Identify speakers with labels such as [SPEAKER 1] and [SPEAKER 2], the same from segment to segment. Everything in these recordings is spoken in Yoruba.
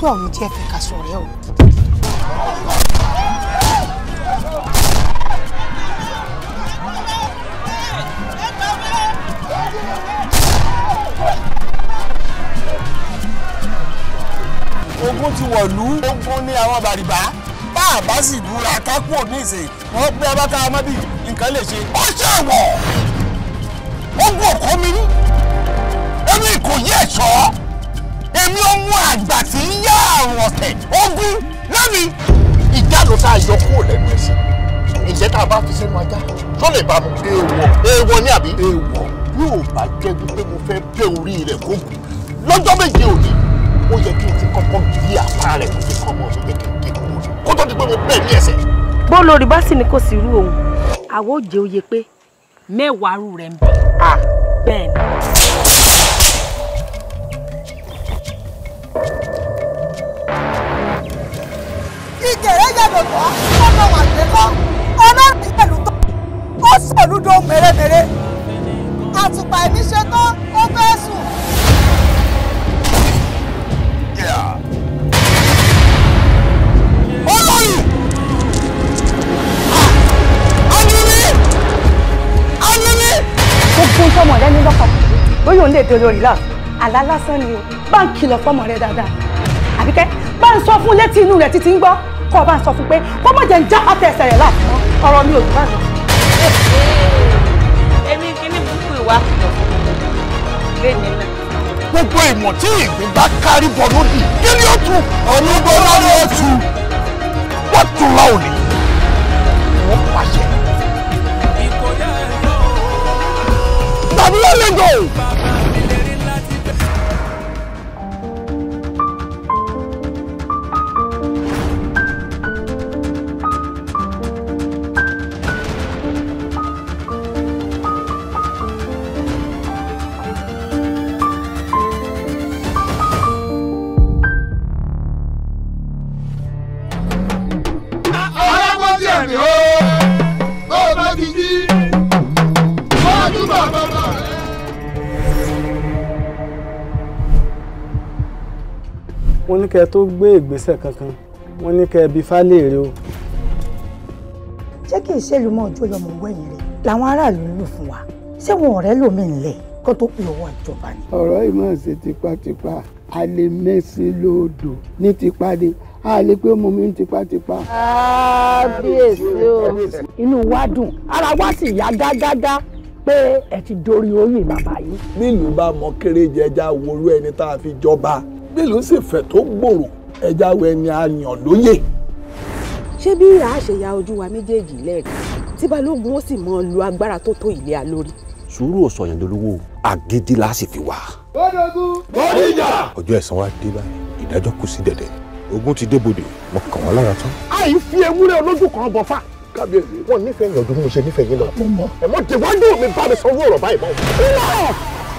[SPEAKER 1] kú àwọn tí ẹ fẹ́ ká sọ̀rẹ́ o. ogun ti wọ̀lú ogun ní àwọn bàrìbá bá a bá sì búra kápò ní ìsè wọn gbé abáká amábì
[SPEAKER 2] nǹkan lè ṣe. ó ṣèwọ̀ ogun ọkọ mi ní ẹni ìkòyí ẹ̀ṣọ́ ẹ̀yin ohun àgbà tí ń yá àrùn ọ̀tẹ̀
[SPEAKER 1] ogun lẹ́mi. ìjà ló tá a yọ kúrò lẹ́nu ẹ̀sìn ìjẹ́ tá a bá fi sẹ́nu ajá ló lè bá mu. èèwọ̀ èèwọ̀ ni àbí. èèwọ̀ yóò bá jẹ́ wípé mo fẹ́ bẹ́ orí rẹ̀ gógùn lọ́jọ́ méje òní ó yẹ kí n ti kọ́kọ́ yí apá rẹ̀ kó fi kọ́ ọmọ ọ̀sùn pé kí n kí n kú kó tó di pé mo bẹ́ẹ̀ ní ẹsẹ̀.
[SPEAKER 3] bó lórí bá sì ni kò sí irú òun àwọn òjè oyè pé
[SPEAKER 1] mẹ́wàá rú rẹ̀ ń bẹ̀. Ah.
[SPEAKER 3] bẹ́ẹ̀ ni.
[SPEAKER 2] olùkọ́ ọmọ wà lẹ́kọ́ ọlọ́run pẹ̀lú tó ó sọ̀lú dó mèremère àtùpà ẹ̀mí ṣe tán ó fẹ́ sùn.
[SPEAKER 1] olórí anumi anumi. gbogbo sọmọ rẹ ní lọkàn bóyá òun lè dèrò ìlà àlá lásán ni o bá ń kìlọ̀ fọmọ rẹ dáadáa àbíkẹ́ bá ń sọ fún létí inú rẹ̀ títí ń gbọ́ kọ́ ọ bá sọ fún pé kó mọ̀ jẹ́ ń jápátá ẹsẹ̀ rẹ̀ láti mọ́ ọ̀rọ̀ mi ò tó báyìí.
[SPEAKER 3] èmi kìíní búkú ìwà kìlọ̀ lé ní
[SPEAKER 2] náà.
[SPEAKER 1] gbogbo ìmọ̀ tí ìgbín bá kárí bọ̀ lódì kí ni ó tu ọ̀nùgbọ́lá ni ó tu wọ́n tún ra òní wọ́n
[SPEAKER 4] pàṣẹ. ìkòyà ẹ̀ lọ́wọ́. tàbí lọ́lẹ́gọ̀ọ́. kẹ́ ẹ tó gbé ìgbésẹ̀ kankan
[SPEAKER 1] wọ́n ní kẹ́ ẹ bí fálẹ́rẹ́ o.
[SPEAKER 3] ṣé kì í ṣèlú mọ́ ọjọ́ yọmọ
[SPEAKER 2] wẹ̀yìn rẹ̀ làwọn aráàlú ń lò fún wa ṣé wọn ọ̀rẹ́ lómi ńlẹ̀ kó tó pè owó ìjọba ni.
[SPEAKER 1] ọ̀rọ̀ ìmọ̀ ṣe tipátipá a lè mẹ́sìn lóòdù ní tipa ni a lè pé ọmọ mi ń tipátipá.
[SPEAKER 2] kábíyèsí o inú wa dùn
[SPEAKER 1] ara wa sì yá gágágá pé ẹ ti dorí oyè bàbá yìí. nílùú bá mọ kéré jẹjá worú ẹni tá a fi jọba bẹ́ẹ̀ ló sì fẹ̀ tó gbòòrò ẹja wo ẹni àyàn lóye.
[SPEAKER 3] ṣé bí a ṣe ojú wa méjèèjì lẹ́ẹ̀kan tí balógun ó sì mọ lu agbára tó tó ilé a lórí.
[SPEAKER 1] sùúrù òsòyàn dolówó agídí la sì fi wà.
[SPEAKER 3] bọ́dọ̀gún bọ́díjà.
[SPEAKER 5] ọjọ́ ẹ̀san wa dé báyìí ìdájọ́ kù sí dẹ̀dẹ̀ ogun ti débodè mo kàn wọ́n lára tán.
[SPEAKER 1] àì fi ewúrẹ́ olójú kan bọ̀ fà kábíyèsí wọn nífẹ̀ẹ́ yàn mo ṣe nífẹ̀ẹ́ yín lọ.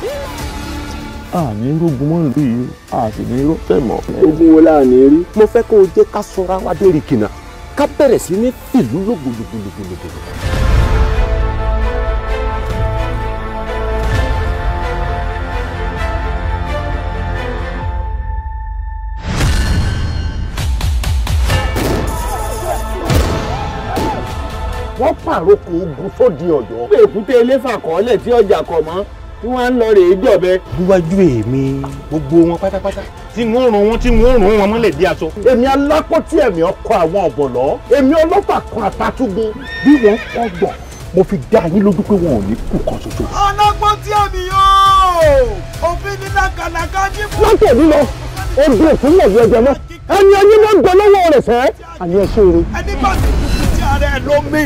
[SPEAKER 1] ẹ àní rógun mọ́ ìlú yìí àti ní rọ́fẹ̀ mọ́. ogun wo la ní rí. mo fẹ́ kó o jẹ́ ká sọra wa dérí kìnà ká bẹ̀rẹ̀ sí ní fìlú lógbòlògbòlògbòlò. wọ́n pàrokò ogun sóde ọ̀dọ́. pé èkúté ilé fàkọ́ọ́lẹ̀ tí ọjà kọ̀ mọ́ tí wọ́n á ń lọ rèé jọ̀bẹ. níwájú èmi gbogbo wọn pátápátá tí wọ́n rún wọn tí wọ́n rún wọn mọ́lẹ̀ bí aṣọ. èmi alápótí ẹ̀mí ọkọ àwọn ọ̀bọ̀lọ́ èmi ọlọ́pàá kan àtàtúgbò bí wọ́n kọ́ gbọ̀ mo fi dá yín lójú pé wọn ò ní kú kan ṣoṣo.
[SPEAKER 4] ọlọ́gbọ́n tí èmi yóò òfin ní làkàlàkà ní.
[SPEAKER 1] lọ́tọ̀ mi lọ ogun òfin náà yẹ jẹmọ́ ẹni ẹni ló ń jẹ lọ́wọ́
[SPEAKER 2] rẹ̀ fẹ́ àyẹ̀ṣe rẹ̀. ẹni
[SPEAKER 1] bá ti kú sí ààrẹ lómi.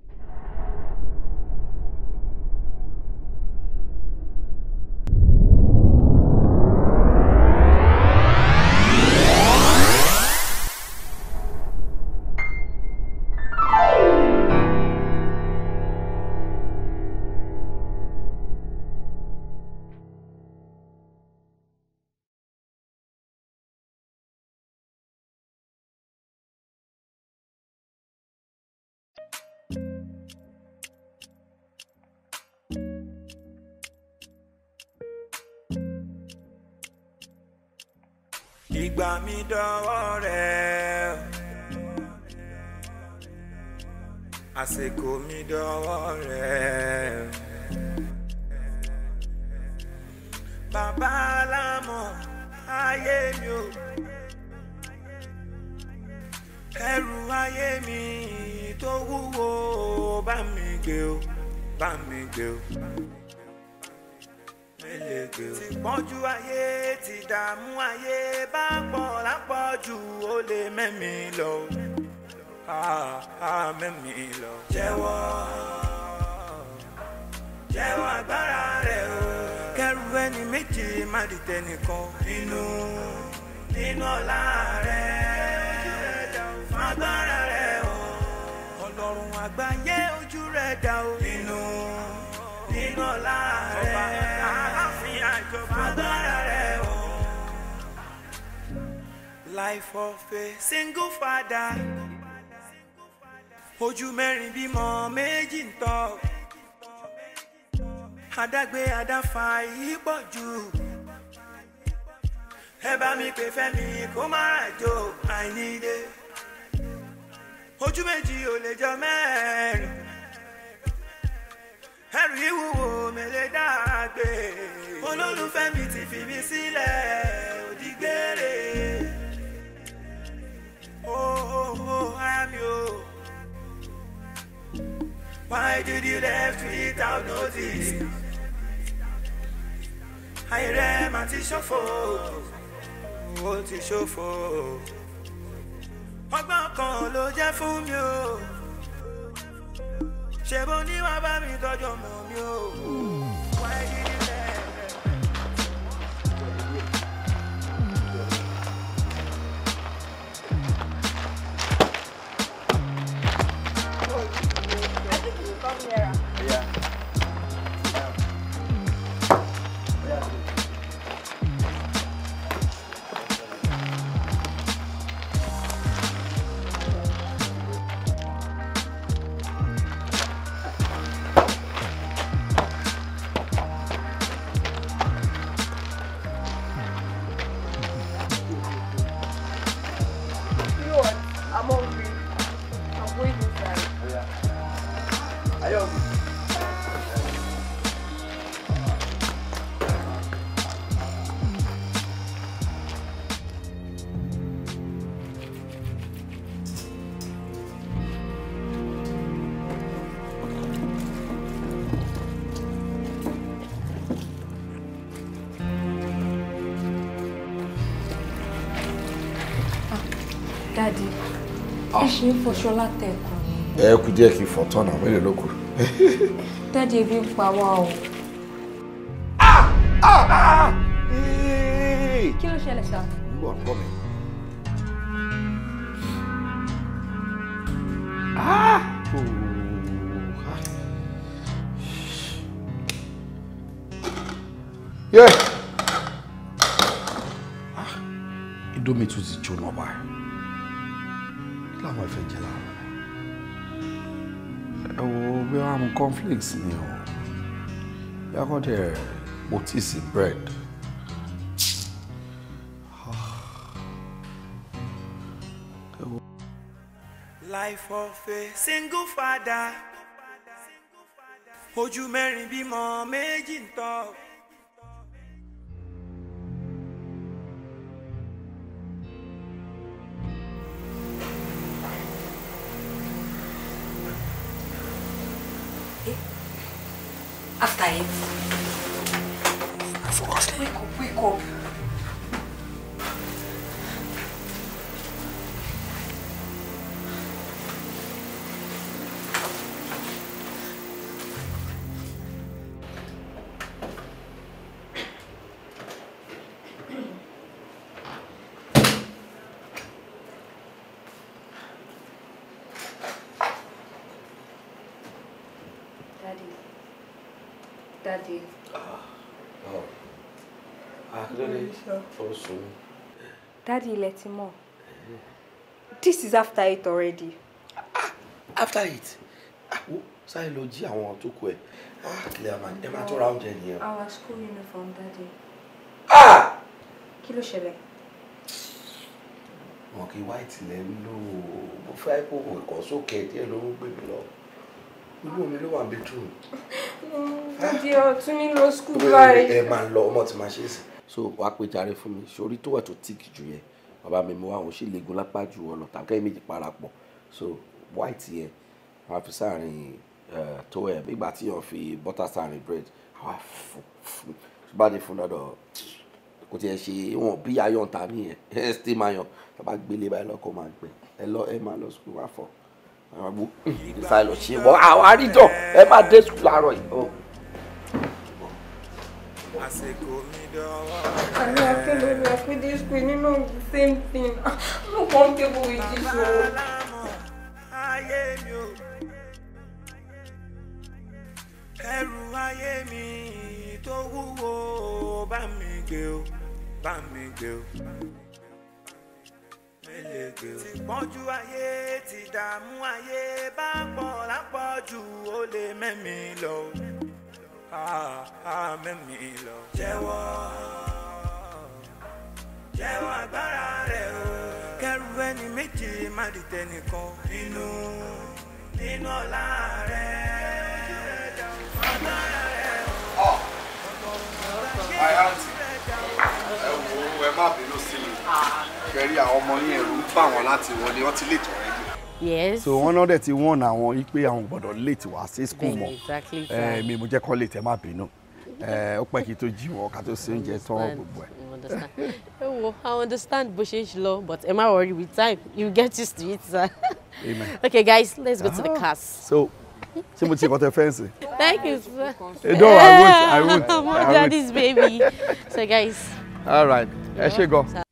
[SPEAKER 4] gbà mí dọ́wọ́ rẹ̀ àsìkò mi dọ́wọ́ rẹ̀. bàbá alámọ̀ ayé mi ò ẹrù ayé mi tó wúwo bá mi gbé o bá mi gbé o ti pọ́njú ayé ti dààmú ayé bá pọ̀ lápọ̀jù ó lè mẹ́mi lọ mẹ́mi lọ. jẹ́wọ́ jẹ́wọ́ agbára rẹ̀ o. kẹ́rù ẹni méjì má dìtẹ̀ nìkan. nínú nínú ọ̀la rẹ̀ agbára rẹ̀ o. ọlọ́run àgbáyé ojú rẹ̀ dá o. nínú nínú ọ̀la rẹ̀. life of a single father. ojú mẹ́rin bímọ méjì ń tọ́ adágbé adáfa yìí pọ̀ jù ẹ bá mi pè mi kó má ràjò àìníde ojú méjì ò lè jọ mẹ́rin ẹrù ìwúwo mẹ́lẹ́ dàgbé olólùfẹ́ mi ti fi mi sílẹ̀ òdìgbére. Oh, oh, oh, I'm you. Why did you left without notice? I ran my t-shirt ó ti ṣòfò ọgbọ́n kan ló jẹ́ fún mi o ṣèbó ní wàá bá mi tọ́jú ọmọ mi o.
[SPEAKER 3] ṣe ń fọṣọ látẹ̀kùn
[SPEAKER 1] ni. ẹ kú díẹ̀ kí n fọ̀ tán náà mélòó ló kù.
[SPEAKER 3] dáàdi ebi ń pa wá o.
[SPEAKER 1] kí ló ṣẹlẹ̀ sá. ìlú ọ̀pọ̀ mi. Ah! Ah. Yeah. Ah! Indomie tún ti jóná bá. mu cornflakes ni o yà kọ́ mo ti sí bread.
[SPEAKER 4] Life of a single father ojú mẹ́rin bímọ méjì ń tọ́.
[SPEAKER 2] after it. I've lost Wake up, wake up.
[SPEAKER 4] fọ́ sùn mí.
[SPEAKER 3] dáàdi ilẹ̀ ti this is after it already.
[SPEAKER 1] ah after it. ah wo sáré lọ jí àwọn tó ah clear man. ẹ máa tọ́ra oúnjẹ nìyẹn.
[SPEAKER 3] our school uniform Daddy. ah. Kilo ló
[SPEAKER 1] Okay, wọn kì í white lẹ ń we ó fẹ́ kó ẹ̀kọ́ sókè díẹ̀ ló ń gbé mi lọ inú mi ló wà
[SPEAKER 3] to me, no school báyìí. ẹ máa
[SPEAKER 1] lọ ọmọ tí màá so wà á pè jàre fún mi sórí tó wà tó tíìkì jù yẹn bàbá mi mú àwọn ṣì legun lápá ju ọ̀nà tàbí méjì parapọ̀ so white yẹn wà á fi sáàrin tó ẹ̀ nígbà tí yàn fi butter sáàrin bread àwa fún fún bá ní fún lọ́dọ̀ kò tiẹ̀ ṣe wọn bí ayọ̀ ta nìyẹn ẹ ṣe máa yàn bàbá gbélé báyìí lọ́kọ̀ máa gbẹ ẹ lọ ẹ máa lọ sùkúl wà fọ àwọn àgbo ìdí sáyẹn lọ ṣe é àwọn àríjọ ẹ máa dé sùkúl àárọ̀ yìí
[SPEAKER 4] àsìkò mi dánwọ́. àrùn akéwì ni akéde sùn nínú same thing
[SPEAKER 1] no comfortable with this o.
[SPEAKER 4] ẹrù ayé mi tó wúwo bá mi gbé o bá mi gbé o ti pọ́njú ayé ti dààmú ayé bá pọ̀ lápọ̀jù ó lè mẹ́mi lọ mẹ́mí lọ. jẹ́wọ́ jẹ́wọ́ agbára rẹ̀ o. kẹ́rù ẹni méjì má di tẹnìkan. nínú nínú ọlá rẹ̀
[SPEAKER 1] agbára rẹ̀ o. Ah, ẹ wo ẹ má bínú sí mi ah. kẹrí àwọn ọmọ yẹn ń bà wọ́n láti wọlé wọ́n ti lè tọrẹ
[SPEAKER 3] yes. so wọn
[SPEAKER 1] náà dẹ̀ ti wọ́n àwọn wípé àwọn gbọ́dọ̀ late wá sí school mọ́ ẹ eh, mi mo jẹ́ kọ́ late ẹ má bínú ẹ eh, ó pẹ́ kí n tó jí wọn ká tó ṣe oúnjẹ tán gbogbo
[SPEAKER 3] ẹ̀. ẹ wo I understand bó ṣe ń ṣe lọ but ẹ má worry with time you get used to it sir.
[SPEAKER 1] Amen. okay guys let's go to the ah. class. so ṣé mo ti kọ́ tẹ fẹ́ǹsì.
[SPEAKER 3] thank you sir. ẹ eh, dọ́wọ́ I won't I won't. mo dá this baby so guys.
[SPEAKER 1] all right ẹ ṣe gan.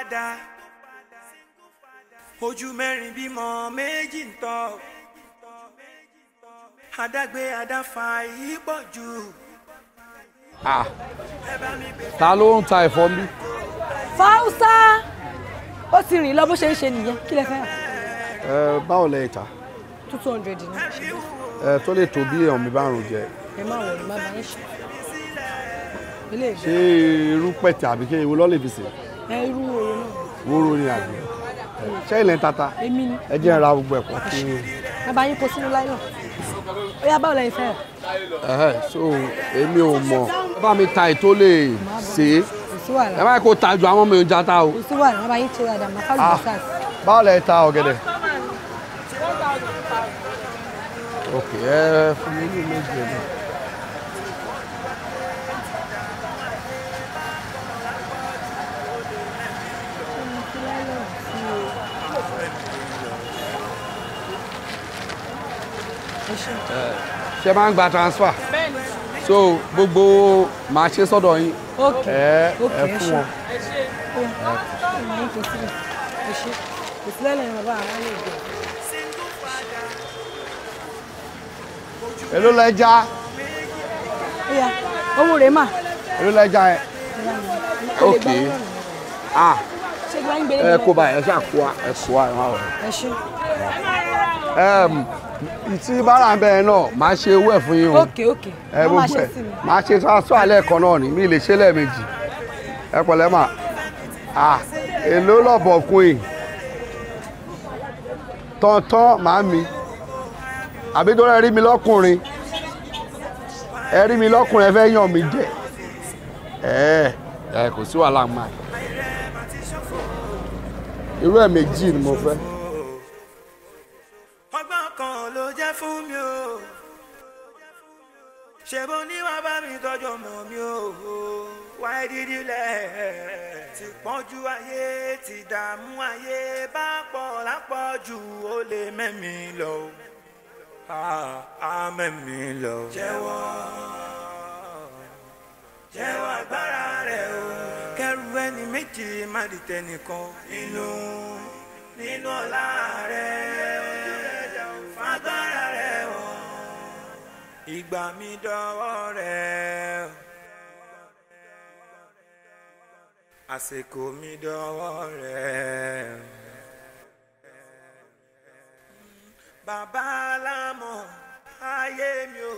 [SPEAKER 4] father ojú mẹ́rin bímọ méjì ń tọ́ adágbé adáfa yìí pọ̀ jù.
[SPEAKER 1] ta ló ń ta ẹ̀fọ́ mi.
[SPEAKER 3] fausa ó ti rìn lọ bó ṣe ń ṣe nìyẹn kí lẹ fẹ́ rà.
[SPEAKER 1] ẹ báwo lẹ ta. two hundred ní. ẹ tó lè tó bí èèyàn mi bá rùn jẹ.
[SPEAKER 3] ẹ má wọlé má bàa ń ṣe.
[SPEAKER 4] ṣé
[SPEAKER 1] irú pẹ̀tẹ̀ àbí kí ewu lọ́ọ́ lè fi sè. ẹ irú wóró ni àbí ṣé ilẹ̀ ń tata ẹ jẹ́ ra gbogbo ẹ̀kọ́ kí ni. bàbá yín kò sínú láyọ̀
[SPEAKER 3] ó yá báwo lẹ́yìn fẹ́.
[SPEAKER 1] so èmi ò mọ̀ bá mi ta ètò lè ṣe é ẹ báyìí kò ta ju àwọn ọmọ ìjà ta o.
[SPEAKER 3] ìṣúwà ni bàbá yín ti rà dàmọ́ ká lù bá sars.
[SPEAKER 1] báwo lẹ ta ọ̀gẹ̀dẹ̀. ok ẹ fún mi ní méjì ẹ̀ ṣe máa ń gba transfer so gbogbo màá ṣe sọ́dọ̀ yín ẹ ẹ
[SPEAKER 2] fún wọn. èló lẹja. owó rẹ̀ mà. èló lẹja yẹn. ok ah ẹ kó báyìí ẹ
[SPEAKER 1] ṣáà kó wa ẹ sọ ẹ má wọ. ẹ ṣe tí bára náà máa ṣe owó ẹ̀ fún yín o ẹ gbogbo ẹ máa ṣe transfer alẹ́ kan náà ni mi lè ṣe lẹ́ẹ̀mejì ẹ pẹ̀lẹ́ mà à èló lọ́bọ̀ kún yìí màá mi àbí rí mi lọ́kùnrin ẹ rí mi lọ́kùnrin ẹ fẹ́ yàn mí jẹ ẹ kò sí wàhálà máa irú ẹ̀ méjì ni mo fẹ́.
[SPEAKER 4] fún mi o ṣe bó ní wàá bá mi tọ́jú ọmọ mi o wáyé dídí lẹ̀ ti pọ́njú ayé ti dààmú ayé bá pọ̀ lápọ̀jù ó lè mẹ́mi lọ á mẹ́mi lọ. jẹ́wọ́ jẹ́wọ́ agbára rẹ̀ o. kẹ́rù ẹni méjì má di tẹnìkan. nínú nínú ọlá rẹ̀ fagbára ìgbà mi dọ́wọ́ rẹ̀ àsìkò mi dọ́wọ́ rẹ̀. bàbá alámọ̀ ayé mi o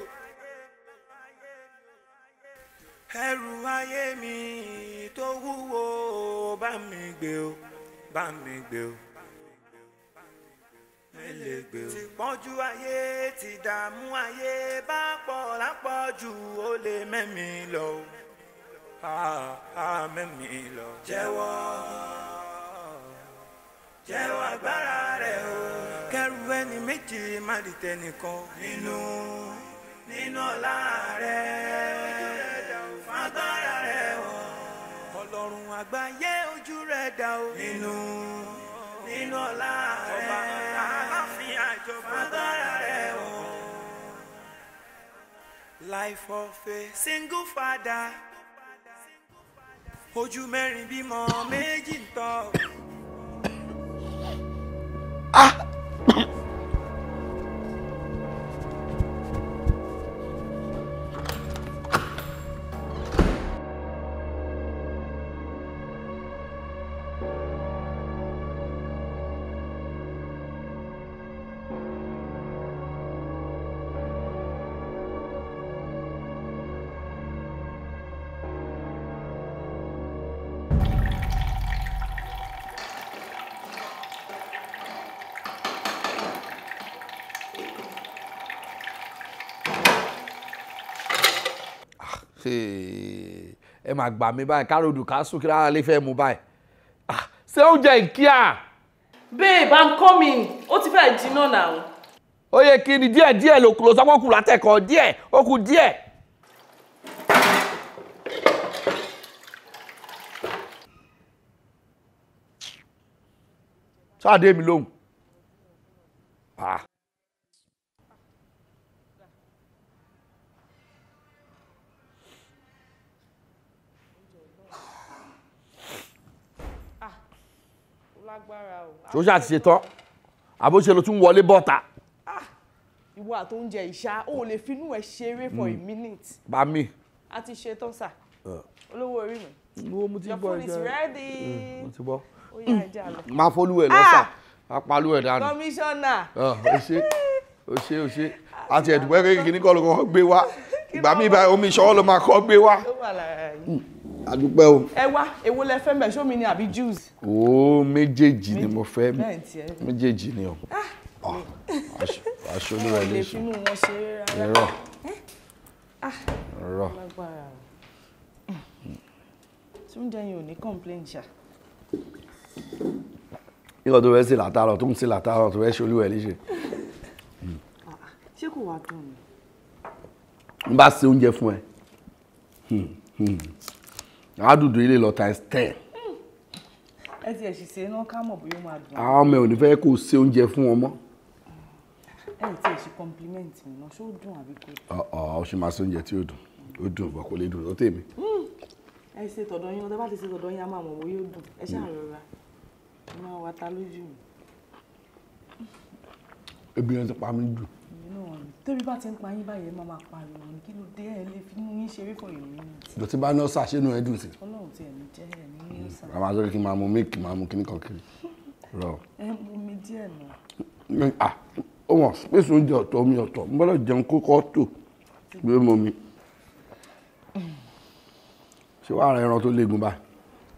[SPEAKER 4] ẹrù ayé mi tó wúwo bá mi gbé o bá mi gbé o elégbé o. ti pọ́njú ayé ti dààmú ayé bá pọ̀ lápọ̀jù ó lè mẹ́mi lọ o. a mẹ́mi lọ. jẹ́wọ́ jẹ́wọ́ agbára rẹ̀ o. kẹ́rù ẹni méjì má di tẹnìkan. nínú nínú ọlá rẹ̀ fagbára rẹ̀ o. ọlọ́run àgbáyé ojú rẹ̀ dá o. nínú nínú ọlá rẹ̀. Life of a single father. Ojú mẹ́rin bímọ méjì ń tọ́. Ah!
[SPEAKER 1] ẹ máa gbà mí báyìí káròdù ká sún kíra lè fẹ́ mu báyìí ṣé oúnjẹ ìkíà. babe i'm coming ó ti fẹ́ẹ̀ jiná náà. ó yẹ kí ni díẹ̀ díẹ̀ ló kú lọ sọ́kọ́ kù látẹ̀kọ́ díẹ̀ ó kù díẹ̀. sáà dé mi lóhùn. Ah. ṣó ṣáà ti ṣe tán àbóṣe ló tún wọlé bọ́ta. Ah, ìwọ àtòúnjẹ ìṣá o lè finú ẹ ṣeré for a hmm. minute. bá mi. a ti ṣe tán sà olówó orí mi. wo hmm, mo ti gbọ́ ẹ jẹ́ your phone is ready. mo ti gbọ́ máa fọlú ẹ lọ́sà apalú ah! ẹ dànù.
[SPEAKER 2] kọmíṣánná.
[SPEAKER 1] o ṣe o ṣe o ṣe àti ẹ̀dùnkẹ́ kékeré kí ni kọ́ ló kọ́ gbé wá ìgbà mi ìbá omi ìṣọwọ́ ló máa kọ́ gbé wá.
[SPEAKER 2] ó wà lára
[SPEAKER 1] yìí àdúpẹ́ o. ẹ wá èwo lẹ fẹ́ mẹ́ sómi ni àbí juice. o méjèèjì ni mo fẹ́ méjèèjì ni o. Ah!
[SPEAKER 2] Ah, aṣọ olúwa ilé iṣẹ́ irọ́ ah! irọ́. Mm.
[SPEAKER 1] túnde yìí ò ní complain ṣá. nígbà tó fẹ́ sí làtàrọ̀ tó ń sí làtàrọ̀ tó fẹ́ ṣe olúwa ilé iṣẹ́. ṣé kò wá dùn ni. n bá ṣe oúnjẹ fún ẹ. Hmm, hmm àádùdù ilé lọ times ten. ẹ ti ẹ̀ sì ṣe iná ká mọ̀ bóyá ó máa dùn. àwọn ọmọ ò ní fẹ́ kó o ṣe oúnjẹ fún wọn mọ́. ẹ ti ẹ̀ ṣe compliment mi náà ṣé ó dùn àbí kò dùn. ọ̀ ọ̀ ṣe máa ṣe oúnjẹ tí ó dùn ó dùn bọ̀ kò lè dùn ó tèmi. ẹ ṣe tọ̀dọ̀ yín ọtá bá ti ṣe tọ̀dọ̀ yín a máa mọ̀ bóyá ó dùn ẹ ṣáà hmm. rọra ẹ máa wá ta lójú mi. ebi yẹn ti pa mí jù náà ni torí bá ti ń pa yín báyẹn máa máa pariwo ni kí ló dé ẹ lè fi mú ṣeré fún ìròyìn náà. dọ̀tí bá náà ṣàṣẹ́nu ẹ dùn sí. ọlọ́run ti ẹ̀mí jẹ́ ẹ̀mí ní sàn. àwọn aṣọ kí n máa mu mílìkì máa mu kíní kan kiri. ẹ mú mi díẹ̀ náà. ó wọ̀n space oúnjẹ ọ̀tọ̀ omi ọ̀tọ̀ n bọ́dọ̀ jẹun kó kọ́ tò gbé mọ́ mi. ṣé wàá ra ẹran tó léegun báyìí.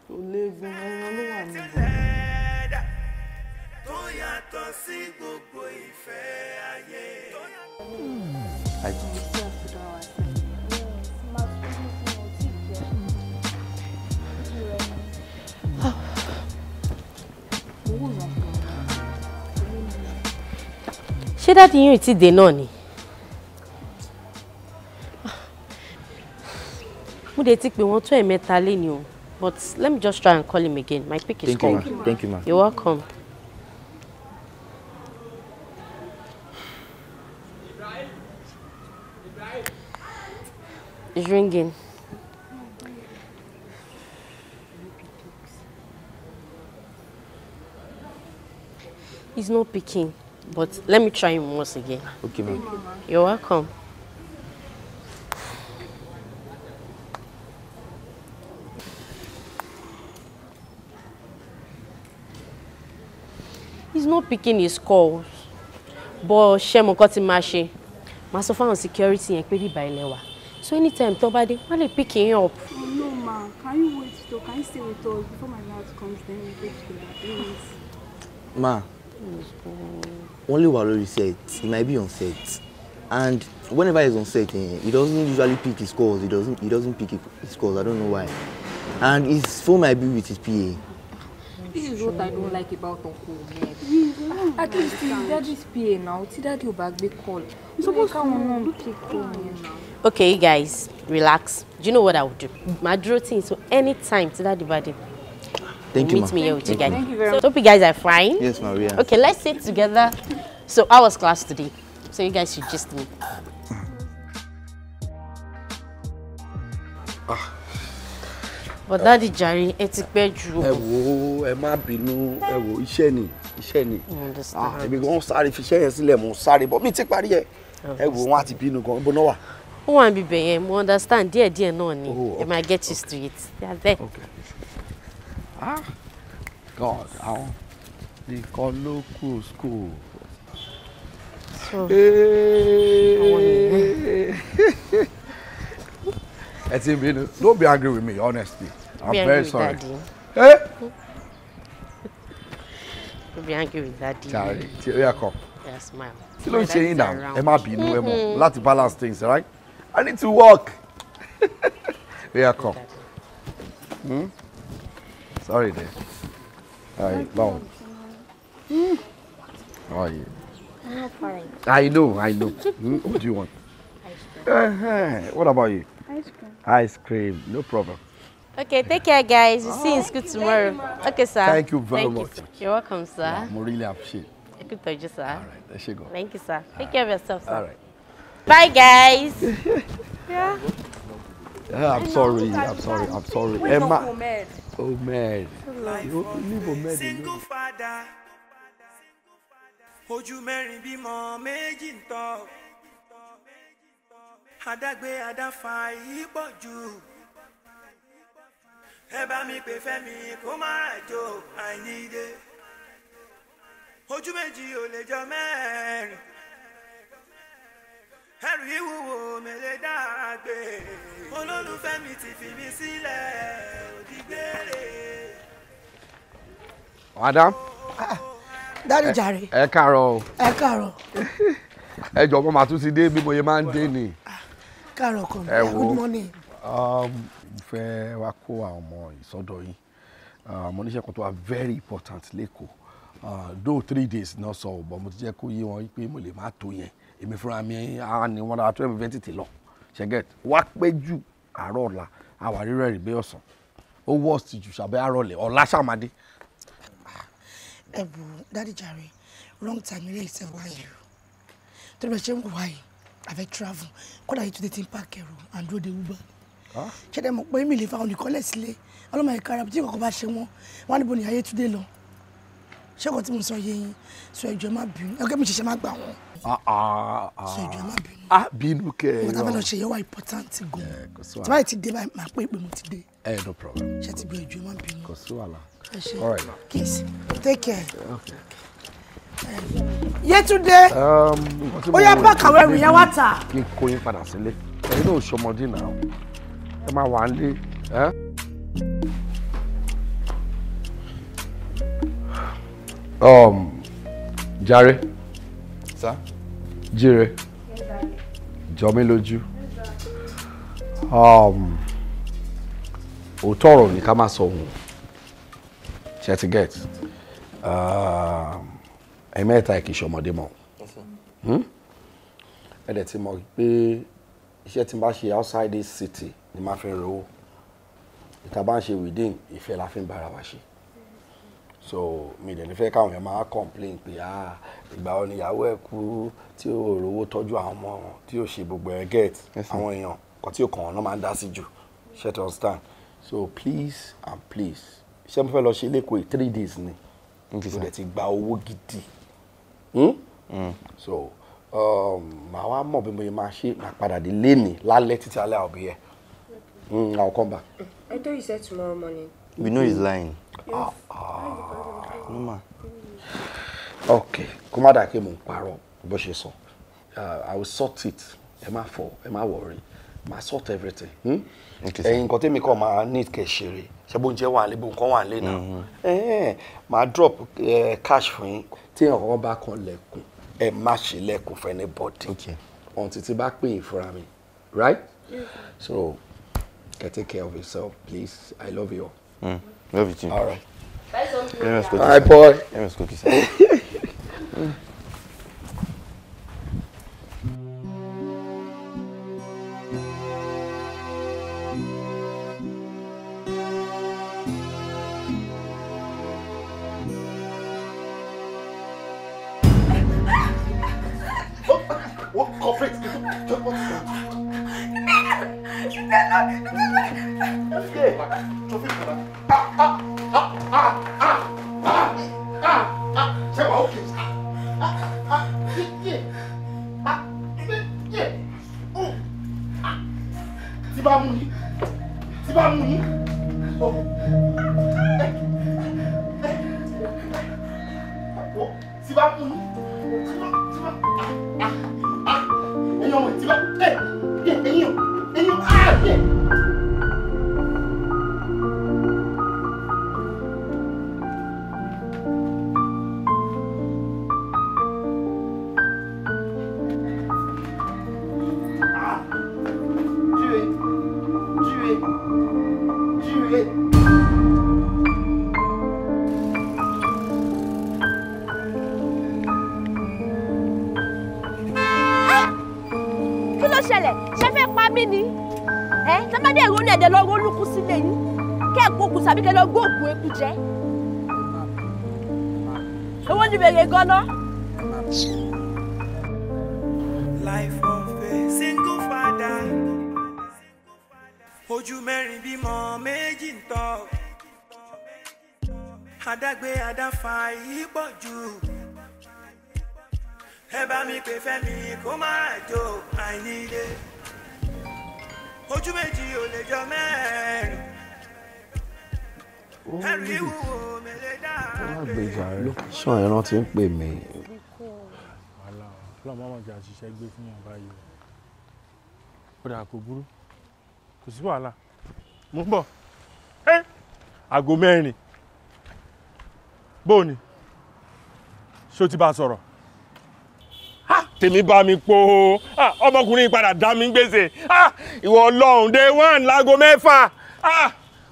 [SPEAKER 4] kò léegun ẹran ló wà níbẹ̀ tó yàtọ̀ sí gbogbo ìfẹ́ ayé
[SPEAKER 3] ṣé dáàdi yín ti dé náà ni mo dé ti pè wọ́n tó ẹ̀mẹ́ta lé ni o but let me just try and call him again my pick is thank you thank you ma you're welcome. It's ringing. He's not picking, but let me try him once again. Okay, ma'am. You're welcome. He's not picking his calls. But ṣé mo kọ́ ti máa ṣe? Màá security yẹn pé bíbá ilé so anytime tó bá dé picking you pick him up. Oh, no
[SPEAKER 1] ma can you wait till can you stay with us before my dad comes then we go together please. ma only lè wà set he might be on set and whenever he's on set eh, he doesn't usually pick his calls he doesn't he doesn't pick his calls I don't know why and his phone might be with his PA.
[SPEAKER 3] This is what I don't like about Uncle Ned. Yeah, At least his daddy's pain now. See daddy Obagbe call. You're supposed to come pick phone now. Okay, guys, relax. Do you know what I would do? My draw thing, so anytime to that body. Thank you, Meet ma. me here with you guys. Thank you very much. So, hope you guys are fine. Yes, Maria. Okay, let's sit together. So, ours class today. So, you guys should just meet. Ah. bọ̀dáàdì jàre ẹ ti pẹ́ jù. ẹ
[SPEAKER 1] wo ẹ má bínú ẹ wo iṣẹ́ ni iṣẹ́ ni ah, èmi gan sáré fi iṣẹ́ yẹn sílẹ̀ mo sáré bọ̀ mi ti parí ẹ ẹ wo wọn á ti bínú gan bọ́ná wà.
[SPEAKER 3] ó wà níbi bẹ̀yẹn mo understand díẹ̀ díẹ̀ náà ni oh, ẹ máa get you straight they are there. Okay. Ah,
[SPEAKER 1] God, àwọn nìkan ló kù school.
[SPEAKER 3] So, eh.
[SPEAKER 4] àwọn nìyẹn.
[SPEAKER 1] ẹ ti bínú don't be angry with me honestly i'm very sorry.
[SPEAKER 3] Eh? be angry with daddy. jare ti o yà kọ. yes ma'am. kí ló ń ṣe yín náà ẹ má bínú ẹ mọ láti
[SPEAKER 1] balance things right i need to work. o yà kọ. Hmm? sorry there. ayi báwo. how are you.
[SPEAKER 5] I'm fine.
[SPEAKER 1] I know, I know. Hmm? what do you want?
[SPEAKER 5] Uh-huh.
[SPEAKER 1] What about you? Ice cream, no problem.
[SPEAKER 3] Okay, take care, guys. We'll oh, see in school tomorrow. okay, sir. Thank you very thank much. You, You're welcome, sir. Yeah,
[SPEAKER 1] I really appreciate
[SPEAKER 3] it. Good touch, sir. All right, there she go. Thank you, sir. All take right. care of yourself, sir. All right. Bye, guys. yeah.
[SPEAKER 1] Yeah, I'm sorry. I'm sorry. I'm sorry. Oh man. Not Omed. Omed.
[SPEAKER 3] Leave
[SPEAKER 1] Omed
[SPEAKER 4] alone. Ojú mẹ́rin bímọ méjì ń tọ́ adágbé adáfa yìí pọ̀ jù ẹ bá mi pè fẹ́mi kó má ràjò àìníde ojú méjì ò lè jọ mẹ́rin ẹrù ìwúwo mẹ́lẹ̀ dàgbé olólùfẹ́ mi ti fi mi sílẹ̀ òdìgbére.
[SPEAKER 1] madam. dáàdì jàre. ẹ káàárọ̀ ẹ káàárọ̀. ẹ jọ̀wọ́ màá tún ti dé bí mo yẹ máa ń dé ni. Ah
[SPEAKER 4] káàárọ̀ kan ẹ wo good morning.
[SPEAKER 1] Um, mo fẹ́ wá kó àwọn ọmọ ìsọdọ̀ yìí um, mo níṣẹ́ kan tó wà very important lẹ́kọ̀ọ́ uh, though three days náà sọ ọ̀bọ̀ mo ti jẹ́ kó yé wọn pé mo lè má tó yẹn èmi fúnra mi á ní wọn lára twelve twenty lọ ṣẹ́gẹ́t wá pẹ́ jù àárọ̀ ọ̀la àwárí rẹ̀ rí bẹ́ẹ̀ ọ̀sán ó worst jù ṣàbẹ́ àrọ̀lẹ̀ ọ̀la ṣàmàdé.
[SPEAKER 2] Ah, ẹ bù dádìjàre wrong time ilé ìṣẹ̀wá yìí tó bẹ̀ ṣe ń wáyìí I fẹ́ travel kọ́dà yìí tún tètè ń pààkì ẹ̀rọ and de Uber. Ah. ṣé dẹ́ pé mi lè fa àwọn olùkọ́lẹ̀ sílé ọlọ́mọ ẹ̀ka ara tí kọ̀ọ̀kan bá ṣe wọ́n wọ́n á níbo ní Ayétúndé lọ. ṣé kò tí mo sọ yẹn sọ ẹjọ́ má bínú ẹgbẹ́ mi ṣẹ̀ṣẹ̀ má gbà wọ́n. Ah, ah, sọ ẹjọ́ má
[SPEAKER 1] bínú. a bínú kẹ ẹ yọ ọ̀tá fẹ́ lọ ṣe yẹwà important gan. Eh, tí báyìí ti dé báyìí máa pé ìpè mo ti dé. ẹ eh, no problem. ṣé ti bí ẹjọ́ má bínú. kò sí wàhálà. all right ma. Kiss. Take care. Okay.
[SPEAKER 2] Yétúndé um, ó yá báàkì àwọn ẹrù yẹn wá tà.
[SPEAKER 1] kí n kó yín padà sílé ẹ̀yin náà ṣọmọdé náà ẹ máa wà á lé. Um, jàre jíre jọ mí lójú um, òótọ́ ọ̀rọ̀ ni ká máa sọ ohun ṣe ti get. Um, ẹ̀yin mẹ́ta kì í ṣọmọdé mọ́ hmm? ẹ dẹ̀ ti mọ̀ pé iṣẹ́ tí n bá ṣe outside this city ni máa fi rówó ìta bá ń ṣe within ìfẹ́ la fi ń bára wa ṣe so mi dẹ̀ ní fẹ́ káwọn èèyàn máa complain pé ah ìgbà wo ni ìyàwó ẹ̀ kú tí ó rówó tọ́jú àwọn ọmọ tí ó ṣe gbogbo ẹ̀ get àwọn èèyàn kan tí ó kàn ọ́n náà máa ń dá sí jù ṣe to understand so please and please ṣé mo fẹ́ lọ ṣe lẹ́kọ̀ọ́ three days ni mo dẹ̀ ti gba owó gidi Hmm? Hmm. so um, màá wá mọ̀ bí mo yẹ máa ṣe máa padà dé lénìí lálẹ́ títí alẹ́ I'll be here mm, I'll come back.
[SPEAKER 3] I thought you said tomorrow morning. We know he's lying. Yes. Ah, ah.
[SPEAKER 1] No ma. Okay, Kumada má dà kí mò ń parọ́ bó ṣe sọ. Ah, I will sort it. Ẹ má fọ, ẹ má worry. Màá sort everything. Hmm? Ẹyin nǹkan tẹ́mi kọ́ máa need kẹ̀ ṣeré. Ṣé bó ń jẹ́ wà lé bó ń kọ́ wà lé náà? Mm-hmm. Màá drop eh, cash fún yín tí ọ̀kan bá kan lẹ̀kùn ẹ má ṣe lẹ̀kùn for anybody ohun títí bá pè é fúnra mi right mm. so ẹ take care of yourself please i love you. Mm. love you too. all right. Bye, Bye boy. Bye,
[SPEAKER 2] boy. cooperate. Just one second. Nigga! You cannot! You cannot! Yeah. Trophy Ah, ah, ah, ah, ah, ah, ah,
[SPEAKER 1] ah. Say what? Okay. Ah, ah, yeah. Ah, yeah. Oh. Tí bá mú yín. Tí Oh.
[SPEAKER 3] jẹ owó ni bèrè gánà.
[SPEAKER 4] life single father ojú mẹ́rin bímọ méjì ń tọ́ adágbé adáfa yìí pọ̀ jù ẹ bá mi pè fẹ́mi kó má jó àìnílé ojú méjì ò lè jọ mẹ́rin gbèjà
[SPEAKER 1] rẹ. lókàṣán ẹran ti ń pè mí.
[SPEAKER 4] wàhálà ọlọ́run máa ń jà ṣiṣẹ́ gbé fún yàn báyìí
[SPEAKER 1] o ó dà kó burú kò sí wàhálà mo ń bọ̀ aago mẹ́rin bóòní ṣó ti bá a sọ̀rọ̀ tèmi bá mi po ọmọkùnrin padà dá mi gbèsè ìwọ ọlọ́run day one láago mẹ́fà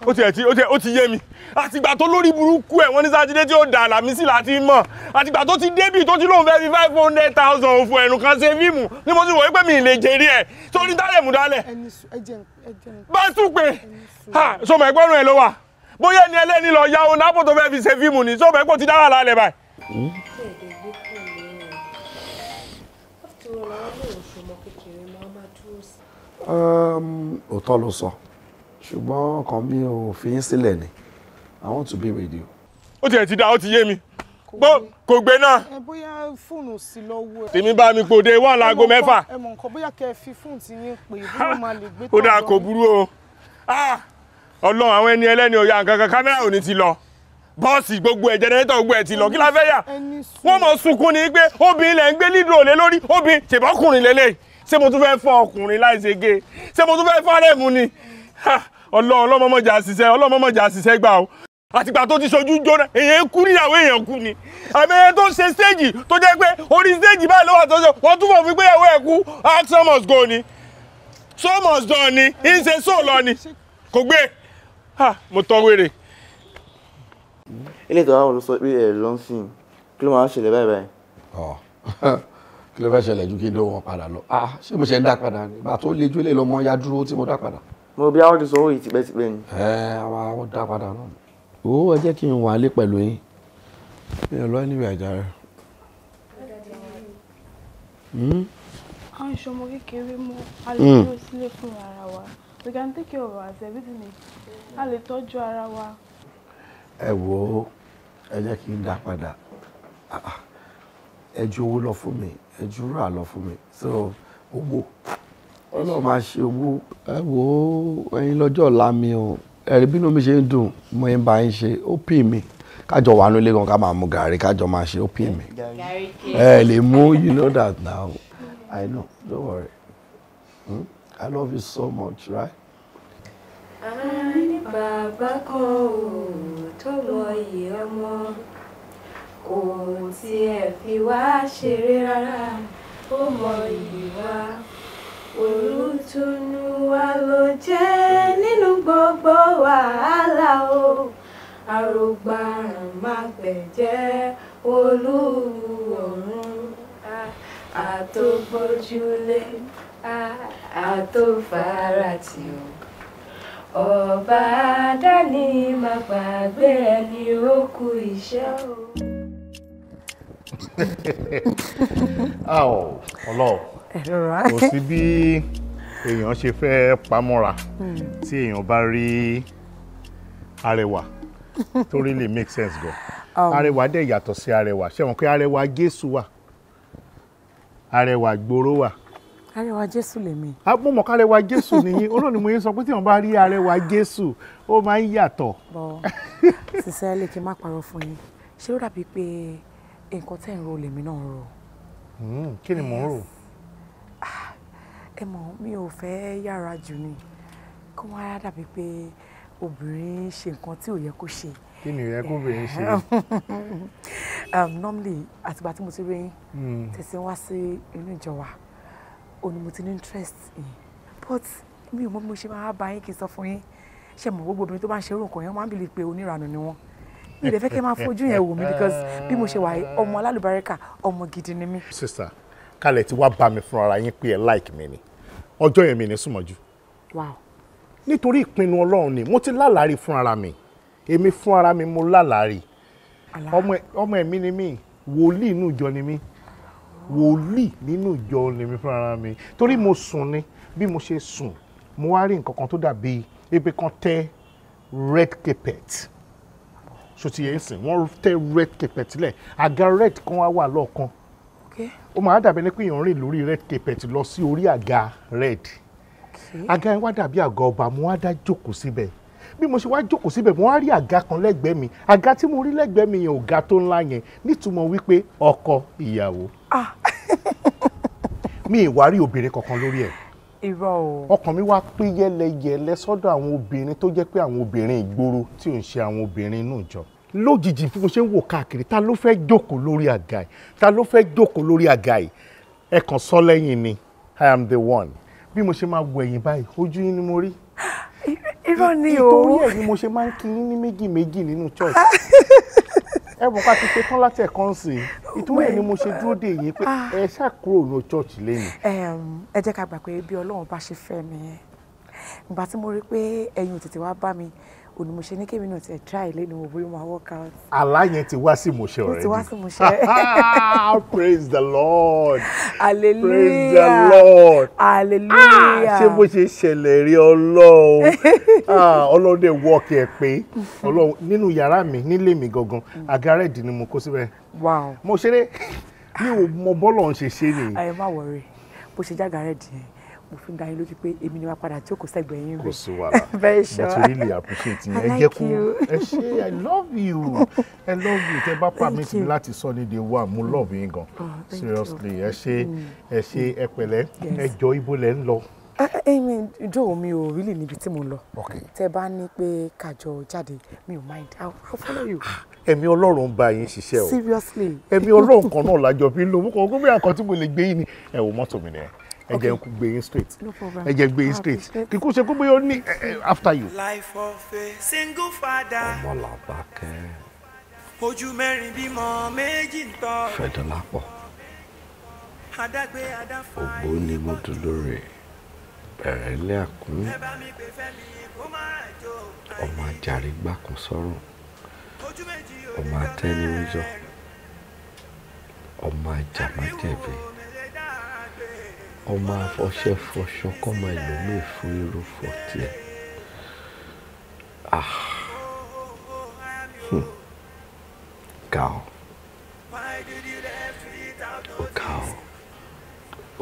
[SPEAKER 1] ó ti ẹ̀ ti ó ti yé mi àtìgbà tó lórí burúkú ẹ̀ wọ́n ní sátidé tí ó dà lámísì láti mọ̀ àtìgbà tó ti débì tó ti lóun fẹ́ fi five hundred thousand òfò ẹ̀rù kan ṣe fíìmù ni mo ti wọ̀ pé mi lè jèrè ẹ̀ sórí dálẹ̀ mú dálẹ̀ bá tún pé sọmọ ẹgbọ́rún ẹ̀ ló wà bóyá ẹni ẹlẹ́ni lọ ya o nápò tó fẹ́ fi ṣe fíìmù ni sọmọ ẹgbọ́n ti dára lálẹ́ báyìí. Ehm, òótọ́ ló sọ ṣùgbọ́n ọkàn mi ò fi yín sílẹ̀ ni i want to be with you. ó tiẹ̀ ti dá ó ti yé mi gbọ́ kò gbé náà. ẹ bóyá fóònù sí lọ́wọ́ ẹ. tèmi bá mi pòde wà láago mẹ́fà. ẹ mọ̀ nǹkan bóyá kẹ́ ẹ fi fóònù tí yín pè é bóyá máa lè gbé tọ́ lọ. ó dáa kò burú o ọlọ́run àwọn ẹni ẹlẹ́ni ọ̀yà nǹkan kan kámẹ́rà ò ní ti lọ bọ́ọ̀sì gbogbo ẹ̀ jẹnẹrétọ̀ gbogbo ẹ̀ ti lọ kí la fẹ́ yà wọ́n mọ̀ sunkún ni pé obìnrin lẹ̀ ń gbé lídùn òlé lórí obìnrin ṣèbọ́kùnrin lélẹ̀ ṣé mo tún fẹ́ fọ ọkùnrin láì ṣe gé ṣé mo tún fẹ́ fọ́ ni ọlọ́run ọlọ́mọmọjà àṣìṣe ọlọ́mọmọjà àṣìṣe gbà o àtìgbà tó ti ṣojú jóná èèyàn kú níyàwó èèyàn kú ni àmì ẹyẹ tó ṣe stéèjì tó jẹ́ pé orí stéèjì báyìí ló wà tó ṣe wọ́n túbọ̀ fi gbéyàwó ẹ̀ kú action ah, must go ni so must done ni ń ṣe so lọ ni kò gbé mo tọ́ wèrè. ilé ìtọ́wá wo ló sọ pé ẹ ló ń sìn kí ló máa ń ṣẹlẹ̀ báyìí báyìí. kí ló fẹ́ ṣẹlẹ̀ ju kí n dó wọn padà lọ ah, ṣé mo ṣe ń dá padà ni bàtó le ju lọ mọ́ ya dúró tí mo dá padà mo
[SPEAKER 4] bí àwọn ti sanwó yìí tipẹ́tipẹ́ ni. ẹ
[SPEAKER 1] àwa ó dá padà náà owó ẹ jẹ́ kí n wà lé pẹ̀lú yín mi ò lọ níbi àjà rẹ.
[SPEAKER 3] àwọn ìṣọmọ kékeré mú hmm. alẹ́ sílé fún ara wa we can take care of ourselves isn't it a lè tọ́jú ara wa.
[SPEAKER 1] ẹ wò ẹ jẹ́ kí n dá padà ah, ah. ẹ ju owó lọ fún mi ẹ ju rà lọ fún mi so owó. Oh, ọlọ́run máa ṣe owó ẹ wo ẹ̀yin lọ́jọ́ ọ̀la mi o ẹ̀rí bínú mi ṣe ń dùn mo ń bá yín ṣe ó pì mí kájọ wà nílé gan ká máa mu gàrí kájọ máa ṣe ó pì mí ẹ lè mú you know that now I know don't worry hmm? I love you so much right.
[SPEAKER 3] àní
[SPEAKER 4] bàbá kan ò tó mọyì ọmọ kò tiẹ̀ fi wá ṣeré rárá ó mọyì wá
[SPEAKER 3] olùtùnú wa ló jẹ́ nínú gbogbo wàhálà o àrògbàràn má gbẹ̀jẹ́ olúwọ̀run
[SPEAKER 4] àtòfaratì o ọba dání má gbàgbé ẹni ó kú iṣẹ́
[SPEAKER 1] o. oh, hello
[SPEAKER 5] kò sí bí
[SPEAKER 1] èèyàn ṣe fẹ́ pamọ́ra tí èèyàn bá rí arẹwà tó really make sense gan oh. arẹwà dẹ̀ yàtọ̀ sí arẹwà ṣé wọn pé arẹwà Jésù wà arẹwà gbòòrò wà. arẹwà Jésù lèmi. Ah, mo mọ̀ kárẹwà Jésù nìyí olóòní mo yẹ sọ pé tí wọ́n bá rí arẹwà Jésù ó máa ń yàtọ̀. bọ sísẹ lè kí n má parọ́ fún yín ṣé ó dàbí pé nǹkan tẹ̀ ń ro lèmi náà ń rò.
[SPEAKER 5] Hmm, kí ni mò ń rò
[SPEAKER 3] ẹ mọ̀
[SPEAKER 2] mi ò fẹ́ yára jù ni kó wá dàbí pé obìnrin ṣe nǹkan tí ò yẹ kó ṣe. kí ni ò yẹ kó obìnrin ṣe. Um,
[SPEAKER 1] normally àtìgbà tí mo ti rí yín hmm. tẹ̀sí wá sí inú ìjọ wa ò ní mo ti ní interest in but mi ò mọ bí mo ṣe máa bá yín kí n sọ fún yín ṣe mọ gbogbo obìnrin tó bá ń ṣe irú nǹkan yẹn wọn máa ń bìlì pé oníranù ni wọn mi ò lè fẹ́ kí ẹ máa fojú yẹn wò mí because bí mo ṣe wà yìí ọmọ alálùbáríkà ọmọ gidi ni mí. sista kálẹ̀ tí wàá bá mi fúnra yín pé ẹ like mi ni ọjọ́ yẹn mi ní súnmọ́jú. wow. nítorí ìpinnu ọlọ́run ni mo ti lálàárí fún ara mi èmi fún ara mi mo lálàárí ọmọ ẹ̀mí ni mí wòlíì inú ìjọ ni mí wòlíì nínú ìjọ ni mí fún ara mi torí mo sùn ni bí mo ṣe sùn mo wá rí nǹkan kan tó dàbí ebi kan tẹ red carpet ṣòtìyẹ ń tẹ red carpet lẹ̀ àga red kan wá wà lọ́ọ̀kan ó máa dàbí ẹni pé èèyàn rìn lórí red carpet lọ sí orí àga red àga yẹn wá dàbí àga ọba mo wá dá jókòó síbẹ̀ bí mo ṣe wá jókòó síbẹ̀ mo wá rí àga kan lẹ́gbẹ̀ẹ́ mi àga tí mo rí lẹ́gbẹ̀ẹ́ mi yẹn ò ga tó ńlá yẹn nítumọ̀ wípé ọkọ ìyàwó mi ìwárí obìnrin kankan lórí ẹ̀ irọ́ o. ọkàn mi wá pé yẹlẹyẹlẹ sọ́dọ̀ àwọn obìnrin tó jẹ́ pé àwọn obìnrin ìgboro tí ò ń ṣe àwọn obìnrin inú ìjọ lójijì bí mo ṣe ń wò káàkiri ta ló fẹ́ jókòó lórí àga yìí ta ló fẹ́ jókòó lórí àga yìí ẹ kàn sọ lẹ́yìn ni i am the one bí mo ṣe máa wọ ẹ̀yìn báyìí ojú yín ni mo rí.
[SPEAKER 4] irọ́ ni o nítorí ẹ̀
[SPEAKER 1] ni mo ṣe máa ń kí yín ní méjì méjì nínú church ẹ̀bùn ká ti ṣe tán láti ẹ̀kọ́ ń sìn ìtúwé ni mo ṣe dúró dè yín pé ah. ẹ ṣáà kúrò ní church lẹ́yìn. ẹ jẹ́ ká
[SPEAKER 2] gbà pé bí Ọlọ́run bá ṣe fẹ́ mi yẹn ìgbà tí mo rí pé ẹ̀yin ò tètè wá bá mi òun ni mo ṣe ní kémi náà ti try ilé ni mo bóyá máa work out.
[SPEAKER 1] àlá yẹn ti wá sí ìmúṣẹ already. ti wá sí
[SPEAKER 2] ìmúṣẹ. praise the lord. hallelujah praise the lord. hallelujah. Ah, ṣé bó
[SPEAKER 1] ṣe ṣẹlẹ̀ rí ọlọ́run ah, ọlọ́run dẹ̀ work ẹ̀ pé ọlọ́run nínú yàrá mi nílé mi gangan mm. àgárẹ̀ ìdí ni mo kó síbẹ̀. wow mo ṣeré mi ò mọ bọ́ọ̀lù ọ̀hún ṣe ṣe nìyí.
[SPEAKER 2] ẹ má wọrí bó ṣe jágàrẹ́ dì
[SPEAKER 1] í mo fi ń yín lójú pé èmi ni wàá padà tí ó kò sẹ́gbẹ̀ yín rẹ̀. kò sọ mo ti really
[SPEAKER 5] appreciate yín ẹ jẹ́
[SPEAKER 1] ẹ ṣe i love you i love you tẹ bá permit mi láti sọ ní day one mo love yín gan oh, seriously ẹ ṣe ẹ ṣe mm. ẹ pẹ̀lẹ́ ẹ jọ ibo lẹ ń lọ. Amy ah, ah, eh, Joe mi ò really níbi tí mo lọ. Tẹ bá ní pé kájọ jáde mi ò mind I will follow you. Ah, ẹ̀mí Ọlọ́run bá yín ṣiṣẹ́ o. Ẹ̀mí Ọlọ́run kan náà lájọ fi ń lo owó gómìnà kan tí mo lè gbé yín ni ẹ̀wọ̀n mọ́tò mi nìyẹn ẹ jẹ́ gbé yín ah, straight ẹ jẹ́ gbé yín straight kíkú ṣe kó bóyá ó ní after you.
[SPEAKER 4] life of a single father.
[SPEAKER 1] ọmọlàbàkẹ́.
[SPEAKER 4] ojú mẹ́rin bímọ méjì ń tọ́.
[SPEAKER 1] fẹ̀dọ̀lápọ̀.
[SPEAKER 4] adágbé adáfà.
[SPEAKER 1] ògbó ni mo dún lórí bẹ̀rẹ̀ ilé àkún. ọmọ ajáre gbàkún sọ́rùn ọmọ atẹ́niwíjọ ọmọ ajá má jẹ̀bi ọmọ afọṣẹ fọṣọ kọmọ ìlòmí fún irú fọtí ẹ ah hmm. ga ọ ó ga ọ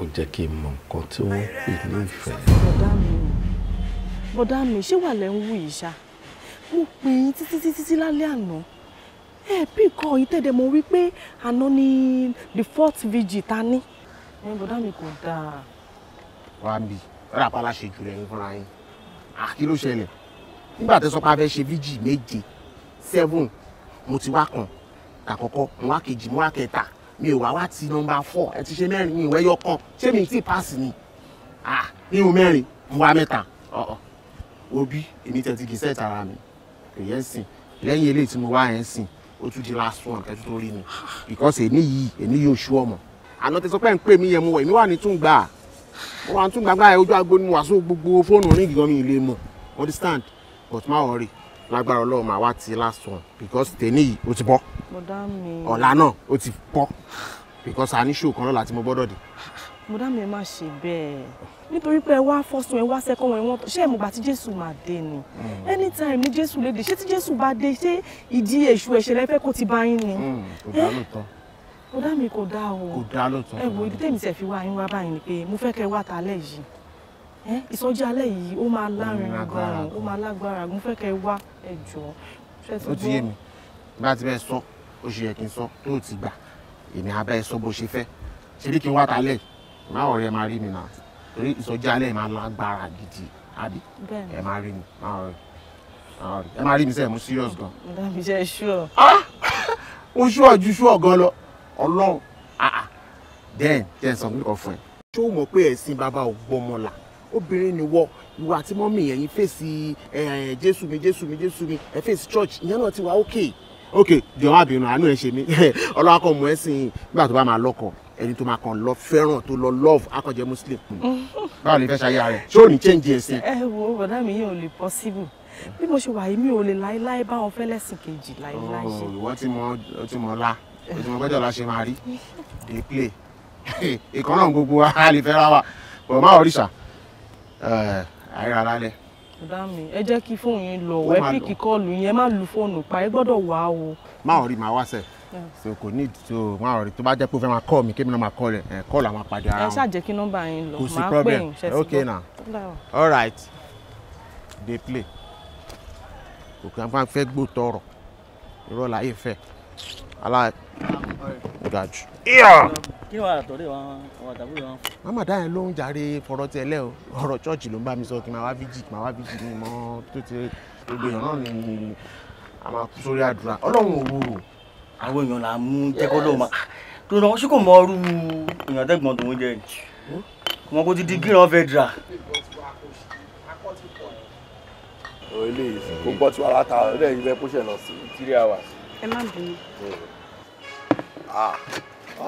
[SPEAKER 1] ó jẹ́ kí n mọ̀ nǹkan tí wọ́n
[SPEAKER 2] pè ní ìfẹ́. bọ̀dá mi
[SPEAKER 1] bọ̀dá mi ṣé wà lẹ́ ń wù yìí ṣá mo pè yín títí títí tí lálẹ́ àná ẹ bí nǹkan yìí tẹ̀dẹ̀ mọ́ wípé àná ni the fourth vigil ta ní ẹyin bọ̀dá mi kò dáa. wàá bì rárá pàlà ṣe jù rẹ ní fúnra yín àkí ló ṣẹlẹ̀ nígbà tó sọ pé a fẹ́ ṣe fíjì méje seven mo ti wá kan tàkọ́kọ́ mo wá kejì mo wá kẹta mi ò wá wá ti nọmba four ẹ ti ṣe mẹ́rin mi yọ kan ṣé mi ti pass ni ah ihun mẹ́rin mo wá mẹ́ta ọ̀ọ́ òbí èmi tẹ̀ ti kì í sẹ́ẹ̀tì ara mi kò sìn lẹ́yìn eléyìí tí mo wá yẹn sìn ó tún di last one kẹ́tù tó rí mi because èmi yìí èmi yóò ṣú ọmọ àná tẹsán pẹ́ ń pè mí yẹn mo wẹ̀ mí wà ní túngbà mo wà ní túngbà gbáyà ojú agbo ni mo wà sóò gbogbo fóònù ríngì gan mi ì lè mọ̀ understand but má wọ̀ rí lágbára ọlọ́run màá wá ti last one because tèmi yìí ó ti bọ́ ọ̀la náà ó ti bọ́ because a ní ṣòkan lọ́la tí mo gbọ́dọ̀ dé
[SPEAKER 3] mọ̀dá mi má ṣe bẹ́ẹ̀
[SPEAKER 1] nítorí pé ẹ wá first one ẹ wá second one wọn ṣé ìmọ̀gbà tí jésù máa dé ni hmm. anytime ni jésù lè dé ṣé tí jésù bá dé ṣé ìdí èṣù ẹ̀ṣẹ̀ lẹ́fẹ́ kó ti bá yín ni. Hmm, kódà mi kò dá o kò
[SPEAKER 4] dá lọ́tún ẹ wo
[SPEAKER 1] ibi tẹ́mi tẹ̀ fi wá yín wá báyìí ni pé mo fẹ́ kẹ́ wá talẹ́ yìí ìsọjí alẹ́ yìí ó máa lárin gan ó máa lágbára mo fẹ́ kẹ́ wá
[SPEAKER 2] ẹ jọ. ó ti yé mi
[SPEAKER 1] bá a ti bẹ́ẹ̀ sọ ó ṣe yẹ kí n sọ tó ti gbà èmi abẹ́ sọ bó ṣe fẹ́ ṣe bí kí n wá talẹ́ má ọ̀rẹ́ máa rí mi náà torí ìsọjí alẹ́ máa lágbára gidi àbí ẹ máa rí mi má ọ̀rẹ́ ẹ máa rí mi sẹ́ẹ̀ mo serious gan. ọ̀dà mi ṣe ṣú ọ. ó ju ṣú gan lọ ọlọ́run ah, ah, then then sọ nǹkan fún ẹ. ṣé o mọ̀ pé ẹ̀sìn bàbá ò gbọmọlà obìnrin ni wọ ìwà àti mọ́mì ẹ̀yìn fèsì jésù mi jésù mi jésù mi ẹ̀ fèsì church ìyẹn náà ti wà ókè. ókè jọ̀wọ́ àbínú àánú ẹ̀ ṣe mí ọlọ́wà kan mọ̀ ẹ́ sìn nígbà tó bá máa lọ́kọ̀ ẹni tó máa kàn lọ fẹ́ràn tó lọ love akọ̀jẹ́ muslim. báwo ni fẹ́ ṣe ayé rẹ̀ ṣé ò ní change ẹ̀sìn. ẹ
[SPEAKER 3] wo bọ̀dá mi yẹn ò lè possible bí mo ṣe wà yìí
[SPEAKER 1] mi ò lè láéláé bá wọn fẹ́ lẹ́sìn kejì láéláé ṣe. Oh, ìwọ tí mo lá òtún ọgbẹ́jọ́ la ṣe máa rí dey ìkan náà gbogbo a lè wa bọ̀ má ọ̀rìṣà àríra eh, lálẹ́.
[SPEAKER 3] dami ẹ jẹ́ kí fóònù yín lọ wẹ́
[SPEAKER 1] píkì kọ́ọ̀lù yẹn má lu fóònù pa ẹ gbọ́dọ̀ wà á o. má ọ̀rì máa wá sẹ̀ so kò ní so má ọ̀rì tó bá jẹ́ pé ó fẹ́ máa kọ́ mi kí mi náà máa kọ́ rẹ̀ kọ́ọ̀lù àwọn àpàdé ara wọn. ẹ ṣáà kí nọ́mbà yín lọ máa pè yín ṣe sí lọ. ok na all right dey play kò kí wọn fẹ́ gbó tọrọ irọ́
[SPEAKER 5] ga jù.
[SPEAKER 2] kí wàá àtọ̀rẹ́ wa àwọn àtàbúrò wa.
[SPEAKER 1] màmá dáhùn ló ń jàre fọ̀rọ̀ tí ẹ lẹ́ o ọ̀rọ̀ chọ́ọ̀chì ló ń bá mi sọ kí n máa wá fíjì kí n máa wá fíjì ní mọ́ tó ti gbogbo èèyàn náà ni a máa kú sórí àdúrà ọlọ́run ò wúrò. àwọn èèyàn là ń mú jẹ́kọ́ ló máa tó náà ṣé kò mọ ọrú èèyàn tẹ́gbọ̀n tòun jẹ ni ọmọ kò ti di gíran fẹ́ dra. òye lè kó gbọ́ tí ọ̀rẹ́ yìí fẹ́ kó ṣẹ̀ lọ sí three hours.
[SPEAKER 2] ẹ
[SPEAKER 4] má bínú.
[SPEAKER 1] Hmm. Ah,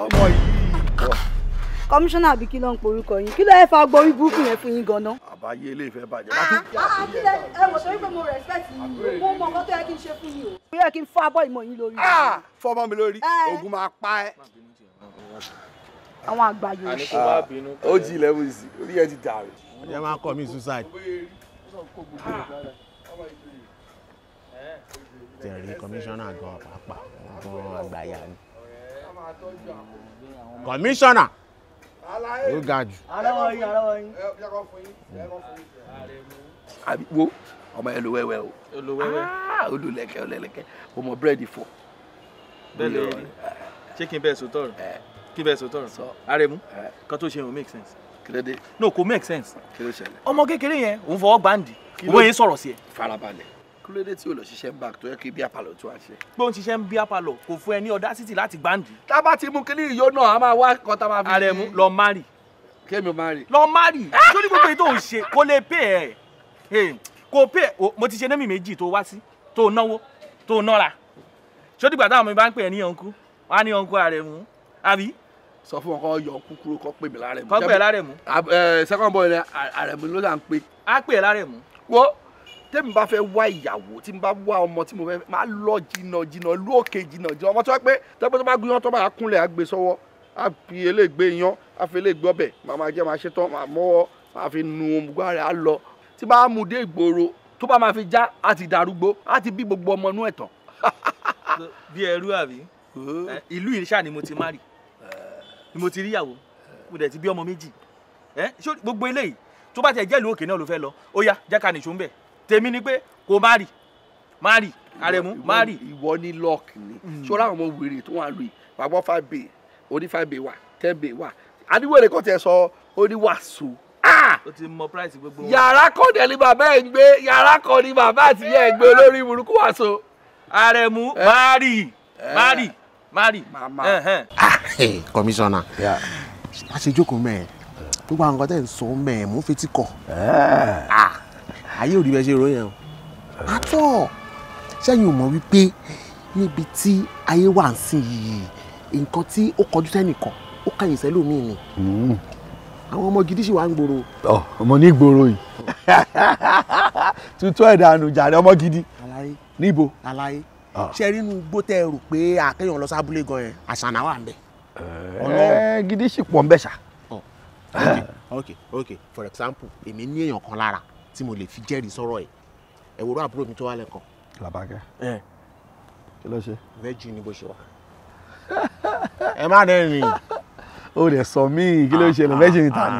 [SPEAKER 1] ọmọ yìí pọ̀.
[SPEAKER 2] kọmíṣánná àbí kí ló ń porúkọ yín kí ló ẹ fa gbórí burúkú yẹn fún yín ganan.
[SPEAKER 1] àbáyé ilé ìfẹ́ bàjẹ́ bá tún
[SPEAKER 2] jà sí ẹ̀ ẹ̀ wò torí pé mo respect yìí mo mọ nǹkan tó yẹ kí n ṣe fún yìí o. mo yẹ kí n fọ́ abọ́ ìmọ̀ yín lórí. Ah,
[SPEAKER 1] fọ́mọ mi lórí eh. ogun máa pa ẹ́ àwọn àgbà yòó. Ah, ó jí ilẹ̀ sí orí ẹ ti dàrú. wọ́n máa kọ́ mi suicide. tẹ̀rí kọmíṣánná gan pàápàá gan àgbàyà ni kọmíṣánná ló ga jù. àbíwó ọmọ ẹ lówẹ́wẹ́ o olùlẹ̀kẹ́ ah, olùlẹ̀kẹ́ o mọ búrẹ́dì fọ. bẹ́ẹ̀ lè ṣé kí n bẹ́ẹ̀ sòtọ́ rẹ̀ kí n bẹ́ẹ̀ sòtọ́ rẹ̀ Aremu kan tó ṣe òun make sense. kílódé. no kò make sense. kí ló ṣẹlẹ̀.
[SPEAKER 4] ọmọ kékeré yẹn
[SPEAKER 1] òun fọwọ́ gbàǹdì òun yẹn sọ̀rọ̀ sí ẹ. farabalẹ̀ kí ló dé tí o lọ ṣiṣẹ́ ń bank tó yẹ kí bí apalọ̀ tó wá ṣe. pé o ń ṣiṣẹ́ ń bí apalọ̀ kò fún ẹ ní audacity láti gbàǹdì. tá a bá ti mú kíní ìyó náà a máa wá kan tá a máa fi. Àrẹ̀mú lọ márì. kémi ò márì. lọ márì tó ní gbogbo èyí tó ń ṣe kó lè pè ẹ kó pè ẹ mo ti ṣe némi méjì tó wá sí tó náwó tó nọ́ra ṣó dìgbà táwọn mi bá ń pè ẹ ní ọ̀nkú wá ní ọ̀nkú Àrẹ̀mú àbí sọ fún wọn kọ yọ kúkúrú kọ pè mí lárẹ̀mú. kọ pè lárẹ̀mú. second tẹ́mi bá fẹ́ wá ìyàwó tí mo bá wá ọmọ tí mo fẹ́ máa lọ jìnnà jìnnà lú òkè jìnnà jìnnà ọmọ tó wá pé tẹ́gbẹ́ tó bá gbé yán tó bá kúnlẹ̀ àgbè e sọ́wọ́ á fi eléègbé yán á fi eléègbé ọbẹ̀ màá máa jẹ́ máa ṣe tán màá mọ́wọ́ máa fi nu òmùgbà rẹ̀ á lọ tí bá mú dé ìgboro tó bá máa fi já á ti darúgbó á ti bí gbogbo ọmọ inú ẹ̀ tán.
[SPEAKER 4] bí ẹrú àbí ìlú ìrìṣà ni
[SPEAKER 1] mo ti má rí ni mo ti rí ìyàwó mo dẹ̀ ti bí ọmọ méjì gbogbo eléyìí tó bá tiẹ̀ jẹ́ ìlú òkè náà ló fẹ́ lọ ó yá jẹ́ ká nìṣó ń bẹ̀ tèmi ni pé kò má rì má rì àrẹ̀mú má rì. ìwọ ní lock ni hmm. ṣọlá àwọn ọmọ wèrè tó wà lóye bàbá five bay oní five bay wà ten bay wà adiwere kan tiẹ̀ sọ oníwàásù o ah! ti mọ price gbogbo. yàrá kan dẹ̀ ni bàbá ẹ̀ ń gbé yàrá kan ni bàbá àti ìyá ẹ̀ ń gbé olórí burúkú wàásù. àrẹ̀mú eh. má rì má eh. rì má rì. kọmíṣánná a ṣe jókòó mẹ́ẹ̀ gbogbo àwọn nǹkan tẹ̀ ń sọ mẹ́ẹ̀ mú fetí kọ̀. Eh. Ah ayé ò rí bẹ́ẹ̀ ṣe ròyìn ẹ̀ o àtọ̀ ṣẹ́yìn ò mọ̀ wípé níbi tí ayé wà ń sìn yìí nǹkan tí ó kọjú sẹ́nìkan ó kàyìn sẹ́lòmíì ni hmm. àwọn ọmọ gidi sì wà ń gbòòrò. ọ ọmọ ní gbòòrò yìí tuntun ẹ̀dánù jàre ọmọ gidi níbo. àlàyé ṣe rí inú igbó tẹ rò pé àkẹyàn lọ sábúlé gan yẹn àṣànà wà ń bẹ. ẹ gidi sì pọ̀ ń bẹ ṣá. ok ok for example èmi ní èèyàn kan lára tí mo lè fi jẹ́rìí sọ̀rọ̀ ẹ̀ ẹ̀ wòrò àbúrò mi tó wà lẹ́kọ̀ọ́. làbàkẹ́ ẹ kí ló ṣe. vẹ́jì ni bó ṣe wà. ẹ má dẹ́ rìn. o lè sọ mí kí ló ṣe lọ vẹ́jì ni ta ni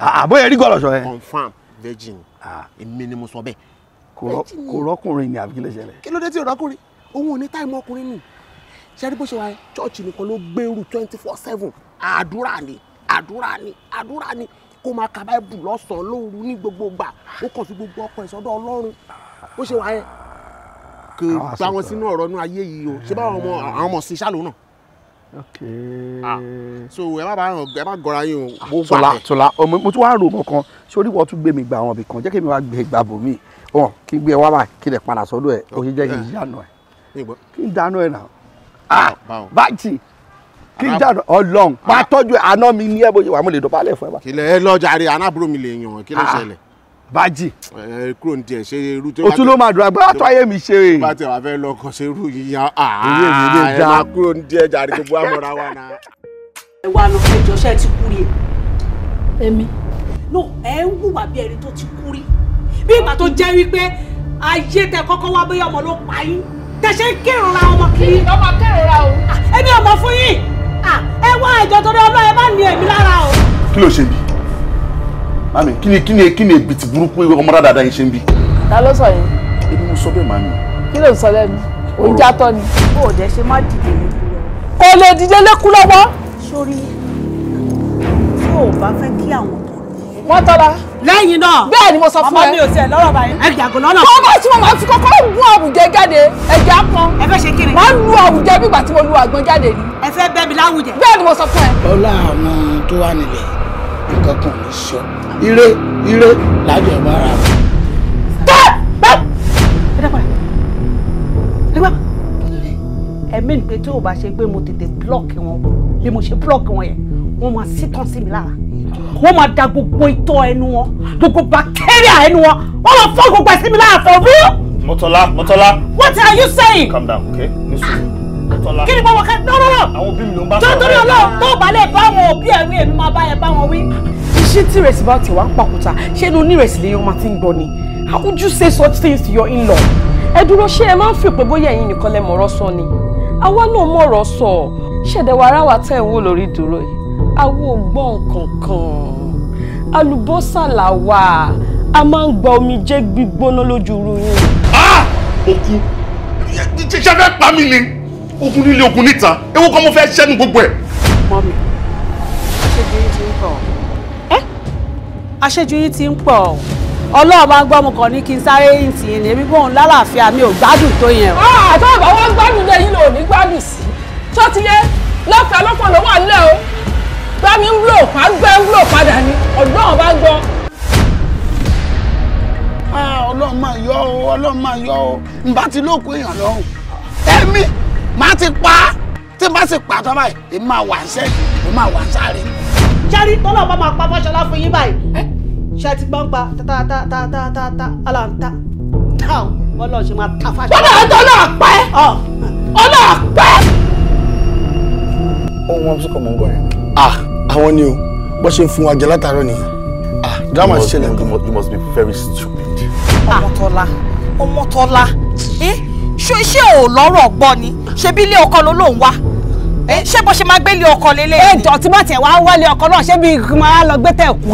[SPEAKER 1] ah. àbóyẹ rí gọ́lọ̀ṣọ yẹn. confam vẹ́jì ni ah. èmi ni mo sọ bẹ́ẹ̀. kò rọ́kùnrin ni àbí kí ló ṣẹlẹ̀. kí ló dé tí ò rọ́kùnrin òun ò ní táìmù ọkùnrin nì ṣẹ́rí bó ṣe wáyé chọ́ọ̀chì nìkan ló gbèrú twenty four seven àdúrà ni àdúrà ni àdúrà ni kó máa ka báìbù lọ́sàn-án lóru ní gbogbo gbà ó kàn fi gbogbo ọkọ ẹ̀ ọlọ́run ó ṣe wáyé kò gba wọn sínú ọ̀rọ̀ inú ayé yìí o ṣé báwọn ọmọ àwọn ọmọ sin ṣáà ló so ẹ má bàa ẹ má gọra yín o mo gbà mo tún wá rò mọ́ kan sórí wọ́n tún gbé mi gba àwọn ibì jẹ́ kí mi wá gbé gbà bò mí wọn kí gbé wá bá kí lè padà sọ́dọ̀ ẹ̀ o ṣe jẹ́ kí n dáná ẹ̀ kí n dáná ẹ̀ náà. Ah, báyìí kí n jà Ọlọ́run máa tọ́jú àná mi ní ẹbọ wà mo lè dọ̀bálẹ̀ fún ẹ bá. kílẹ̀ ẹ lọ́jà rẹ anábúrò mi lè yàn wọ́n kí ló ah, ṣẹlẹ̀. bájì. ẹ kúrò ní tiẹ̀ ṣe irú tó. o tún ló máa dùn agbára tó ayé mi ṣe rè. bá tiẹ̀ wá fẹ́ lọ kàn ṣe irú yíyan ah, ẹ máa kúrò ní tiẹ̀ jàre gbogbo àmọ́ra wa náà. ẹ wá lọ fún ìjọsẹ ti kú rí e. èmi. no
[SPEAKER 3] ẹ ń wùwà bí ẹni tó ti kú rí bí ìgbà tó jẹ́ wípé ayé tẹ kọ́kọ́ wá bóyá ọmọ ló pa yín tẹ̀sẹ̀ ń kérora ọmọ kiri.
[SPEAKER 2] ọmọ kérora o.
[SPEAKER 3] ẹni ah,
[SPEAKER 1] kí ló ṣe bí mami kí ni kí ni kí ni èbìtì burúkú ọmọ dáadáa yín ṣe ń bí. ta ló sọ yẹn. èmi mo sọ bẹ́ẹ̀
[SPEAKER 2] mami. kí ló ń sọ lẹ́nu òun jatọ ni. bó o dẹ ṣe má dìde lẹ́kú lọ́wọ́. kò lè dìde lẹ́kú lọ́wọ́. sórí tí o bá fẹ́ kí àwọn tó ní.
[SPEAKER 1] wọ́n tọ́la. lẹ́yìn náà. bẹ́ẹ̀ ni mo sọ fún ẹ. ọmọ mi ò tiẹ̀ lọ́rọ̀ báyìí. ẹ jàgò lọ́nà. kọ́kọ́ tí mo máa fi kọ́kọ́ mú àwùjẹ jáde ẹ̀jẹ̀ á pọn. ẹ fẹ́ ṣe kí ni. máa lu àwùjẹ bí ìgbà tí mo lu àgbọn jáde ni. ẹ fẹ́ bẹ́ mi láwùjẹ. bẹ́ẹ̀ ni mo sọ nǹkan kan ní sọ ire ire lájọ ẹ̀ bára mi. ẹ̀mí ni pé tí o bá ṣe pé mo tètè blọ́ọ̀kì wọn bí mo ṣe blọ́ọ̀kì wọn yẹn
[SPEAKER 2] wọ́n máa sítàn sí mi lára
[SPEAKER 1] wọ́n máa da gbogbo itọ́ ẹnu wọn gbogbo bacteria ẹnu wọn wọ́n máa fọ́ gbogbo ẹ̀sìn mi lára for real. Mọ́tọ́lá Mọ́tọ́lá. What are you saying? Calm down okay
[SPEAKER 2] tọ́lá. kí ni mo wọ ká no no no. àwọn òbí mi
[SPEAKER 4] ló ń bá
[SPEAKER 1] sọ̀rọ̀. torí ọlọ́run
[SPEAKER 2] tó balẹ̀ bá àwọn òbí ẹ̀rí èmi máa bá ẹ bá wọn wí. ṣé tí ìrẹsì bá ti
[SPEAKER 1] wá ń pàkúta ṣé inú onírẹsì lèèyàn máa ti ń gbọ́ ni how would you say such things to your in-law.
[SPEAKER 3] ẹ dúró ṣé ẹ máa ń fi pé bóyá ẹ̀yin nìkan lẹ mọ̀rọ̀ sọ ni àwa náà mọ̀rọ̀ sọ ṣẹ̀dẹ̀ wàrà wa tẹ̀ ń wò lórí ìdúró yìí àwọn ògbọ́n kankan àlùbọ́sà là wà a máa ń gba omijé gbígbóná lójú ru yín. ó ah!
[SPEAKER 1] kú ṣe fẹ́ pa mí ni. ogun nílé ogun níta ewu kan mo fẹ́ ṣẹ́
[SPEAKER 2] gbogbo ẹ̀. mọ mi
[SPEAKER 3] yìí ti ń pọ̀ ẹ́ yìí ti ń pọ̀ ọlọ́run bá ń gbọ́ kàn ní kí n sáré yìí tì yín ní èmi bóun lálàáfíà mi ò gbádùn tó yẹn o. àtọ́ àbá wọn gbádùn lé yín ní gbádùn sí tó ti yé
[SPEAKER 1] lọ́fẹ̀ẹ́ lọ́pọ̀ o bá mi ń lò pa gbẹ́ ń ni ọlọ́run bá gbọ́. Ah, ọlọ́run máa yọ ọ ọlọ́run máa yọ ọ ti èèyàn ẹ̀mí màá ti pa á tí màá sì pàtó báyìí
[SPEAKER 2] èmi máa wà ṣẹ́ èmi máa wà sáré. sẹ́rí tọ́lọ̀ bá máa pa Fáṣọlá fún yín báyìí ṣe ti gbọ́n pa ta ta ta ta ta ta máa ta Fáṣọlá. bọ́lá ọjọ́ náà pẹ́ ọlọ́ọ̀ pẹ́.
[SPEAKER 1] ohun wọn sọkọ mọ ń yẹn. àwọn ni o bó ṣe ń fún wa jẹ látàárọ̀ nìyẹn drama ṣẹlẹ̀. you must be very stupid.
[SPEAKER 2] ọmọ tọ́lá ọmọ tọ́lá ṣé ṣé ò lọ́rọ̀ gbọ́ ni ṣebí ilé ọkọ ló lòún wá ṣé bó ṣe máa gbé ilé ọkọ lélẹ̀. ẹ jọ tí bá tiẹ̀ wá ọkọ náà ṣé bí máa lọ gbé tẹ̀ kú.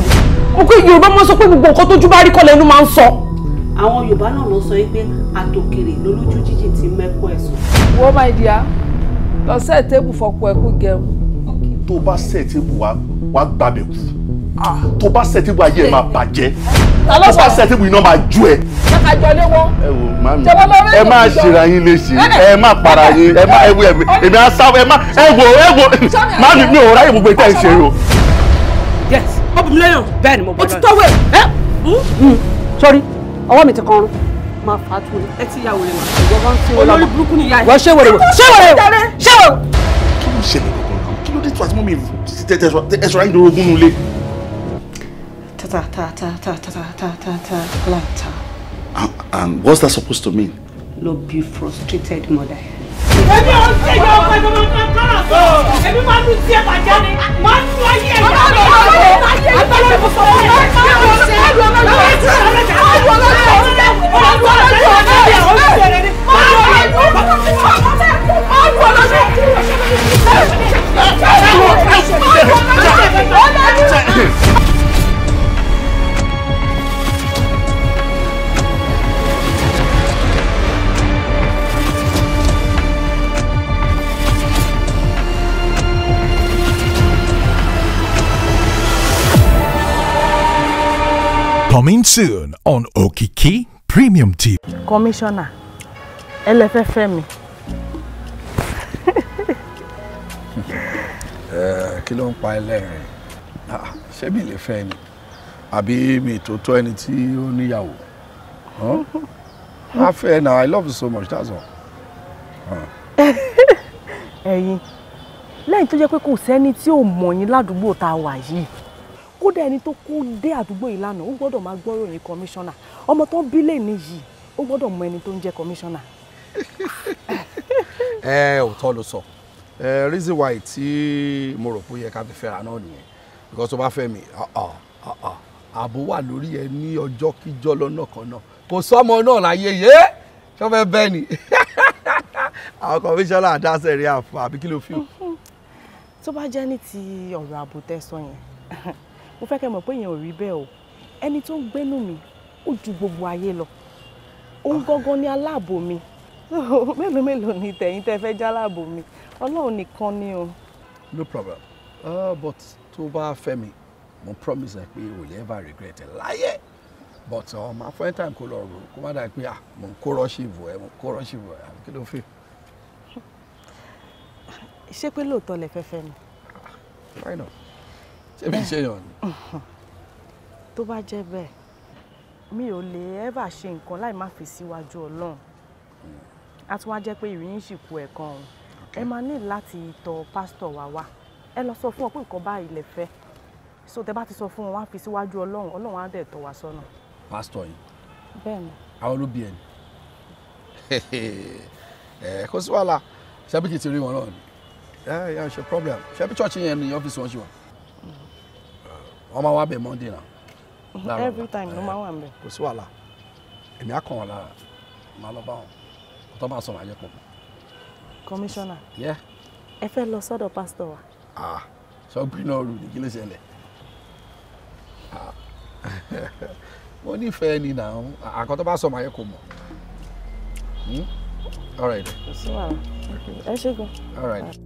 [SPEAKER 2] mo kí yorùbá máa sọ pé gbogbo nǹkan tójú bá rí kọ́ lẹ́nu máa ń sọ.
[SPEAKER 3] àwọn yorùbá náà ló sọ pé àtòkèrè
[SPEAKER 1] lólójú jíjìn ti mẹ́kọ́ ẹ̀sùn. wo my dear lọ sẹ́ẹ̀ tébù fọpọ̀ ẹ̀kú gẹ̀ẹ́rù. tó bá sẹ́ẹ̀ tébù wá gbàbẹ̀ kú Ah, tó bá sẹ́tìbù ayé ẹ̀ máa bàjẹ́ tó bá sẹ́tìbù iná máa ju ẹ̀. àjọlé wọn. ẹ wo màmí ẹ má ṣèrà yín léṣe ẹ má para yín ẹ má ẹ wo èmi á sá ẹ má ẹ wo ẹ wo màmí mi ò ráyè gbogbo ìta ìṣe o. yes ọbùnmi lẹ́yìn bẹ́ẹ̀ ni mo bọ́ lọ́yìn. o ti
[SPEAKER 3] tọ́wé ẹ. sori ọwọ́ mi ti kọrun máa fà á tu ni. ẹ ti ya wèrè ma. ìjọba ń fi wọn olórí burúkú ni ìyá yìí. wọ́n ṣé wèrè wò ṣé wèrè wò
[SPEAKER 1] ṣé wò. kí kí ló dé tó àti mú mi tẹ̀sọ̀ ayédèrè ogún nulẹ̀ ta
[SPEAKER 2] ta ta ta ta ta ta ta ta ta planta.
[SPEAKER 1] And, what's that supposed to mean?
[SPEAKER 3] Lo be frustrated mother.
[SPEAKER 2] Èmi
[SPEAKER 5] Coming soon on Okiki Premium TV.
[SPEAKER 3] Commissioner, LFFM.
[SPEAKER 1] Eh, kí ló ń pa ẹlẹ́rìn? Ah, ṣé mi lè fẹ́ ni? Àbí mi tó tọ́ ẹni tí ó níyàwó? Má fẹ́ na I love you so much that's all.
[SPEAKER 4] Ẹ̀yin, lẹ́yìn
[SPEAKER 1] tó jẹ́ pé kò sẹ́ni tí ò mọ̀ yín ládùúgbò tá a wà yìí kódà ẹni tó kú dé àdúgbò ìlànà ó gbọ́dọ̀ máa gbọ́ ròyìn kọmíṣánná ọmọ tó ń bí lẹ́ni yìí ó gbọ́dọ̀ mọ ẹni tó ń jẹ́ kọmíṣánná. ẹ ò tọ́ ló sọ reason why tí mo rò pé ó yẹ ká fi fẹ́ra náà nìyẹn because tó bá fẹ́ mi ààbò wà lórí ẹ ní ọjọ́ kíjọ́ lọ́nà kan náà kò sọ́mọ náà láyé yé sọ́fẹ́ bẹ́ẹ̀ ni àwọn kọmíṣánná àdáṣe rí àfọ àbí kí ló fi. tó bá jẹ́ ní ti ọ̀rọ̀ àbòtẹ́sọ yẹn mo fẹ́ kẹ́ mọ̀ pé èèyàn ò rí bẹ́ẹ̀ o
[SPEAKER 3] ẹni tó ń gbénú mi ó ju gbogbo ayé lọ òun ah. gangan ni aláàbò mi mélòó mélòó ni tẹ̀yìn tẹ́ fẹ́ já aláàbò mi ọlọ́run nìkan ni o.
[SPEAKER 1] no problem uh, but tó bá fẹ́ mi mo promise ẹ pé o lè ever regret ẹ láyé but ọmọ uh, afọyín time kò lọ rò kó má dà pé ah mo ń kó rọ́ọ̀ṣì ìbò ẹ mo ń kó rọ́ọ̀ṣì ìbò ẹ kí ló fẹ́.
[SPEAKER 3] ṣé pé lóòótọ́ lẹ fẹ́ fẹ́ mi. why not ṣé bí
[SPEAKER 1] ṣe yàn ni.
[SPEAKER 3] tó bá jẹ́ bẹ́ẹ̀ mi ò lè ẹ́bà ṣe nǹkan láì má fi síwájú ọlọ́run a tún wá jẹ́ pé ìrìn yìí ẹ̀kan ọ̀hún ẹ máa ní láti tọ̀ pásítọ̀
[SPEAKER 1] wa wá ẹ lọ sọ fún ọ pé nǹkan báyìí lè fẹ́ so tẹ bá ti sọ fún wọn wá fi síwájú ọlọ́run
[SPEAKER 3] ọlọ́run á dẹ̀ tọ́ wa sọ́nà. pásítọ̀ yìí bẹ́ẹ̀ni
[SPEAKER 1] àwọn olóbi ẹ̀ ni kò sí wàhálà ṣebí kì í ti rí wọn náà ni yeah yeah sure problem ṣebí church yẹn ni ọ́fíìsì wọn ṣì wà wọ́n máa wá bẹ̀ monday náà. Mhm, every
[SPEAKER 2] time ló máa wà ń bẹ̀.
[SPEAKER 1] kò sí wàhálà èmi á kàn wọ́n lára màá lọ bá wọn kó tó máa sọ̀rọ̀ ayé pọ̀. commissioner ẹ
[SPEAKER 3] fẹ́ lọ sọ́dọ̀ pásítọ̀ wa.
[SPEAKER 1] Ah, sọ́gbìn náà rù ní kí ló ah. mo nífẹ̀ẹ́ ni nà àkọ́ tó bá sọ̀rọ̀ ayé kò mọ̀. Hmm? All right. Ẹ ṣe gan. All right.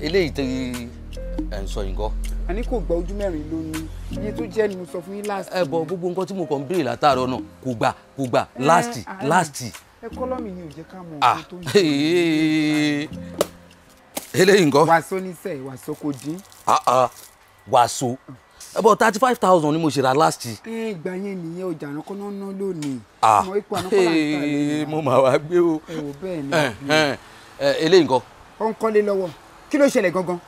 [SPEAKER 1] eléyìí tí ẹ̀ ń sọ yìí kọ́. àní kò gba ojú mẹ́rin ló ní iye tó jẹ́ ni mo sọ fún yín last. ẹ bọ gbogbo nǹkan tí mo kàn ń béèrè látàárọ̀ náà kò gbà kò gbà last last. ẹ kọ́lọ́mì yìí ò jẹ́ ká mọ ohun ah, tó ń sọ. eléyìí nǹkan. wàásù ní sẹ́ẹ̀ wàásù kò dín. Ah, ah, wàásù about thirty five thousand ni mo ṣe ra last. ẹ ìgbà yẹn nìyẹn ọjà ànákọ́ náà ná lónìí. ọmọ ipò ànákọ́ là ń ta ẹ̀ mo máa wá gbé o. ẹ wò bẹ́ẹ̀ ni. Eh, eh, eh, eléyìí nǹkan. ó ń kọ́lé lọ́wọ́ kí ló ṣẹlẹ̀ gangan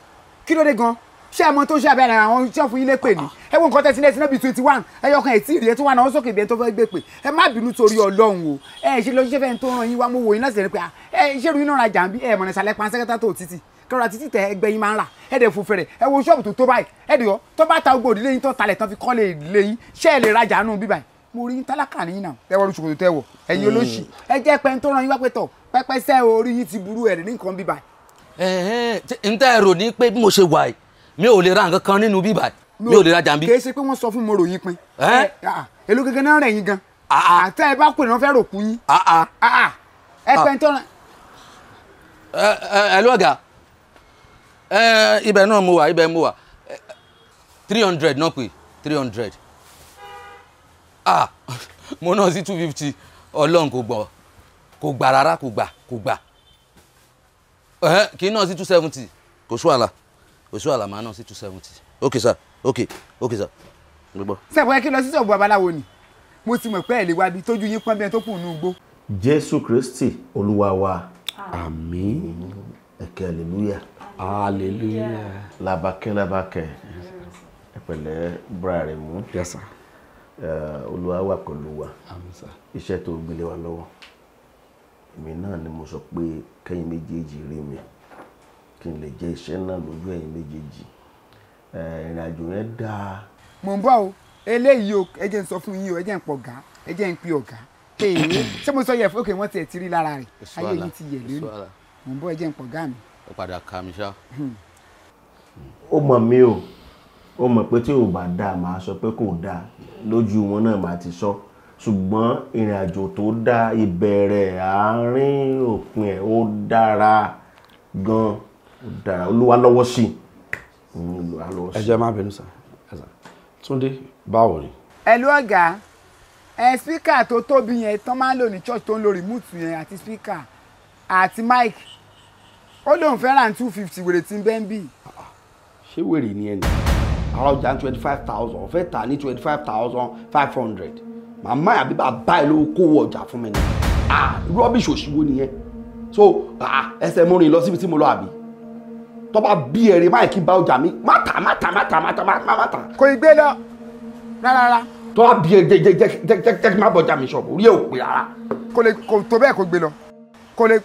[SPEAKER 1] kí ló dé gan ṣé àmọ́ tó ṣe àbẹ̀rẹ̀ àwọn iṣẹ́ fún ilé pè ní ẹ wo nǹkan tẹ́sí lẹ́sí náà bíi twenty one ẹyọkan ẹ̀tí ìrìẹ́ tó wà náà ó sókè ìbẹ́ni tó fẹ́ gbé pè ẹ má bínú torí ọlọ́run o ẹ ṣe lọ ṣiṣẹ́ fẹ́ni tó ràn yín wá mo wò yín láti rẹ̀ pé ẹ ṣé ìròyìn náà ra jàǹbí ẹ mọ̀nà ìsàlẹ̀ pa sẹ́kẹ́tà tó títì kẹrọra títí tẹ ẹgbẹ́ yín máa ń rà ẹ dẹ̀ fún fẹ̀rẹ̀ ẹ wo ṣọ́ọ̀bù tó tó báyìí ẹ dẹ̀ yọ tó bá ta ogbó òdílé yín tó talẹ̀ tán fi kọ́ lè lé yín ṣé ẹ lè rajà nù bíbáyìí mo rí tálákà ní ìnà ẹ wọ lóṣù kò tó tẹ wọ ẹ̀yin olóṣì hmm. ẹ jẹ́ pẹ́ńtó ràn yín wá pé tọ̀ pẹ́pẹ́sẹ́ orí yín n tẹ́ rò ní pé bí mo ṣe wà mi ò lè ra nǹkan kan nínú bíbà mi ò lè ra bí. kì í sọ fún mo ròyìn pin èlò gẹ́gẹ́ náà rẹ̀ gan àtẹ ẹ bá pè náà fẹ́ rò kú yín ẹ pẹ́ tó. ẹ ló ẹ ibẹ̀ náà mo wà ibẹ̀ mo wà three hundred náà three hundred mo Eh, kì í náà sí two seventy kò sí wàhálà kò sí wàhálà màá náà sí two seventy ok sir ok ok sir gbogbo. sẹ́fọ̀ ẹ kí lọ sí sọ̀bù babaláwo ni mo ti mọ̀ pé ẹ̀ lè wá bí tójú yín pọ́n bí ẹ tó kù nínú igbó. jésù kristi olúwa wa ah. àmín ẹ̀kẹ́ hallelujah hallelujah labakẹ́ labakẹ́ ẹ pẹ̀lẹ́ búra mú eh, olúwa wà pẹ̀lú wa iṣẹ́ tó gbélé wa lọ́wọ́ èmi náà ni mo sọ pé kẹ́yìn méjèèjì rí mi kí n lè jẹ iṣẹ́ náà lójú ẹ̀yin méjèèjì ìrìn àjò yẹn dáa. mò ń bọ̀ o eléyìí o ẹ jẹ́ ń sọ fún yín o ẹ jẹ́ ń pọ̀ ọ̀gá ẹ jẹ́ ń pe ọ̀gá èyí ṣé mo sọ yẹ fún òkè wọn tiẹ̀ ti rí lára rẹ̀ ayé yìí ti yẹ lónìí mò ń bọ̀ ẹ jẹ́ ń pọ̀ ọ̀gá mi. ó padà ka mi ṣá. Hmm. ó mọ̀ mí o ó mọ̀ pé tí ò bá dáa màá sọ pé kò dáa lójú wọn náà màá ti sọ. So ṣùgbọ́n ìrìn àjò tó dá ìbẹ̀rẹ̀ àárín òpin ẹ̀ ó dára gan ó dára olúwa lọ́wọ́ sí olúwa lọ́wọ́ sí. ẹ jẹ́ má bínú sá Túndé báwo ni. ẹ ló ọ̀gá ẹ spíkà tó tóbi yẹn tán máa ń lò ní church tó ń lo rìmúùtù yẹn àti spíkà àti mic ó lóun fẹ́ràn two fifty wèrè tí ń bẹ́ ń bì. ṣé wèrè ni ẹ nì? àrọ̀jà twenty five thousand ó fẹ́ ní twenty five thousand five hundred màmá àbí bàbá ẹ ló kówó ọjà fún mi ni ah rubbish òṣìwò nìyẹn so ah ẹsẹ̀ mo rìn lọ síbi tí mo lọ àbí tó bá bí ẹ̀rẹ̀ máa kí bá ọjà mi má tà má tà má tà má tà má tà. kò ì gbé lọ rárá. tó bá bí ẹ jẹ jẹ jẹ jẹ jẹ jẹ kí má bọjà mi ṣọ̀bù orí ẹ ò pé rárá. kò lè kò tó bẹ́ẹ̀ kò gbé lọ kò lè.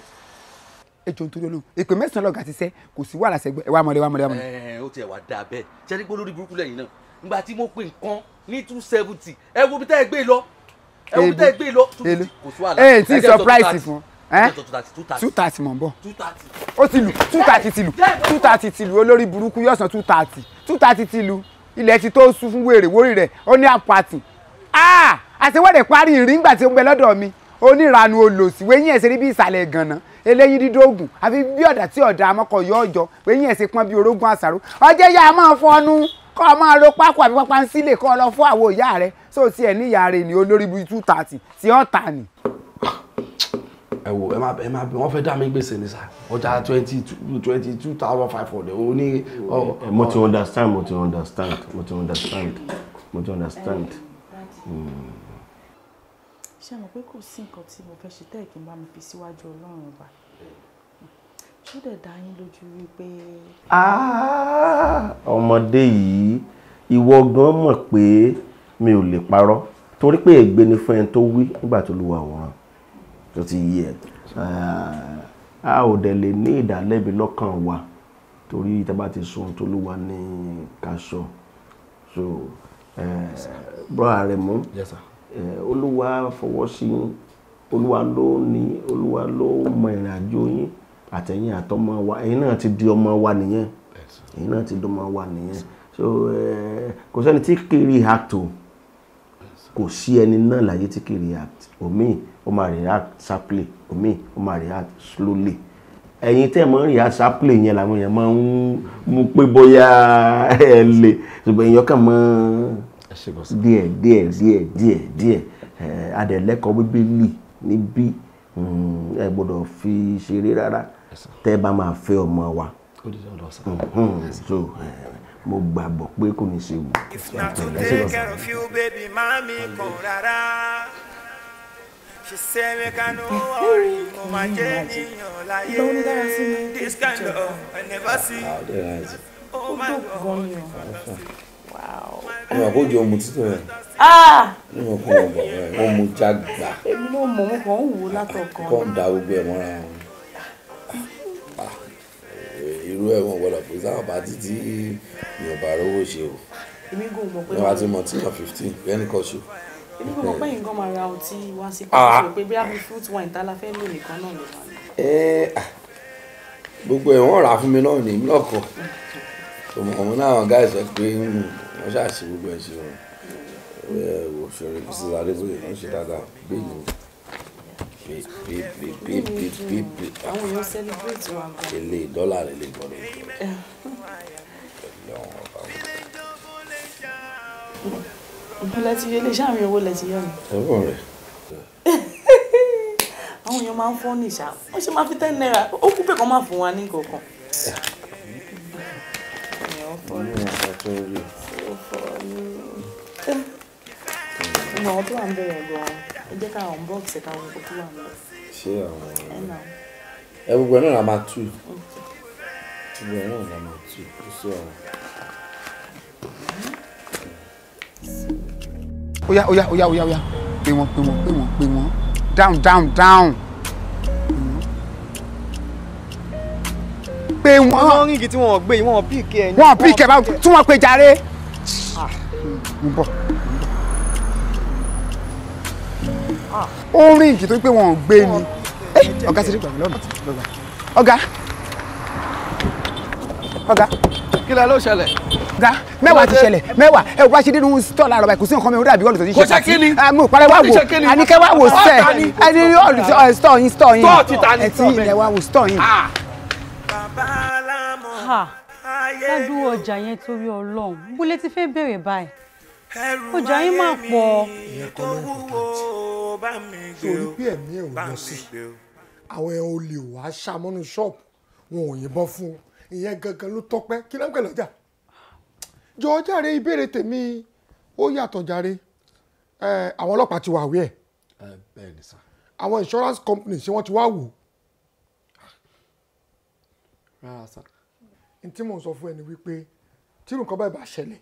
[SPEAKER 1] ejò ń torí olú ìpè mẹ́sàn-án lọ́gà ti sẹ́ kò sí wàhálà sẹ́gbẹ́ ẹ wá mọ́lẹ̀ wá mọ́lẹ̀ wá mọ́lẹ̀. ẹ ẹ ó tiẹ̀ wá dáa bẹ́ẹ̀ ṣẹ́ni gbólórí burúkú lẹ́yìn náà ngbà tí mo pè nǹkan ní two seventy ẹ wo bí tẹ́ ẹ gbé lọ ẹ wo bí tẹ́ ẹ gbé lọ two fifty kò sí wàhálà ẹ ti surprise fún two thirty mọ̀ bọ̀ ó ti lù two thirty ti lù two thirty ti lù olórí burúkú yóò san two thirty two thirty ti lù ilẹ̀ ti tó sùn fún wèrè wórì rẹ̀ ó ní àpàtì ah! àṣewọ́dẹ̀ parí ìrìn nígbà tí ó ń bẹ lọ́dọ̀ mi oníranu olòsì wẹ́yìn ẹ̀sẹ̀ rí bí ìsàlẹ̀ gànà eléyìí dídógùn àfi bí ọ̀dà tí ọ̀dà amọ́kọ̀ yọ ọjọ́ wẹ́yìn ẹ̀sẹ̀ pọ́n bí orógùn àṣàrò ọjẹ́ yá a máa fọ́nú kọ́ ọ máa ro pákó àbí pápá ń sílè kọ́ ọ lọ fún àwọn ìyá rẹ so ti ẹ̀ níyà rẹ ni olórí bíi two thirty ti ọ̀tà ni. ẹ wo ẹ má ẹ má wọn fẹ́ dá mi gbèsè ní sá ọjà twenty two twenty two thousand five hundred ó ní. mo ti understand mo ti understand mo ti understand mo ti understand. ṣé mo pé kò sí nǹkan tí mo fẹ́ ṣe tẹ́ẹ̀ bá mi fi
[SPEAKER 2] síwájú ọlọ́run ọba ó dẹ̀ dá yín lójú wípé.
[SPEAKER 3] Ah,
[SPEAKER 1] ọmọdé yìí ìwọ gan mọ̀ pé mi ò lè parọ́ torí pé ègbé ni fún ẹni tó wí nígbà tó lu àwòrán tó ti yí ẹ ah, a ò dẹ̀ lè ní ìdálẹ́bi lọ́kàn wa torí ìtàbá ti sọ ohun tó lù wá ní kaṣọ so eh, bro Arẹ̀mú eh, olúwa fọwọ́ sí yín olúwa ló ní olúwa ló mọ ìrìn àjò yín àtẹ̀yìn àtọmọ wa ẹ̀yin náà ti di ọmọ wa nìyẹn ẹ̀yin náà ti di ọmọ wa nìyẹn so eh, kò sẹ́ni tí kiri act o kò sí ẹni náà láyé tí kiri react omi ó máa react sharply omi ó máa react slowly ẹ̀yin tẹ́ mọ̀ ń react sharply yẹn làwọn èèyàn máa ń mú pé bóyá ẹ lè ṣùgbọ́n èèyàn kàn mọ́ díẹ̀ díẹ̀ díẹ̀ díẹ̀ díẹ̀ eh, adẹ̀lẹ́kọ̀ọ́ bíbélì níbí hmm, ẹ gbọ́dọ̀ fi ṣeré rárá tẹ́ bá máa fẹ́ ọmọ wa eh, mo gbàgbọ́ pé kò ní ṣe wù. If not today, care
[SPEAKER 4] of you, baby, mami kan She say make I worry, mo ma jẹ́ níyàn láyé. This kind of I never see. Oh my God.
[SPEAKER 1] Wow. Ọmọ àkójọ ọmọ títọ̀ rẹ̀. Ní ọkọ̀ ọmọ rẹ̀, ọmọ jágbá. Èmi náà mọ̀ mọ́ kàn ń wò látọ̀kan. Kọ́ da gbogbo ẹ̀ mọ́ra wọn. Ah, irú ẹ̀ wọ́n gbọ́dọ̀ pé sáwọn pàtí tí mi ò bá rówó ṣe o èmi kò mọ̀ pé wọ́n ti mọ̀ tí wọ́n fifteen bẹ́ẹ̀ ni kò ṣù. èmi kò mọ̀ pé nǹkan máa ra ọtí wá sí ah. pàṣẹ pé bí a fi fruit wine tá a la fẹ́ lò nìkan náà ló wà. gbogbo ẹ̀ wọ́n rà fún mi náà ní èmi náà kọ̀ ọmọ ọmọ náà àwọn guys sọ pé hmm, wọ́n ṣàṣì gbogbo ẹ̀ ṣe wọn òṣèré Mrs. Adébóyè wọ́n ṣe dáadáa bẹ́ẹ̀ ni bíbíbíbíbíbí. àwọn
[SPEAKER 2] èèyàn celebrate wa gan. ilé
[SPEAKER 1] dọ́là rẹ̀ lè gbọ́dọ̀ jọ.
[SPEAKER 2] ìbúlẹ̀ ti yẹ iléeṣẹ́ àwọn owó lẹ̀ ti yọ ni. ẹ̀rọ rẹ̀. àwọn èèyàn máa ń fọ́
[SPEAKER 1] nìṣá wọ́n ṣe máa fi ten naira ó kú pé kàn máa fún wa ní kankan.
[SPEAKER 2] Não, tu anda agora ẹ jẹ́ ká unbox ẹ̀ ká wọ́n kó tó wà nílẹ̀.
[SPEAKER 4] ṣé
[SPEAKER 1] àwọn ẹ gbogbo ẹ náà la máa tù gbogbo ẹ náà la máa tù kó sí ọ̀rọ̀. oya oya oya oya oya pè wọ́n pè wọ́n pè wọ́n pè wọ́n down down down. pé wọ́n. wọ́n rígi tí wọ́n gbé wọ́n píìkì ẹ̀ ní. wọ́n píìkì ẹ̀ báwo tí wọ́n pe jàre. Ah. mo bọ̀. ó ríǹkì tó pé wọn ò gbé ni ọ̀gá ti rí gbàgbé lọ́nà tí gbàgbé ọ̀gá ọ̀gá. kí la ló ṣẹlẹ̀. ọ̀gá mẹ́wàá ti ṣẹlẹ̀ mẹ́wàá ẹ wá ṣe nínú stọ́ọ̀lù àrọ̀bà kò sí nǹkan mi ò dàbí ọ̀lù
[SPEAKER 4] tó ti ṣe. kò ṣe kíni. àmì ah, òpàrẹ wà wò àníkẹ́ wà wò sẹ́ẹ̀ ẹni ọ̀lù stọ́ọ̀ yín stọ́ọ̀ yín
[SPEAKER 2] ẹtí ilẹ̀ wa
[SPEAKER 3] wò
[SPEAKER 4] stọ́ọ̀ yín. Ah.
[SPEAKER 3] ha ládùúgbò ọjà yẹn torí Ọlọ́run bó lè ti fẹ́ bẹ̀rẹ̀ ọjà yín máa pọ̀.
[SPEAKER 4] ìyẹn kọ́ ló ń pọ̀tàtì sórí bí ẹ̀mí ẹ̀ ò lọ sí
[SPEAKER 1] àwọn ẹ̀ ò lè wá ṣàmọ́nú ṣọ́ọ̀bù wọn ò yìnbọn fún un ìyẹn gangan ló tọ́pẹ́ kí lóun pẹ̀ lọ́jà. jọ jàre ìbéèrè tèmi ó yàtọ̀ jàre àwọn ọlọ́pàá ti wà wí ẹ̀ àwọn insurance company ṣé wọ́n ti wá wò. n tí mò ń sọ fún ẹ ni wípé tí nǹkan báyìí bá ṣẹlẹ̀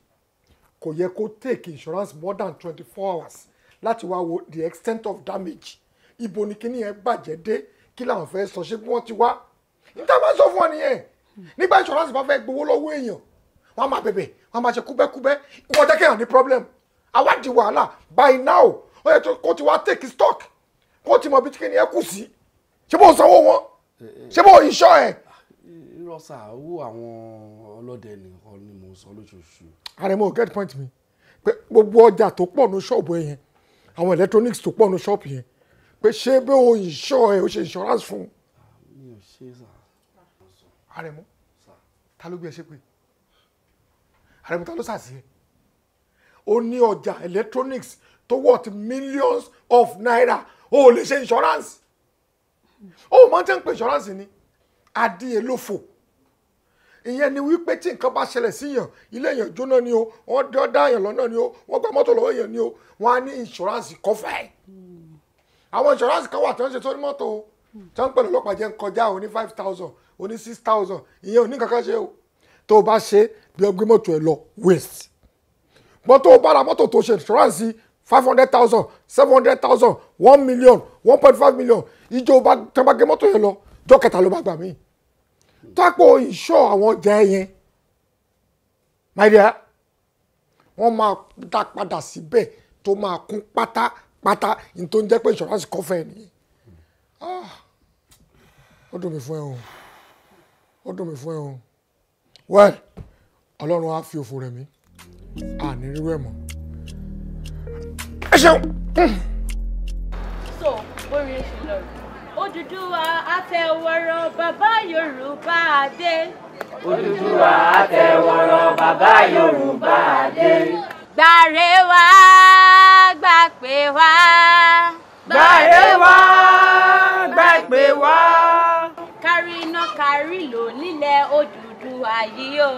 [SPEAKER 1] kò yẹ kó take insurance more than twenty four hours láti wá wo the extent of damage ibo ni kíní yẹn bàjẹ́ dé kí làwọn fẹ́ sọ ṣé wọ́n ti wá níta bá sọ fún ọ nìyẹn nígbà insurance bá fẹ́ gbowó lọ́wọ́ èèyàn wọ́n á máa bẹ̀bẹ̀ wọ́n á máa ṣe kúbẹ́kúbẹ́ wọ́n jẹ́ kéèyàn ní problem àwa di wàhálà by now ó yẹ kó ti wá take stock kó ti mọ bí kíní yẹn kù sí ṣé bó sanwó wọn eh, eh. ṣé bó insure ẹ̀ lọ́sà owó àwọn ọlọ́dẹ nìkan ni mò ń san lóṣooṣù. àrẹ̀mọ get point mi pé gbogbo ọjà tó pọ̀ ní ṣọ́ọ̀bù ẹ yẹn àwọn electronics tó pọ̀ ní ṣọ́ọ̀bù yẹn pé ṣé bí o ìṣọ́ ẹ o ṣe insurance fún un. mi ò ṣe sà. àrẹ̀mọ ta ló gbé ẹ ṣe pé àrẹ̀mọ ta ló sàṣì ẹ o ní ọjà electronics tó worth millions of naira o ò lè ṣe insurance o ò mọ̀ tẹ́ ń pè insurance ni adíyelófò ìyẹn ni wípé tí nǹkan bá ṣẹlẹ̀ sí yàn ilé yàn jóná ni o wọ́n dé ọ̀dá yàn lọ́nà ni o wọ́n gba mọ́tò lọ́wọ́ yàn ni o wọ́n á ní insurance cover ẹ̀ àwọn insurance kan wà tí wọ́n ṣe sórí mọ́tò o tí wọ́n ń pẹ̀lú ọlọ́pàá jẹ́ ń kọjá o ní five thousand o ní six thousand ìyẹn ò ní kankan ṣe o tó o bá ṣe bí ọ gbé mọ́tò ẹ lọ waste gbọ́n tó o bá ra mọ́tò tó ṣe insurance five hundred thousand seven hundred thousand one million one point five million ìjọba tẹ́gbàgé mọ́tò yẹn lọ jọ́ kẹta ló bá gbà míì tápò ìṣọ́ àwọn ọjà yẹn my dear wọ́n máa dá padà síbẹ̀ tó máa kún pátápátá ní tó ń jẹ́ pé insurance cover ẹ̀ nìyẹn ah, ó dùn mí fún ẹ o ó dùn mí fún ẹ o well ọlọ́run á fi òfò rẹ̀ mí àní rírú ẹ̀ mọ́ ẹ
[SPEAKER 3] ṣeun. so bóyá ṣe lọ rẹ. Odùduwà àtẹ̀wọ̀rọ̀ bàbá Yorùbá adé.
[SPEAKER 4] Odùduwà àtẹ̀wọ̀rọ̀ bàbá
[SPEAKER 2] Yorùbá adé.
[SPEAKER 3] Gbàre wá gbàpè wá. Gbàre wá
[SPEAKER 2] gbàpè wá.
[SPEAKER 3] Kárí iná kárí lò nílẹ̀ Odùduwà yìí o.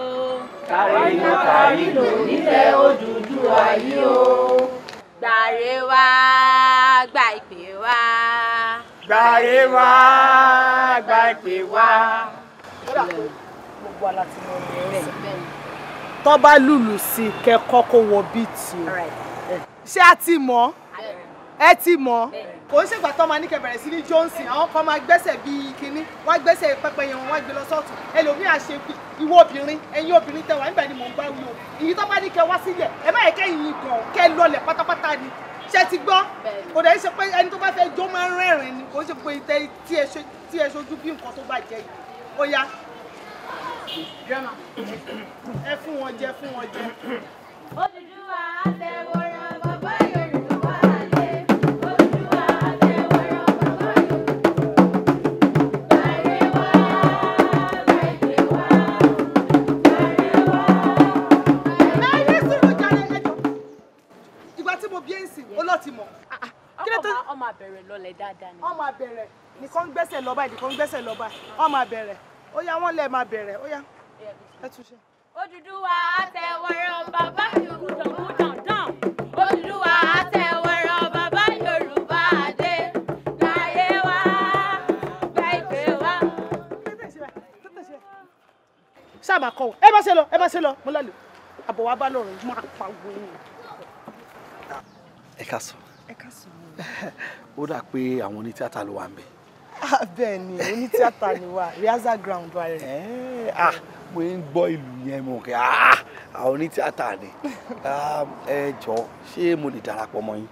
[SPEAKER 3] Kárí iná kárí lò nílẹ̀ Odùduwà yìí o. Gbàre wá gbàpè wá
[SPEAKER 2] gbàre wá
[SPEAKER 4] gbàgbé wá.
[SPEAKER 3] gbogbo aláti mọ ọ̀rẹ́
[SPEAKER 2] rẹ̀.
[SPEAKER 1] tó bá lùlù sí i kẹ́kọ́ kó wọ bíìtì o ṣé a ti mọ̀ ẹ ti mọ̀ kò ń ṣègbà tó máa ní kẹbẹ̀rẹ̀ sí ní johnson àwọn kan máa gbẹ́sẹ̀ bíi kínní wá gbẹ́sẹ̀ pẹpẹyẹ wọn wá gbé lọ sọ́ọ̀tún ẹlòmíà ṣe ìwọ obìnrin ẹ̀yin obìnrin tẹwàá nígbà ni mò ń bá wí o èyí tó bá ní kẹ wá sílẹ̀ ẹ má yẹ kẹ́yìn gan kẹ́ lọlẹ̀ pátápátá ni ṣe ti gbọ́ kò dẹ̀ ṣe pé ẹni tó bá fẹ́ jó máa ń rẹ́rìn ni kò ṣe pé ìtẹ́ tí ẹ ṣojú bí nǹkan tó bàjẹ́ yìí ó yá ẹ fún wọn jẹ fún wọn jẹ. Odùduwà àtẹwọrẹ. ti mọ̀. Ah, ah. ọmọ abẹ̀rẹ̀ lọlẹ̀ dáadáa ni. ọmọ abẹ̀rẹ̀ nìkan gbẹ́sẹ̀ lọ́ba nìkan gbẹ́sẹ̀ lọ́ba ọmọ abẹ̀rẹ̀ ó yá wọ́n lẹ̀ máa bẹ̀rẹ̀ ó yá ẹ tún ṣe.
[SPEAKER 2] Odùduwà àtẹ̀wọ̀rọ̀ bàbá Yorùbá
[SPEAKER 3] dandan Odùduwà àtẹ̀wọ̀rọ̀ bàbá Yorùbá adé láyé wá gbẹ̀gbẹ̀ wá.
[SPEAKER 1] sáà máa kọ́ ọ ẹ má ṣe lọ ẹ má ṣe lọ mo lálẹ́ àbọ̀wá bá lọ́rùn máa pa wọ́n ẹ ká sọ. ẹ ká sọ. ó dà pé àwọn oní tíátà ló wà ń bẹ. Ah, bẹ́ẹ̀ ni oní ni wà rehearsal ground wa rẹ̀. Ah, mo ń gbọ́ ìlú yẹn mo kẹ́ ah, àwọn oní tíátà ni ẹ jọ ṣé mo lè darapọ̀ mọ́ yín.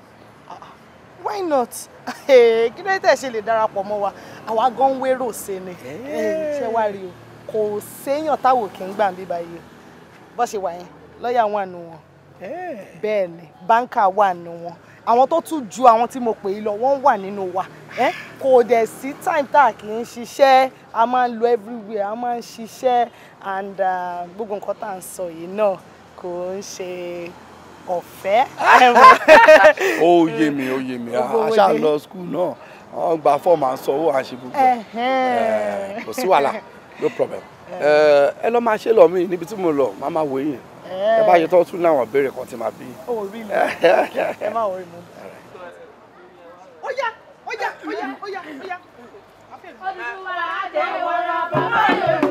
[SPEAKER 1] why not eh, kí ló tẹ̀ ṣe lè darapọ̀ mọ́ wa àwa gan ń wérò ṣe ni eh, ṣé wàá rí o kò séèyàn táwọn kì í gbà bí báyìí bó ṣe
[SPEAKER 2] wà yẹn lọ́ọ̀yà wọn àánú wọn
[SPEAKER 1] bẹ́ẹ̀ ni báńkà wà nínú
[SPEAKER 2] wọn àwọn tó tún ju àwọn tí mo pè yí lọ wọ́n wà nínú wa kò dẹ̀ sí time tá a kì í ṣiṣẹ́ a máa ń lọ everywhere a máa ń ṣiṣẹ́ and gbogbo nǹkan tá à ń sọ yìí náà kò ń ṣe ọ̀fẹ́.
[SPEAKER 1] ó yé mi ó yé mi a ṣáà lọ school náà wọ́n gba fọ́ọ̀mù à ń sanwó à ń ṣe
[SPEAKER 2] gbogbo kò sí wàhálà
[SPEAKER 1] no problem ẹ lọ máa ṣe lọ mí níbi tí mo lọ màá máa wò yín ẹ bá yẹ tó tún náà wọn béèrè kan tí màá bí. o rí mi ẹ má wọrí mu.
[SPEAKER 2] ó yá ó yá ó yá ó yá ó yá. ọdún tó á jẹ́ ìwọ̀n bàbá yòó.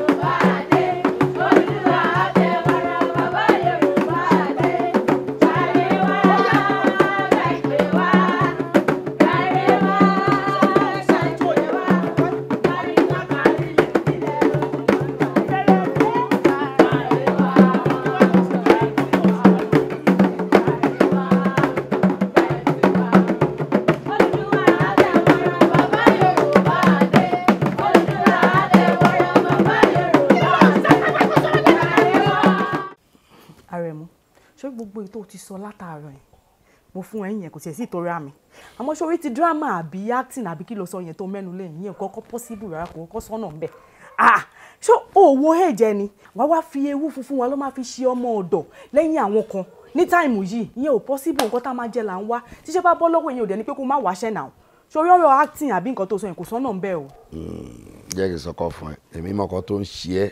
[SPEAKER 3] ohun tó ti sọ látàárọ̀ yẹn mo fún
[SPEAKER 1] ẹ yẹn kò tiẹ̀ sí ìtọ́rẹ́ àmì àmọ́ ṣé orí ti drama àbí acting àbí kí ló sọ yẹn tó mẹ́nu lẹ́yìn yẹn kọ́kọ́ possible rárá kò kọ́ sọ́nà ń bẹ̀ ah ṣé òwò ẹ̀jẹ̀ ni wàá wá fi ewu funfun wa ló máa fi ṣe ọmọ ọ̀dọ̀ lẹ́yìn àwọn kan ní táìmù yìí ìyẹn ò possible nǹkan tá a máa jẹ là ń wá tíṣẹ́ bá bọ́ lọ́wọ́ ìyẹn ò dẹ̀ ni pé kó má wáṣẹ́ náà sórí ọ̀rọ̀ acting àbí nǹkan tó sọ yẹn kò sọ́nà ń bẹ̀ o. Hmm, jẹ́ kí n sọkọ fún ẹ èmi mọ̀kọ́ tó ń ṣe ẹ́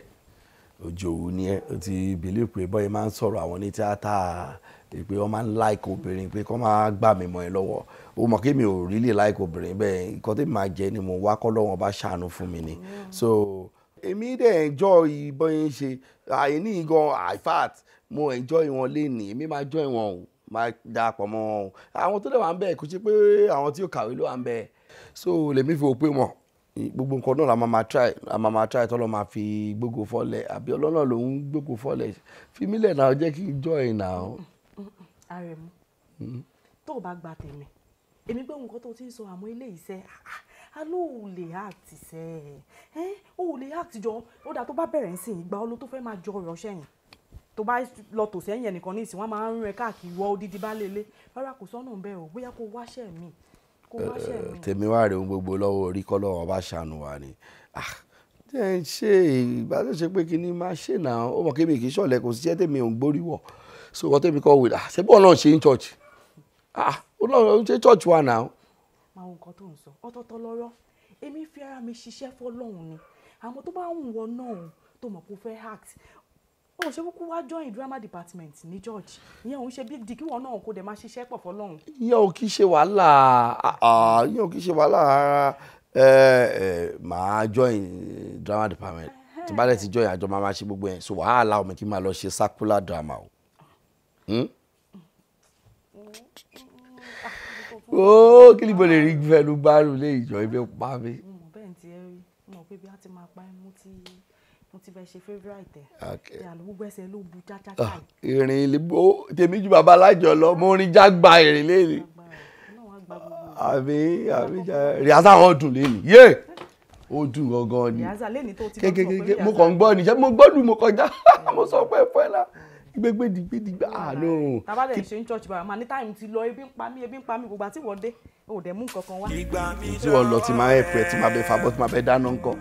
[SPEAKER 1] ojú òwú ni ẹ o ti bìlíì pé bọ́yẹ máa ń sọ̀rọ̀ àwọn ní tíátà pé wọ́n máa ń like obìnrin pé kọ́ máa gbà mí mọ́ ẹ lọ́wọ́ ó mọ̀ kí mi ò really like obìnrin bẹ́ẹ̀ nǹkan tí màá jẹ ni mo wá kọ́ lọ́wọ́n bá ṣàánú fún mi ni mm. so èmi dẹ̀ enjoy ìbọn yẹn ṣe àìní gan in fact mo enjoy wọn lénìí èmi máa join wọn o máa darapọ̀ mọ́ wọn o àwọn tó dẹ̀ wà ń bẹ̀ kò ṣe pé àwọn tí ò kàwé ló wà ń bẹ̀ so lèmi fi wò pé wọn gbogbo nǹkan náà la máa máa try la máa máa try tọ́lọ́ máa fi gbogbo fọ́lẹ̀ àbí ọlọ́nà ló ń gbogbo fọ́lẹ̀ fi mílẹ̀ náà jẹ́ kí n join náà àrẹ̀mú mm-hmm. tó o bá
[SPEAKER 3] gba tèmi èmi gbé nǹkan tó ti ń sọ àmọ́ ilé iṣẹ́ aló ah, ah, ò lè act sẹ́ ẹ́ ó lè act jọ ó dà tó bá bẹ̀rẹ̀ ń sìn ìgbà ọlọ́ tó fẹ́ máa jọ ọ̀rọ̀ sẹ́yìn
[SPEAKER 1] tó bá lọ tò sẹ́yìn ẹnìkan ní ìsìn wọn máa ń rìn káàkiri wọ odidi bá lélẹ̀ rárá kò sọ́nà ń
[SPEAKER 3] bẹ̀ ọ́ bóyá kó wáṣẹ́ mi kó eh, wáṣẹ́
[SPEAKER 1] mi. tèmi wá rèé ohun gbogbo lọ́wọ́ orí kọ́ lọ́wọ́ bá ṣàánú wa ni ah, ṣé ìgbà tó ṣe pé kí ni máa ṣe náà ó mọ̀ kí mi kì í ṣọ̀lẹ kò sí jẹ́ tèmi ò ń gbóríwọ̀ so wọ́n tẹ́bi call with la ah, ṣé bọ́ọ̀ náà ṣe ń church ah ọlọ́run ṣe church wa náà. màá nǹkan tó ń sọ ọ̀tọ̀ọ̀tọ̀ lọ́rọ̀ èmi fi ara mi ṣiṣẹ́ fọlọ́run ni àmọ́ tó bá ń wọ náà tó mọ̀ kó fẹ́ act o ṣe kúkú wá join drama department ní church ìyẹn òun ṣe big deal kí wọn náà kó dẹ̀ máa ṣiṣẹ́ pọ̀ fọlọ́run. ìyẹn ò kí ṣe wàhálà ah, ah, ìyẹn ò kí ṣe wàhálà rárá màá join drama department tí bá dẹ̀ ti join àjọ máa ma ṣe gbogbo yẹn so wàhálà ọmọ kí n máa lọ ṣe circular drama o. Oh, kí ni mo lè rí fẹnu gbárùn lé ìjọ ibi pa mi. bẹ́ẹ̀
[SPEAKER 3] ni ti ẹ rí mo mọ̀ pé bí a ti máa pa ẹ́ mú ti mo ti bẹ ṣe favourite ẹ ẹ àlùbọ ẹsẹ ló bu jájájá.
[SPEAKER 1] Ah, ìrìn ìlú tèmi ju bàbá alájọ lọ mo rin jágba ìrìn lẹ́nu. àbí àbí rìhásà wọn dùn lẹ́nu yé ó dùn gangan ni kékeré mo kàn gbọ́ ni mo gbọ́dùn mo kọjá mo sọ pé fẹ́ la gbégbédìgbédìgbà àánú. Ah, tábàdàn ṣe ń church bàbá màá ní táìmù ti lọ ebi ń pa mí
[SPEAKER 3] ebi ń pa mí gbogbo àti wọ́n o dẹ̀ mú nǹkan kan wá. tí
[SPEAKER 1] wọ́n lọ ti máa ẹ̀ pẹ́ tí máa bẹ fàbọ̀ tí máa bẹ dáná nǹkan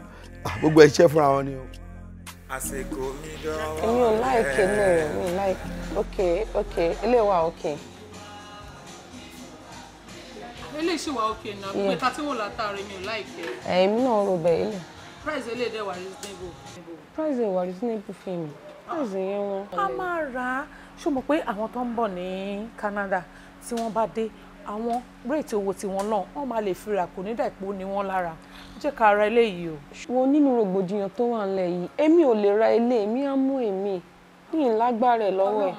[SPEAKER 1] ah, gbogbo ẹ̀ fúnra wọn ni o.
[SPEAKER 4] àsìkò mi
[SPEAKER 3] dánwò rẹ. èmi ò láìké ní rẹ mi láìké ok ok eléyìí wà ok.
[SPEAKER 1] eléyìí sì wà ok náà pé tàtí wò látàrí mi ò láìké.
[SPEAKER 3] èmi náà rò bẹ́ẹ̀ ilé.
[SPEAKER 1] price eléyìí dẹ̀ wà reasonable.
[SPEAKER 3] price ẹ̀ wà reasonable fún mi price yẹn wọn. a máa rà á ṣó mọ̀ pé àwọn tó ń bọ̀ ní Canada tí wọ́n bá dé
[SPEAKER 1] àwọn réètì owó tí wọ́n náà wọ́n máa lè fira kò ní dàpọ̀ ní wọ́n lára jẹ́ ká ra eléyìí o.
[SPEAKER 3] ṣùgbọ́n nínú rògbòdìyàn tó wà nílẹ̀ yìí èmi ò lè ra ilé mi á mú èmi ní ìlágbára ẹ̀ lọ́wọ́ ẹ̀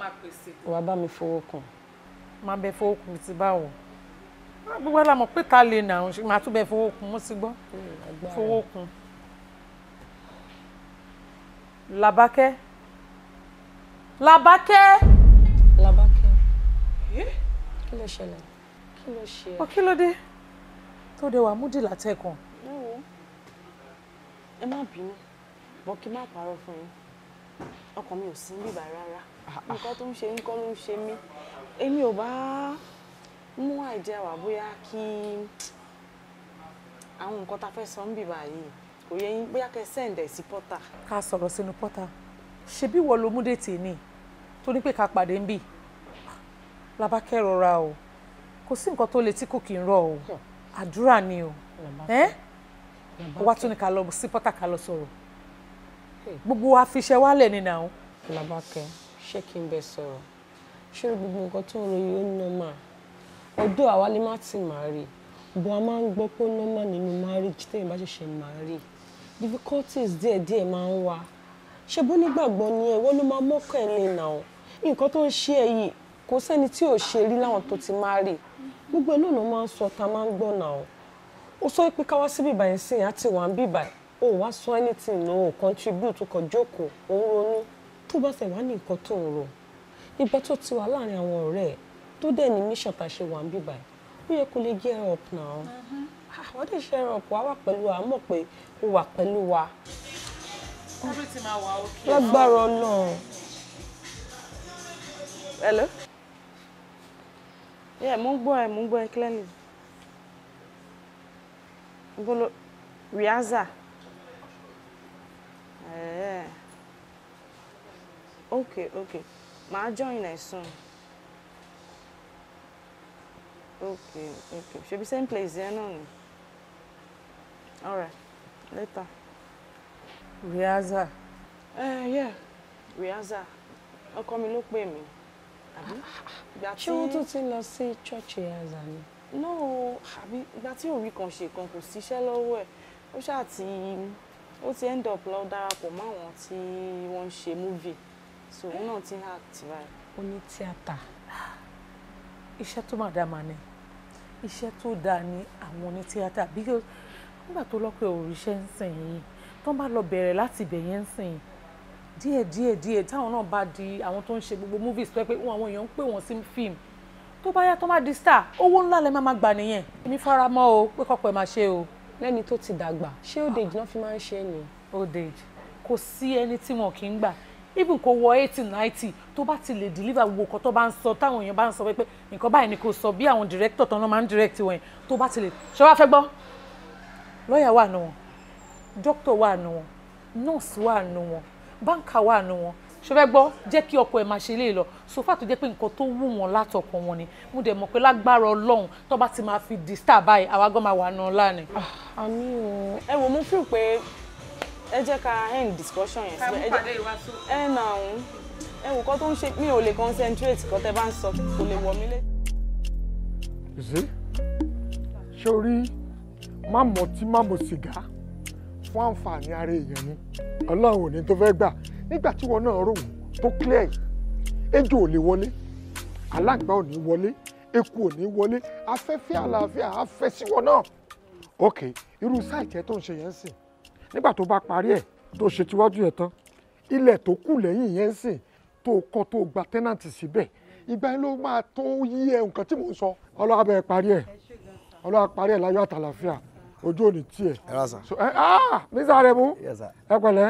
[SPEAKER 3] wàá bá mi fowó kàn.
[SPEAKER 1] máa bẹ fowó kù ti báwo gbogbo ẹ̀ la mọ̀ pé ta lè nà ọ̀hún ṣùgbọ́n àtúbẹ̀ fowó kù mo ti gbọ́ fowó kù. Làbákẹ́
[SPEAKER 3] Làbákẹ́. Làbákẹ́. Kí ló ṣẹlẹ̀? Kí ló ṣe ẹ́? Kí ló dé?
[SPEAKER 1] Tó de wà múdì látẹ̀kùn.
[SPEAKER 3] Ẹ má bínú, bọ́ kí má parọ́ fún yín. Ọkàn mi ò sí bíbà rárá. Nǹkan tó ń ṣe ń kọ́ ló ń ṣe mí. Èmi ò bá mú àìjẹ wà bóyá kí àwọn nǹkan tá a fẹ́ sọ ń bíbà yìí kò yẹ yín bóyá kẹ́ sẹ́ǹdẹ̀ sí pọ́tà.
[SPEAKER 1] Ká sọ̀rọ̀ sínú pọ́tà ṣebí wọ́n ló mú dètè ni tó ní pé ká pàdé ń bì labá kẹ́rọra o kò sí nǹkan tó le tí kò kí ń rọ o àdúrà ni o ẹ wá tún ní ká lọ sí pọ́tà ká lọ sọ̀rọ̀ gbogbo wa fi ṣe wálẹ̀ nínú àwọn. Làbákẹ́
[SPEAKER 3] ṣé kí n bẹ sọ̀rọ̀ ṣé gbogbo nǹkan tó ń ròyìn ó nọ́mà ọdún àwa lè má ti máa rí bó a máa ń gbọ́ pé ó nọ́mà nínú marriage téèyàn bá ṣẹ̀ṣẹ̀ máa rí difficulties díẹ̀díẹ̀ máa ń wà ṣe bó nígbàgbọ́ ni ẹ wọ́n ló máa
[SPEAKER 1] mọ́kàn ẹ̀ lè nà ọ́ nǹkan tó ń ṣe ẹ yìí kò sẹ́ni tí ò ṣe rí láwọn tó ti máa rí gbogbo ẹ̀ lónà máa ń sọ ta máa ń gbọ́ nà ọ́ ó sọ pé ká wá sí bíbá yẹn sìn àti wà ń
[SPEAKER 3] bíbá ẹ̀ ó wá sọ anything no contribute kò jókòó ó ronú tó bá ṣe wá ní nǹkan tó ń ro ìgbà tó ti wà láàrin àwọn ọ̀rẹ́ ẹ̀ tó dẹ̀ ní mission tá a ṣe wà ń bíbá ẹ̀ ó yẹ kó lè gear up now àwọn mm-hmm. ah, dẹ̀ ṣe ẹran ọ̀pọ̀ wá wà pẹ̀lú wa mọ̀ pé ó wà lágbára Ọlọ́run. hello. yeah mo ń gbọ́ ẹ mo ń gbọ́ ẹ clearly. bolo riaza. Yeah. okay okay màá join ẹ soon. okay okay ṣebí same place yẹn náà ni. all right later. Riaza. Eh, yeah. Riaza.
[SPEAKER 1] Ọkọ come ló pè mí. Àbí? Ìgbà tí Ṣé wọ́n tún
[SPEAKER 3] ti lọ sí church Riaza ni? No, àbí ìgbà tí orí kan ṣe kan kò síṣẹ́ lọ́wọ́ ẹ̀. Ó ṣáà ti ó ti end up lọ darapọ̀ mọ́ àwọn tí wọ́n ń ṣe movie. So òun náà ti ń act báyìí. Ó ní theater. Iṣẹ́ tó máa dá máa ní. Iṣẹ́ tó dáa ni àwọn oní tíátà. Bí nígbà tó lọ́pẹ́ òrìṣẹ́
[SPEAKER 1] ń sìn yìí tó ń bá lọ bẹ̀rẹ̀ láti ibẹ̀ yẹn ń sìn díẹ̀ díẹ̀ díẹ̀ táwọn náà bá di àwọn tó ń ṣe gbogbo movies tó yẹ pé àwọn èèyàn ń pè wọ́n sí fíìmù tó bá yá tó má di star
[SPEAKER 3] owó ńlá lẹ máa gbà nìyẹn èmi fara mọ́ o pé kọ́pọ̀ ẹ̀ máa ṣe o. lẹ́ni tó ti dàgbà ṣé old age náà fi máa ń ṣe ni. old age kò sí ẹni tí wọn kì í gbà even kò wọ eighty ninety tó bá ti lè deliver gbogbo nǹkan tó bá ń sọ táwọn èèyàn bá ń sọ pé nǹkan báyìí ni kò sọ bí àwọn
[SPEAKER 1] director tó ń lọ máa ń direct wọn tó bá ti lè ṣọwọ́ afẹ́gbọ́ lọ́ọ̀yà wà nù
[SPEAKER 3] doctor wà nù wọn nurse wà nù wọn banker wà nù wọn ṣọfẹ́ gbọ́ jẹ́ kí ọkọ ẹ̀ máa ṣe lè lọ sofa tó jẹ́ pé nǹkan tó wù wọ́n látọkọ wọn ni mo dẹ̀ mọ̀ pé lágbára
[SPEAKER 1] ọlọ́run tó bá ti máa fi disturb báyìí àwa gan máa wà nù ọ́n lánàá. Ah, àmì o ẹ wò mo feel pé ẹ jẹ́ ká end discussion yẹn síbẹ̀ ẹ jẹ́
[SPEAKER 3] ẹ nà ọ̀hún
[SPEAKER 1] ẹ wò kọ́ tó ń ṣe mi ò lè concentrate kọ́ tẹ́ bá ń sọ kò lè wọ̀ mí lé. ṣé ṣé o rí má má mọ sìgá fún àǹfààní ara èèyàn ni ọlọ́run ò ní tó fẹ́ gbà nígbà tí wọn náà rò wọ́n tó clear yìí ejò ò lè wọlé aláǹgbá ò ní wọlé eku ò ní wọlé afẹ́fẹ́ àlàáfíà afẹ́ sí wọn náà ok irú sáìtì ẹ tó ń ṣe yẹn sìn nígbà tó bá parí ẹ tó ṣe tiwájú ẹ tán ilẹ̀ tó kù lẹ́yìn yẹn sìn tó kọ́ tó gba tẹ́nàntì síbẹ̀ ìgbà yẹn ló máa tó yí ẹ nǹkan tí mò ń sọ ọlọ́wà bẹ́ẹ̀ parí ẹ ọlọ́wà parí ẹ láyọ̀ àtàlàfíà ojú òní tiẹ̀. ẹ rà sà. so ẹ ah mr aremu. yes sir. ẹ pẹ̀lẹ́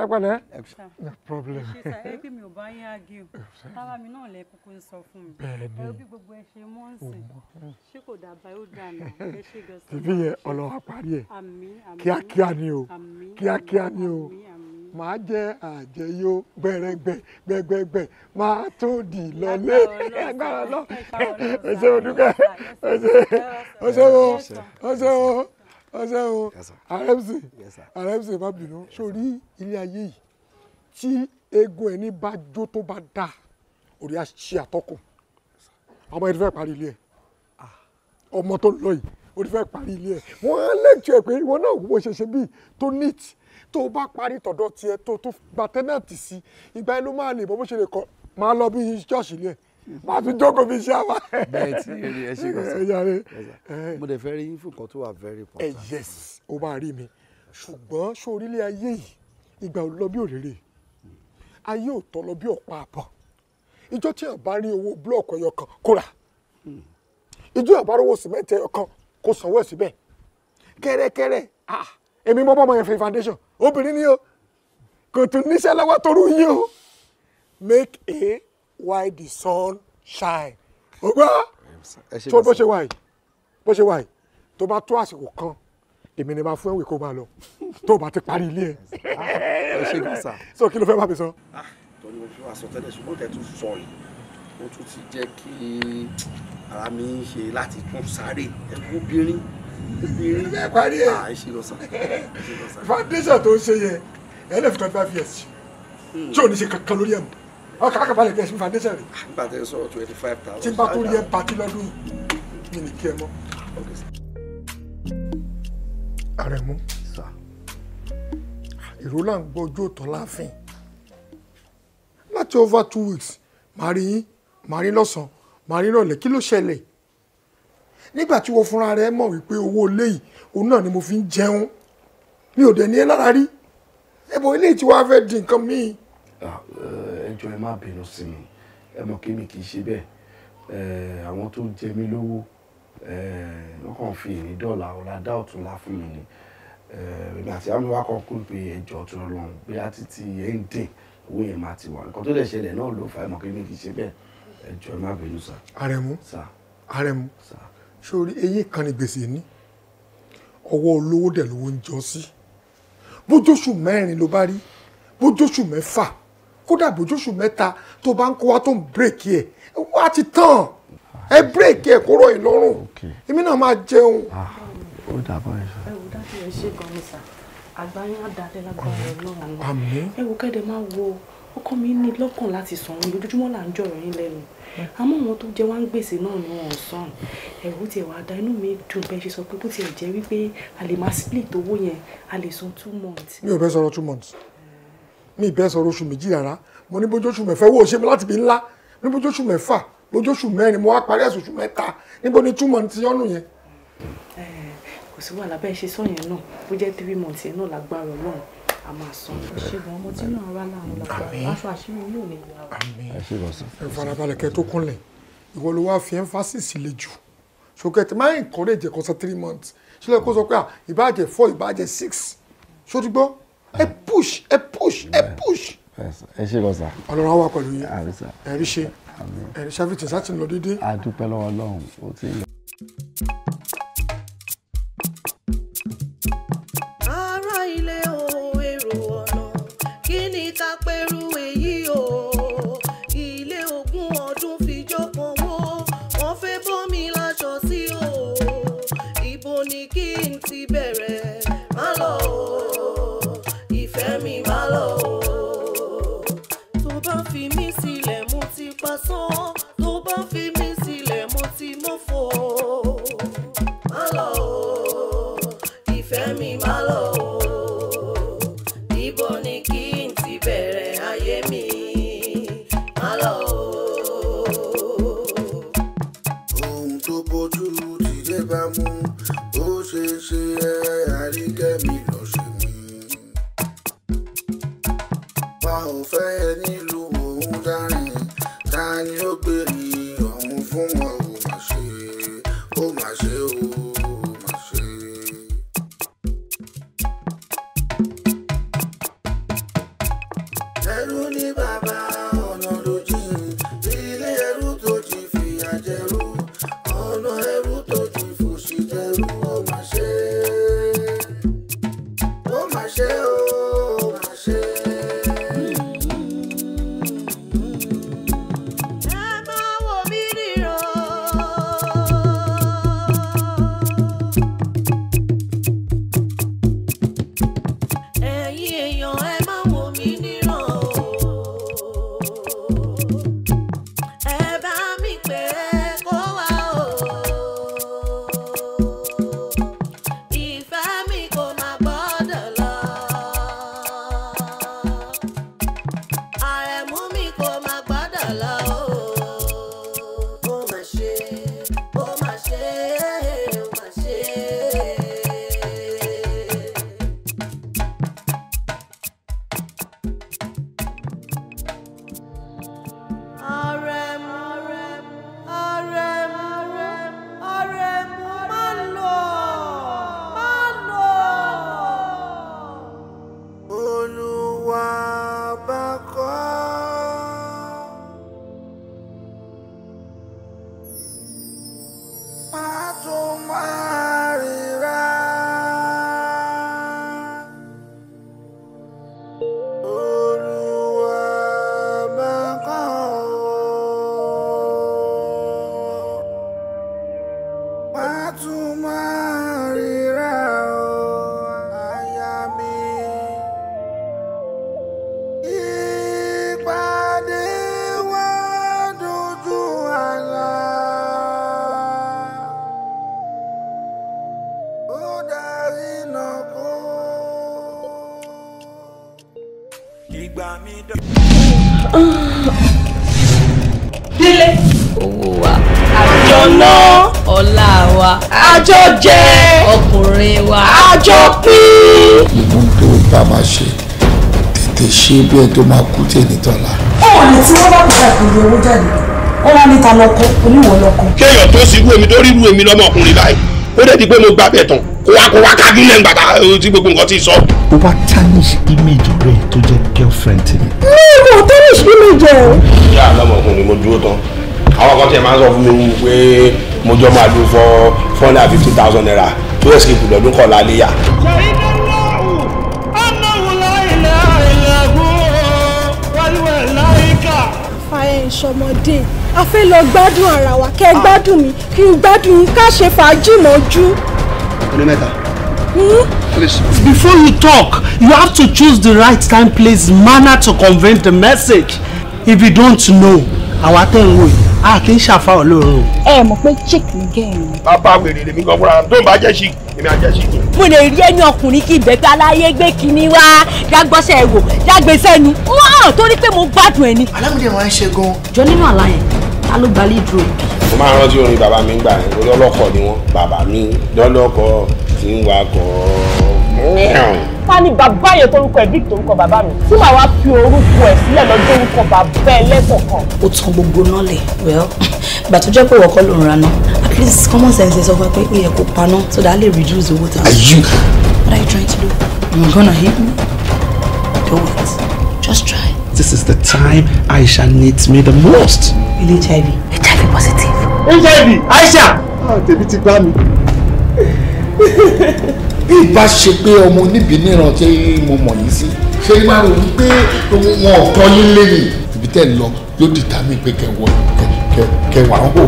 [SPEAKER 1] ẹ pẹ̀lẹ́. no problem. ṣe sá ebi
[SPEAKER 2] mi ò bá yín ági o tára mi náà lẹ kúkú ń sọ fún mi. bẹ́ẹ̀ni ẹ bí gbogbo ẹ ṣe mọ nsìn
[SPEAKER 5] ṣé kò dàbà ó dànù ẹ ṣe gẹ̀ẹ́sì. tìbí yẹn ọlọ́wà parí ẹ̀ kíákíá ni
[SPEAKER 1] o kíákíá ni o màá jẹ àjẹyó gbẹrẹgbẹ gbẹgbẹgbẹ máa tó di lọlé agbára lọ ẹ ṣe o dúkẹ́ ẹ ṣe o ẹ ṣe ṣe o ọsẹ o rmc rmc má bínú sórí ilé ayé yìí tí eegun ẹni bá jó tó bá dà orí àṣì àtọkùn ọmọ ẹni fẹ́ parí ilé ẹ ah. ọmọ tó lọ yìí orí fẹ́ parí ilé ẹ wọ́n á lẹ́jọ́ ẹ pé ìwọ náà wo ṣe ṣe bíi tó neat tó bá parí tọ̀dọ̀ tiẹ̀ tó tó gba tẹ́nàtì sí ìgbà ẹ ló máa lè mọ bó ṣe lè kọ́ máa lọ bí ṣọ́ọ̀ṣì ilé ẹ má tún jókòó fi ṣe àmà. bẹ́ẹ̀ tí èrè ẹ ṣe kọ sí mo dẹ̀ fẹ́ rí fún kan tó wà very important. ẹ yes o máa rí mi ṣùgbọ́n sórílẹ̀ ayé yìí ìgbà ò lọ bí òrèrè ayé ò tọ́ lọ bí ọ̀pá àbọ̀ ìjọ tí àbá rí owó búlọ̀kù ẹyọ kan kó rà ìjọ àbá rówó sìmẹ́ǹtì ẹyọ kan kó sanwó ẹ̀ síbẹ̀ kẹ́rẹ́kẹ́rẹ́ èmi mọ́ bọ́mọ yẹn fẹ́ foundation obìnrin ni o kò tún níṣẹ́ lọ́wọ́ torú yìí o make a Why the sun shine. ó gbá tó bó ṣe wà yìí bó ṣe wà yìí tó bá tó àsìkò kan èmi ni máa fún ẹ̀wì kó máa lọ tó bá ti parí ilé ẹ̀. so kí ló fẹ́ bá mi sọ. Ah, torí o fi àsọtẹ́lẹ̀ ṣùgbọ́n tẹ tún sọ yìí ó tún ti jẹ́ kí ara mi ń ṣe láti tún sáré ẹkún obìnrin obìnrin ẹ parí ẹ à ṣe lọ sàn. foundation tó ń ṣe yẹn ẹ lè fi twenty five years hmm. tí ò ní ṣe kankan lórí ẹ̀ ọkà àkàbalẹ̀ kẹsì fún foundation rẹ̀. nígbà tí ẹ sọ twenty five thousand. tí n bá tó rí ẹ pati lọ́dún yìí mi ní kí ẹ mọ́. àrẹ̀mú ìró là ń gbọ́ ojú òtọ́ láàfin láti over two weeks màá rí yín màá rí lọ́sàn-án màá rí rọ̀lẹ́ kí ló ṣẹlẹ̀ nígbà tí wo fúnra rẹ mọ̀ wípé owó ilé yìí òun náà ni mo fi ń jẹun mi ò dẹ̀ ní ẹ lára rí ẹ̀bùn ilé tí wàá fẹ́ di nǹkan míì Eh, ẹ jọ̀ọ́ ẹ má bínú sí mi ẹ mọ̀ kí mi kì í ṣe bẹ́ẹ̀ eh, àwọn tó jẹ mí lówó eh, wọ́n kàn fi ìní dọ́là ọ̀la dá ọ̀túnla fún mi ni èmi àti àmì wa kàn kún pé ẹjọ́ tó lọ́rùn bí a ti ti ẹ̀ ń dín owó yẹn máa ti wà nǹkan tó lè ṣẹlẹ̀ náà ló fà á mọ̀ kí mi kì í ṣe bẹ́ẹ̀ ẹjọ́ ẹ má bínú sà. àrẹ̀mú àrẹ̀mú sórí eyín kan ní gbèsè ní ọwọ́ olówó dẹ̀ lówó ń jọ sí bójóṣù mẹ́rin ló bá rí bójóṣù mẹ́fà kódà bójúṣù mẹ́ta tó bá ń kó wá tó ń bírèkì ẹ̀ wá ti tán ẹ bírèkì ẹ̀ kó rọ̀ yìí lọ́rùn èmi náà máa jẹun. Ah,
[SPEAKER 4] ó dàbọ̀ ẹ sọ. ẹ wò dájú ẹ ṣe gan ni
[SPEAKER 1] sà
[SPEAKER 3] àgbáyé àdálẹ́ lágbára ọlọ́run àmín ẹ wò kẹ́dẹ̀ máa wo ọkọ mi ní lọ́kàn láti sàn ní ojoojúmọ́ là ń jọ̀rọ̀ yín lẹ́nu àmọ́ àwọn tó jẹ́ wá ń gbèsè náà ni wọ́n sàn ẹ̀rù tiẹ̀ wá da inú mi dùn bẹ́ẹ̀ ṣe sọ pé bó tiẹ̀ jẹ́ wípé a lè máa split owó yẹn a lè san two months. mi ò
[SPEAKER 1] fẹ́ sọ̀rọ̀ two months mi ì bẹ́ sọ̀rọ̀ oṣù méjì rárá mo ní bójú oṣù mẹ́fà owó ṣe mi láti bí ńlá ní bójú oṣù mẹ́fà bójú oṣù mẹ́rin mo wá parí ẹ̀sùn oṣù mẹ́ta níbo ni túmọ̀ ti yọ́nù yẹn.
[SPEAKER 3] kò sí wàhálà bẹ́ẹ̀ ṣe sọ yẹn náà bó jẹ́ three months yẹn náà lágbára ọlọ́run a máa sọ. ṣùgbọ́n ọmọ tí náà rà láàrin lágbára aṣọ àṣírí yóò lè yára.
[SPEAKER 2] àmín
[SPEAKER 1] ẹ farabalẹ̀ kẹ́ tó kúnlẹ̀ ìwọ ló wá fi emphasis le jù ṣòkẹ́tì máa encourage ẹ̀kọ́ sọ three months ṣílẹ̀ kó sọ pé ìbàjẹ́ four ìbàjẹ́ six ṣó ti gbọ́ ẹ push ẹ push ẹ push. ẹ ṣe lọ sà. ọlọ́run àwọn akọlù yẹn ẹ rí ṣe ẹ rí ṣàfihàn tẹsán ti lọ déédéé. a lọ́wọ́ ọlọ́run ó ti lọ.
[SPEAKER 2] ara ilé o èrò ọ̀nà kí ni ká pẹ̀rù èyí o. 속
[SPEAKER 1] ṣe bí ẹ tó máa kú tẹ̀ nítọ́lá. ọ̀rọ̀ ni tí wọ́n bá kọjá ìpínlẹ̀ owó jáde wọ́n wá níta lọ́kọ́ oníwọ̀ lọ́kọ́. kéèyàn tó sì rú tó rí rú lọ́mọkùnrin báyìí ó dẹ̀ di pé mo gbà bẹ̀ tán kó wá kó wá kájú lẹ́nu bàbá tí gbogbo nǹkan ti sọ.
[SPEAKER 4] ó wá tarnish image rẹ tó jẹ girlfriend mi. mi ò tarnish image ẹ.
[SPEAKER 1] ìyá àlọ́mọkùnrin mo dúró tán àwọn kan tiẹ̀ máa ń sọ fún mi pé mo jọ máa dùn fọ́ four hundred and fifty thousand naira tó escape lọ́dún kọ̀ọ̀la léyà. ṣe inú
[SPEAKER 2] ìṣọmọdé a fẹ́ lọ gbádùn ara wa kẹ́ ẹ gbádùn mi kí n gbádùn ká ṣe fàájì mọ́jú. ọdún mẹ́ta. Hmm? Before you
[SPEAKER 1] talk, you have to choose the right time, place, manner to convey the message. If you don't know, àwa tẹ̀ ń wò yìí a kì í ṣàfà ọlọ́run. ẹ mọ̀ pé chick ni gẹ́ẹ̀ ni. bàbá wèrè lèmi gan fúnra tó ń bá jẹ́ chic èmi á jẹ́ chic
[SPEAKER 3] mo lè rí ẹni ọkùnrin kí ìbẹ̀pẹ̀ aláyé gbé kínní wá jágbọ́sẹ̀ ẹ̀wò jágbésẹ́nu wọ́n torí pé mo gbádùn ẹni. alámìdé wọn ń ṣe gan. jọ nínú àlá yẹn ta ló gbalẹ̀ ìdúró
[SPEAKER 1] mo máa ń rántí orin bàbá mi gbà lọ́lọ́kọ̀ ni wọ́n bàbá mi lọ́lọ́kọ̀ ti ń wakọ̀ mẹ́rin ta ni bàbá yẹn torúkọ ẹ̀ torúkọ bàbá mi tí màá wá fi orúkọ ẹ̀ sílẹ̀ lọ́jọ́ orúkọ bàbá ẹ ó tan gbogbo náà lẹ̀ well ìgbà tó jẹ́ pé ìwọ kọ́ ló ń raná at least common sense sọ fún ẹ pé ó yẹ paná so that I lè reduce owó tà. what are you trying to do? you
[SPEAKER 2] gonna hit me? do it
[SPEAKER 1] just try. this is the time Aisha needs me the most. ilé HIV HIV
[SPEAKER 2] positive. HIV Aisha. Ah, tèmi
[SPEAKER 1] ti gbá mi. ìbá ṣe pé ọmọ oníbìníran tí mo mọ̀ yìí sí ṣé iná rò wí pé wọn ò tọ́ nílé ni ibi tẹ́ ń lọ ló dìtà mí pé kẹwọ kẹwà ń hò.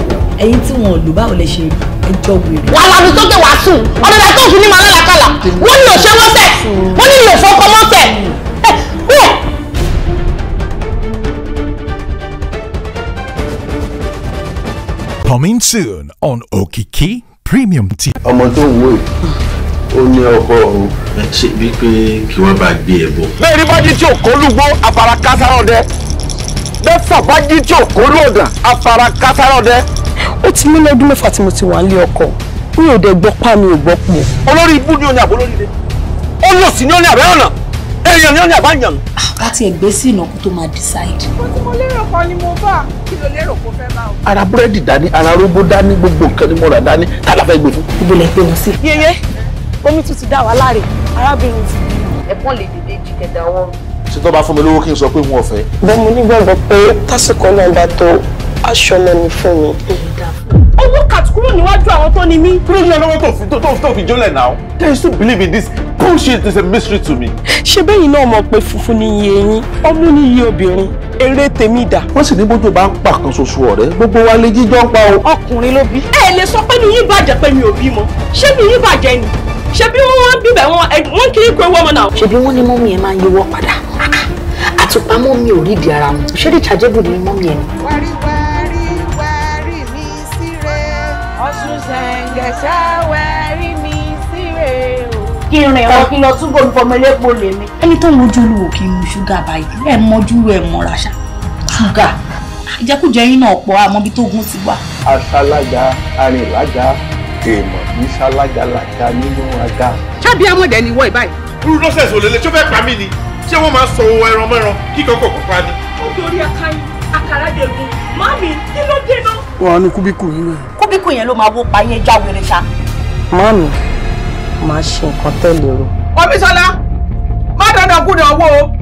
[SPEAKER 1] ẹ̀yin tí wọn ò lù báwo lè ṣe
[SPEAKER 2] ẹjọ́ wèrè. wà á lábi tó wàá sùn ọmọ ìgbà tó fi ní màá lálàkàlà wọn ní òṣè wọn tẹ wọn ní ìlò fọkọ wọn tẹ.
[SPEAKER 5] Coming soon on Okiki Premium TV. ọmọ tó ń wo yìí ó ní ọkọ òun. ṣé bí pé kí wọ́n bá gbé ẹ bọ̀.
[SPEAKER 1] bẹ́ẹ̀ ni bájí tí òkó lúgbó afara kásáró dẹ bẹ́ẹ̀ bájí tí òkó lòdà afara kásáró dẹ. ó ti ní lọ́dún mẹ́fà tí mo ti wà nílé ọkọ mi ò dẹ̀ gbọ́ pa mi ò gbọ́ pọ̀. olórí ibú ni ó ní àbó lórí de ó lò sí ní ó ní àbẹ́ ọ̀nà èèyàn ni ó ní àbá yàn. a ah, ti ẹgbẹ́ sí ìnáwó tó máa decide. mo ti mo lérò kan ni mo bá kí o. ara búrẹ́dì dání ara róbó dání gbogbo nǹkan ni mo rà dání tá a ibi lẹ gbé wọn sí.
[SPEAKER 2] yeye omi tún ti dá wa láre arábìnrin ti bí. ẹ̀pọ́n lè dèdè jí kẹta wọn.
[SPEAKER 1] ṣé tó bá fún mi lówó kí n sọ pé wọn ò fẹ́. bẹ́ẹ̀ mo nígbàgbọ́ pé tásìkò náà bá tó aṣọ náà ni fún mi.
[SPEAKER 2] owó kàtúkúrò níwájú àwọn
[SPEAKER 1] tó ní mí. kúrò ní ọlọ́wọ́ tó fi tó fi jólẹ̀ náà. they still believe in this bullshit is a mystery to me. ṣé bẹ́yìn náà mọ̀ pé funfun ni iye yín ọmú ni iye obìnrin eré tèmi dà. wọ́n sì ní bójú bá ń pa kan ṣoṣo ọ̀rẹ́ gbogbo wa lè jíjọ́ pa o. ọkùnrin ló bí. ẹ lè sọ pé mi yín bàjẹ́ pé mi ò bímọ ṣé mi yín bàjẹ́ ni ṣebí wọn wọn bíbẹ wọn wọn kiri kó ewu ọmọ náà.
[SPEAKER 3] ṣebí wọn ní mọ́mí yẹn máa ń yíwọ́ padà àtùpà mọ́mí ò rí ìdí ara wọn ṣé ní chargeable ni mọ́mí yẹn.
[SPEAKER 2] wárí wárí wárí mi síre ọ̀ṣun ṣẹ̀ǹgẹ̀ṣà wárí mi síre o. kí n rìn
[SPEAKER 3] wọn lọ túbọ̀ nfọmọ elépo lèmi. ẹni tó ń wojú olówó kì í mu ṣúgà báyìí ẹ mọjú ẹ mọra ṣá ṣúgà
[SPEAKER 1] ìjẹkújẹ yín náà pọ̀ àmọ́ bí tó gún ti wà. àṣàlájà arìnlájà èèmọ̀ ní ṣálágàlàgà nínú aga. ṣábí amọ̀dẹ ni wọ́n ìbáyìí. irú nọ́sẹ̀sì olè lè ṣó fẹ́ pa mí ni ṣé wọ́n máa sọ ohun ẹran mẹ́ran kíkan kò kọ́kọ́ ni. ó dorí akáyí
[SPEAKER 2] àkàrà dẹ̀gùn màmí kí ló dé náà.
[SPEAKER 1] wọn á nu kúbíkù yín náà.
[SPEAKER 2] kúbíkù yẹn ló máa wó pa yẹn jáwèrè ṣá.
[SPEAKER 1] màmí màá ṣe nǹkan tẹ́lẹ̀ o.
[SPEAKER 2] ọbísọ́lá má dandan kú dán owó o.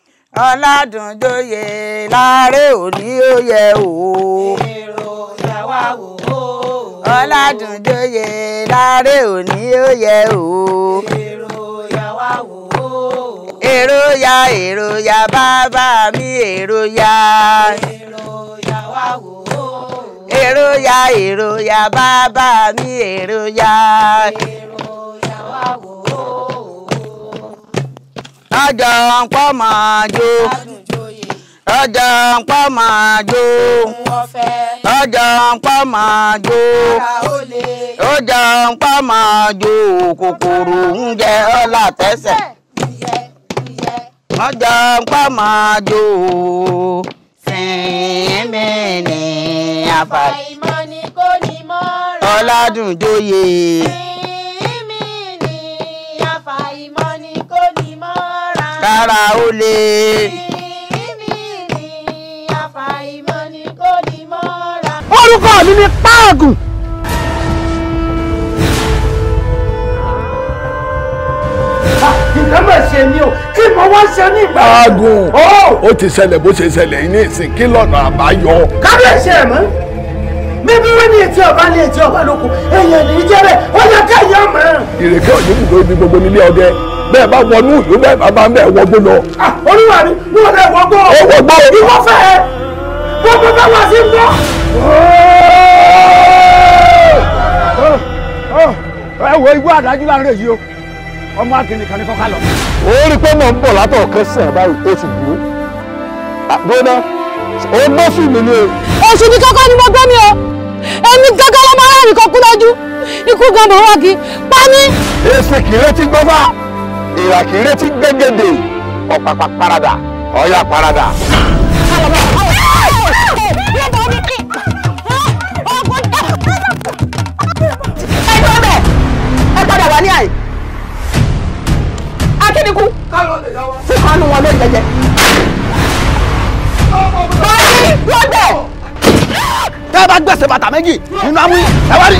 [SPEAKER 1] ọ̀làdúnjòyè
[SPEAKER 2] láàárẹ̀ òní ó yẹ o. èrò ìyàwó àwò o. ọ̀làdúnjòyè láàárẹ̀ òní ó yẹ o. èrò ìyàwó àwò o. èrò ya èrò ya bàbá mi èrò ya. èrò ìyàwó àwò o. èrò ya èrò ya bàbá mi èrò ya. èrò ìyàwó àwò o ẹ̀dá ń pa máa jó ẹ̀dá ń pa máa jó ẹ̀dá ń pa máa jó ẹ̀dá ń pa máa jó kòkòrò ń jẹ ọ́ látẹ́sẹ̀ ọjà ń pa
[SPEAKER 3] ni kò ní
[SPEAKER 2] mọ́ ra. Ọládùnjoyè. sinmi ni kò kára ó lè. orúkọ mi ni páàgùn.
[SPEAKER 1] ìdámọ̀ ṣe ni o kí mo wá ṣe ní ìgbà. páàgùn ó ti ṣẹlẹ̀ bó ṣe ṣẹlẹ̀ ní ìsìn kí lọ́nà àbáyọ. kábíyèsí ẹ̀ mọ́ bíbí wọn ní etí ọba
[SPEAKER 2] ní etí ọba lóko èèyàn ní jẹrẹ ó yẹ ká yọ ọmọ.
[SPEAKER 1] ìrèké òyìnbó ibi gbogbo nílé ọdẹ bẹ́ẹ̀ bá wọnú ìlú bẹ́ẹ̀ bá bá ń bẹ́ẹ̀ wọgbó lọ.
[SPEAKER 2] olúwa ni mo lè wọgbó. ó wọgbó. ìwọ fẹ́ ẹ gbogbo bá wà sí gbọ́.
[SPEAKER 1] ẹ wo igbó àdájú láàrin èyí o ọmọ àgbẹ̀nì kan ní kọ́ká lọ. ó rí pé mò ń bọ̀ látọ̀ kẹsàn-án báyìí oṣù kúrú.
[SPEAKER 2] àgbọ̀dá ó gbófin mi ni o. oṣù ní kọ́kọ́ ni mo gbé mi o èmi gángan ló máa ń rìn kan kú lójú ikú gan bò wá kí pa mí. èsì kìrẹ́tì gbọ́fà
[SPEAKER 1] ìrà kì í retí gbẹ́gẹ́dẹ́ ọ̀pàpà parada ọ̀yà parada. ní àyè. akíndínkù. tí kan nu wọn ló jẹjẹ. báyìí wọ́n dẹ̀. tẹ́ ẹ bá gbèsè bàtà méjì nínú amú ẹ wá rí.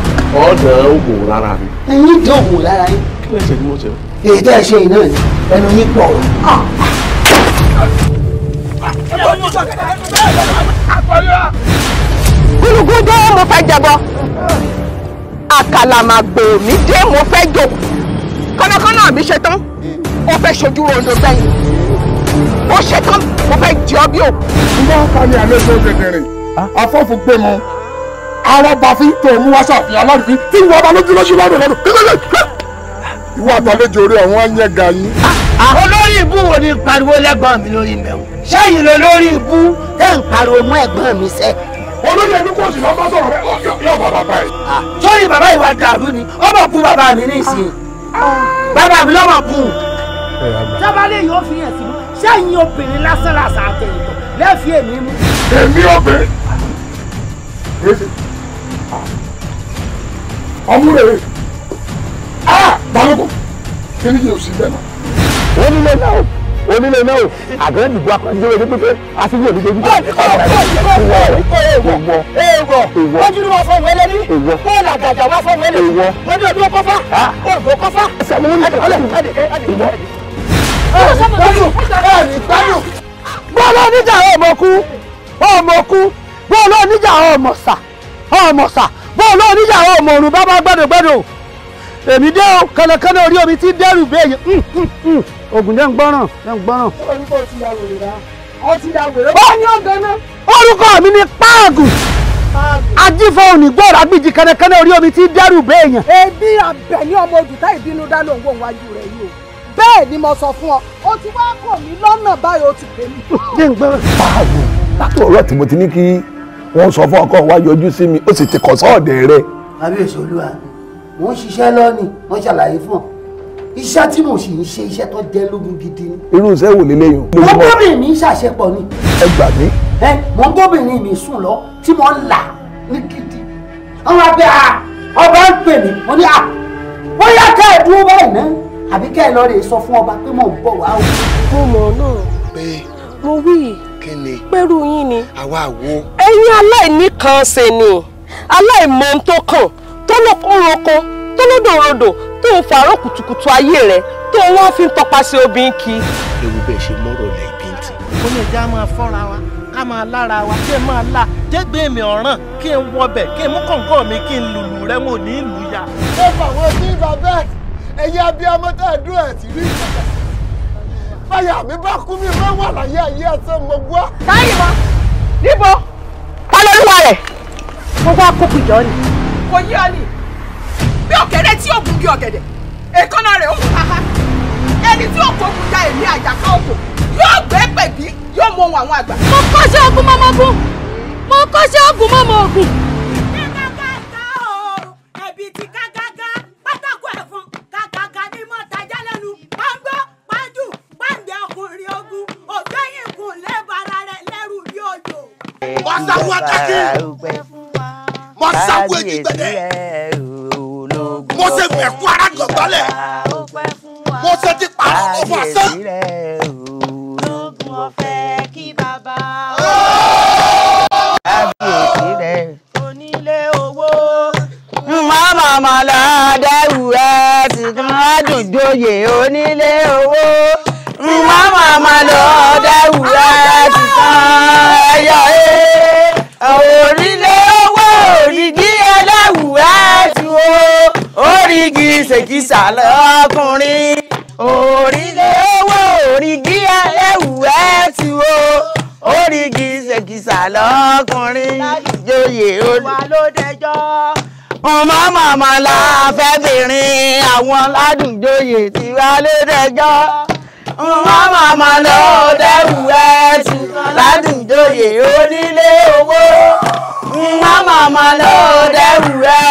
[SPEAKER 1] ọ̀dà ògùn rárá mi.
[SPEAKER 2] ẹ̀yin dán ògùn lára yín.
[SPEAKER 1] kí ló ṣe ni mo ṣe.
[SPEAKER 2] èyí tẹ́ ẹ ṣe yìí
[SPEAKER 4] ni ẹnu yín pọ̀ o.
[SPEAKER 2] gúrúgú dé mo fẹ́ jẹbọ
[SPEAKER 1] àkàlàmàgbò mi dé mo fẹ́ jò kọ́nàkọ́nà mi ṣe tán ó fẹ́ ṣojú rondo sẹ́yìn ó ṣe tán mo fẹ́ jẹ́ ọ bí o. mo máa àlejò kékeré ah. afọ́fù gbé mu àwọn bàfin tó mú wá sàfihàn aláàfin tí ìwọ ọba lójú lóṣù lọ́dún lọ́dún ìwọ àtàlejò orí ọ̀hún á yẹ ga yín. olórí ibú wo ni pariwo lẹ́gbọ̀n mi lórí mẹ́wọ̀n sẹ́yìn lọ lórí ibú tẹ́ ń pariwo mọ́ ẹ̀gbọ́n mi sẹ́. olórí ẹni kò sì lọ bá sọ̀rọ̀ rẹ̀ yóò bá bàbá yìí. Ah,
[SPEAKER 2] sórí bàbá ìwà dàrú ni ó bọ̀ kú bàbá mi ní ìsìn
[SPEAKER 5] bàbá mi
[SPEAKER 1] lọ́mọ kú. sábàlẹ̀ yóò fi hàn sí mi sẹ́yìn obìnrin lásán làṣà àtẹ̀yìntàn lẹ́ẹ̀fì èmi mú. èmi obìnrin ọmúrèrè ah balógun kí ni yóò sì bẹ́ẹ̀ náà. onílé náà onílé náà àgbẹ̀ nìbú akọ́njẹ́wé ní pípé àti ní òní dojú.
[SPEAKER 2] èèwọ̀ èèwọ̀ wọ́n dúró wá fún wẹ́lẹ́ ní bọ́ọ̀lù àgàjà wá fún wẹ́lẹ́ èèwọ̀ wọ́n dúró dúró kọ́fà òògùn kọ́fà. sẹ́mi ní ìdílé ah. ìwọ. bọ́ọ̀lù oníjà ọmọ kú
[SPEAKER 1] ọmọ kú bọ́ọ̀lù oníjà ọmọ sà ọmọ sà bóun náà níyàwó ọmọ òrùn bá bá gbẹdọgbẹdọ èmi dé o kànnàkànnà orí omi ti dẹrù béèyàn ogun dẹ́ ń gbọ́ràn
[SPEAKER 2] dẹ́ ń gbọ́ràn. orúkọ ti ya wèrè rà ọ ti ya wèrè bá ní ọ̀gá náà.
[SPEAKER 1] orúkọ mi ni páàgù ajífọ onígbòòrà gbìjì kànnàkànnà orí omi ti dẹrù béèyàn.
[SPEAKER 2] ebi abẹ ní ọmọ òdùtá ìbínú dá ló ń wò rẹ yìí o bẹ́ẹ̀ ni mo sọ fún ọ o ti wá kọ̀ mí lọ́nà báyìí o ti pè mí.
[SPEAKER 1] báwo látọ̀ ọ̀rọ̀ tí mo ti ní kí wọ́n sọ fún ọkọ wa yọjú sí mi ó sì ti kọ̀ sọ́ọ̀dẹ̀ rẹ. kábíyèsí olúwa mò ń ṣiṣẹ́ lọ́ọ̀nì wọ́n ṣàlàyé fún ọ iṣẹ́ tí mo sì ń ṣe iṣẹ́ tó jẹ́ lógun gidi ni. irú iṣẹ́ wò leléyìn. mo bóbìnrin mi ṣàṣepọ̀ ni. ẹ gbà
[SPEAKER 2] mí. ẹ mo bóbìnrin mi sùn lọ tí mo ń là ní gidi. àwọn abẹ́ a ọba ń pè mí mo ní a bóyá ká ẹ dúró báyìí náà àbí ká ẹ lọ rè sọ
[SPEAKER 1] fún ọba pé mo ń bọ̀ wá o. mo mọ̀ náà mo wí kí ni. pẹ̀rù yín ni. àwa àwo. ẹ̀yin aláìní kan ṣe ni aláìmọ̀ ohun tó kàn tó lókun roko tó lódòrodò tó ń fàárọ̀ kùtùkùtù ayé rẹ̀ tó wọ́n fi ń tọpasẹ̀ obìnrin kì í. ewu bẹ́ẹ̀ ṣe mọ́rọ̀ lẹ̀ ibi ń tì.
[SPEAKER 2] ó lè já máa fọ́ra wa ká
[SPEAKER 1] máa lára wa kí ẹ máa la jẹ́gbẹ́ mi ọ̀ràn kí n wọbẹ̀ kí n mú kọ̀ǹkọ̀ mi kí n lùlù rẹ mo ní ìlú ya. ẹ fà wọ́n sí bàbá ẹ̀yìn abiyamọ́tà ẹ̀dùn ẹ̀ sí rí ìjọba báyà mi bá kú mi bá wà láyé ayé ẹsẹ̀ mo gbọ́. táyì mọ níbo ta lolúwa rẹ mo wá kókò ìjọ ni. kò yí ọ ni bí ọ̀gẹ̀dẹ̀ tí òògùn bí ọ̀gẹ̀dẹ̀ èkánná rẹ̀ ó mú haha
[SPEAKER 2] ẹni tí òkú òkú ja èmi àjàká òkú yóò gbé pẹ̀bí yóò mọ ohun àwọn àgbà. mo kọ́ṣẹ́ ogun mọ́mọ́ ogun mo kọ́ṣẹ́ ogun mọ́mọ́ ogun. ẹ ká ká ká mọ sanwó àtàkì mọ sanwó ejigbẹdẹ
[SPEAKER 1] mo ṣe fẹkú ara gbọgbọlẹ mo ṣe ti pàrọ
[SPEAKER 2] ọmọ àṣẹ. lóògùn ọ̀fẹ́ onílé owó. màmá màlá dẹ́rù ẹ̀ sì ẹ̀ sì máa yọ òrìlẹ̀ owó òrìgì ẹlẹ́wùẹ́ ti o òrìgì ṣèkìsà lọ́kùnrin òrìlẹ̀ owó òrìgì ẹlẹ́wùẹ́ ti o òrìgì ṣèkìsà lọ́kùnrin joyè olùwà ló dẹjọ́ ọmọ màmá la fẹ́ bìnrin àwọn ládùn joyè tiwa ló dẹjọ́. Mama, màmá lọ dẹ́rù ẹ̀tù ládùjọyè onílé owó wọ́n màmá lọ dẹ́rù ẹ̀tù.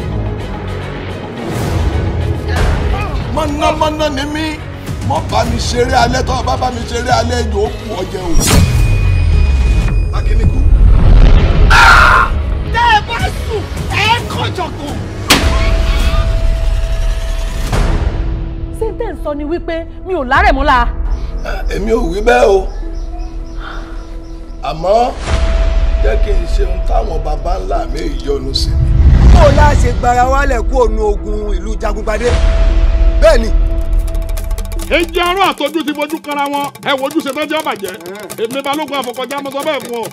[SPEAKER 1] mọ̀nàmọ́ná ni mí mọ̀ bá mi ṣeré alẹ́ tọ́ bá bá mi ṣeré alẹ́ yóò kú ọjẹ́ o. akíníkù.
[SPEAKER 2] tẹ́ ẹ bá sùn ẹ kọjọ̀gàn.
[SPEAKER 3] sẹ́ńtẹ̀ ń sọ ni wípé mi ò lárẹ̀ mọ́lá.
[SPEAKER 1] èmi ò wí bẹ́ẹ̀ o àmọ́ jẹ́ kí n ṣe ohun táwọn baba ńlá mi yọ́nú sí mi. kó o láṣẹ gbara wálẹ̀ kó o nu ogun ìlú jagunpadé bẹ́ẹ̀ ni. èjì arọ àtọjú ti fojú kara wọn ẹ wojú ṣe tọ́jú ọbàjẹ́ èmi balógun àfọkọjá mo sọ bẹ́ẹ̀ fún ọ.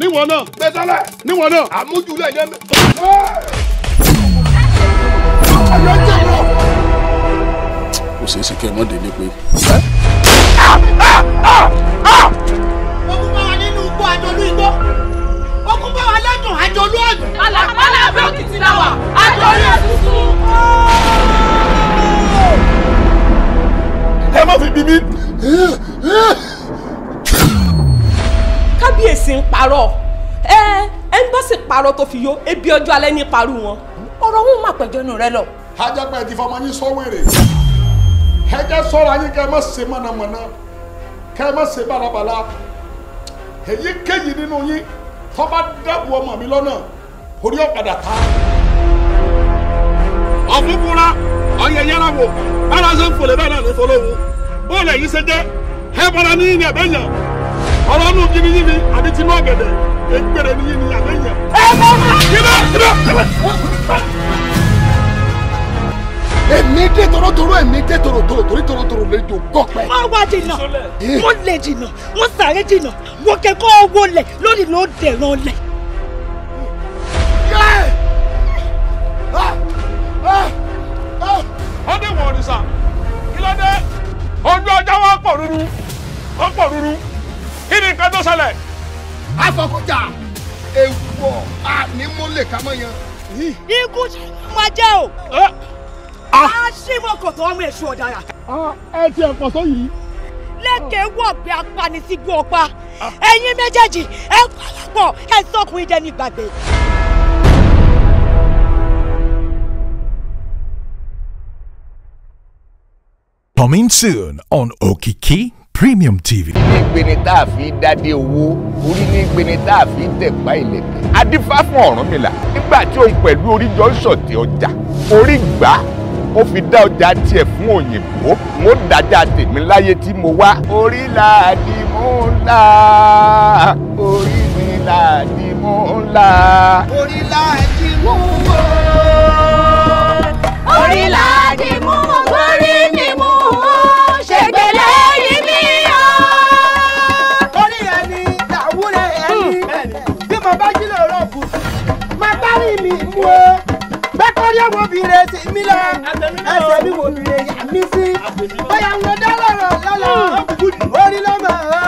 [SPEAKER 1] níwọ̀n náà. gbẹdọ́lẹ̀. níwọ̀n náà. àmójúlẹ̀ yẹn. ọ̀yọ́ jẹ́ wọn. kò ṣeé ṣe kí ẹ mọ̀ dé ní
[SPEAKER 2] ogun bá wa nínú igbó àjọlú igbó ogun bá wa lẹ́dùn àjọlú ọ̀dùn. àlàkálà òkìtì la wà àjọlú ẹ̀dùn
[SPEAKER 5] sùn
[SPEAKER 1] ẹ má fi bí mi. kábíyèsí ń parọ́ ẹ ẹ ń bá sì parọ́ tó fi yó ebi ọjọ́ alẹ́ ní parú wọn ọ̀rọ̀ wọn má pẹ̀jọ́ inú rẹ lọ. ajápẹ́ ti fọmọ yín sọ́wèrè ẹ jẹ́ sọ́ra yín kẹ́ ẹ má ṣe mọ̀nàmọ́ná kẹ́ ẹ má ṣe bàlàbàlà èyíkéyìí nínú yín tó bá dẹ́kun ọmọ mi lọ́nà orí ọ̀padà ta ọ̀fúnfúnra ọ̀yẹ̀yẹ̀ra wò bára ṣe ń fòlè bẹ́ẹ̀ náà ní fọlọ́wọ́ bóòlù èyí ṣe dé ẹ̀bọ̀dà ní ní ẹ̀bẹ̀yẹ̀ ọ̀rọ̀ nù jìbìjìbì àti tinú ọ̀gẹ̀dẹ̀ ẹgbẹ̀rẹ̀ ní ní ẹ̀bẹ̀yẹ̀. èmi dé torotoro èmi dé torotoro torí torotoro lè jò gọpẹ. wọ́n wá jìnnà wọ́n lè jìnnà wọ́n sáré jìnnà wọ́n kẹ́kọ̀ọ́ wọlé
[SPEAKER 3] lónìí ló dẹ̀ràn lẹ̀.
[SPEAKER 1] ó dé wọ̀n òrìṣà kí ló dé ojú ọjọ́ wọn pọ̀ rúru wọn pọ̀ rúru kí ni nǹkan tó ṣẹlẹ̀. afọkọjà ewu ọ ànímọ́lẹ̀ kámọ́yan. ikú máa jẹ́ o. Ah. a ṣí wọn kò tó ọmọ èṣù ọ̀daràn. ẹ ti ẹ̀ pọ̀ sọ yìí. lẹ́kẹ̀ẹ́ ah. wọ̀ bí apanisígbó ọ̀pá ah. ẹ̀yin méjèèjì ẹ pàápọ̀ ẹ sọkùnrin dẹni gbàgbé.
[SPEAKER 5] Coming soon on Okiki Premium TV.
[SPEAKER 1] Ìgbéni tá a fi dádé owó, orí ní ìgbéni tá a fi tẹ̀pá ìlẹ̀kẹ̀. Adífá fún Ọ̀rúnmìlà nígbà tí òun pẹ̀lú orí ń ṣọ̀tẹ̀ ọjà. Orí gbà ó fi dá ọjà tiẹ̀ fún òyìnbó. Mo dájà tèmi láyé tí mo wá. Orí là ni mò ń là, orí mi là ni mò ń là.
[SPEAKER 2] Orí là ni mò ń wò, orí là ni mò ń wò.
[SPEAKER 1] bóyá wo bìrè sí mi lọ ẹsẹ̀ mi wo bìrè yà mí sí bóyá mo dá lọ́rọ̀ lọ́lọ́ orí ló mọ̀ ọ́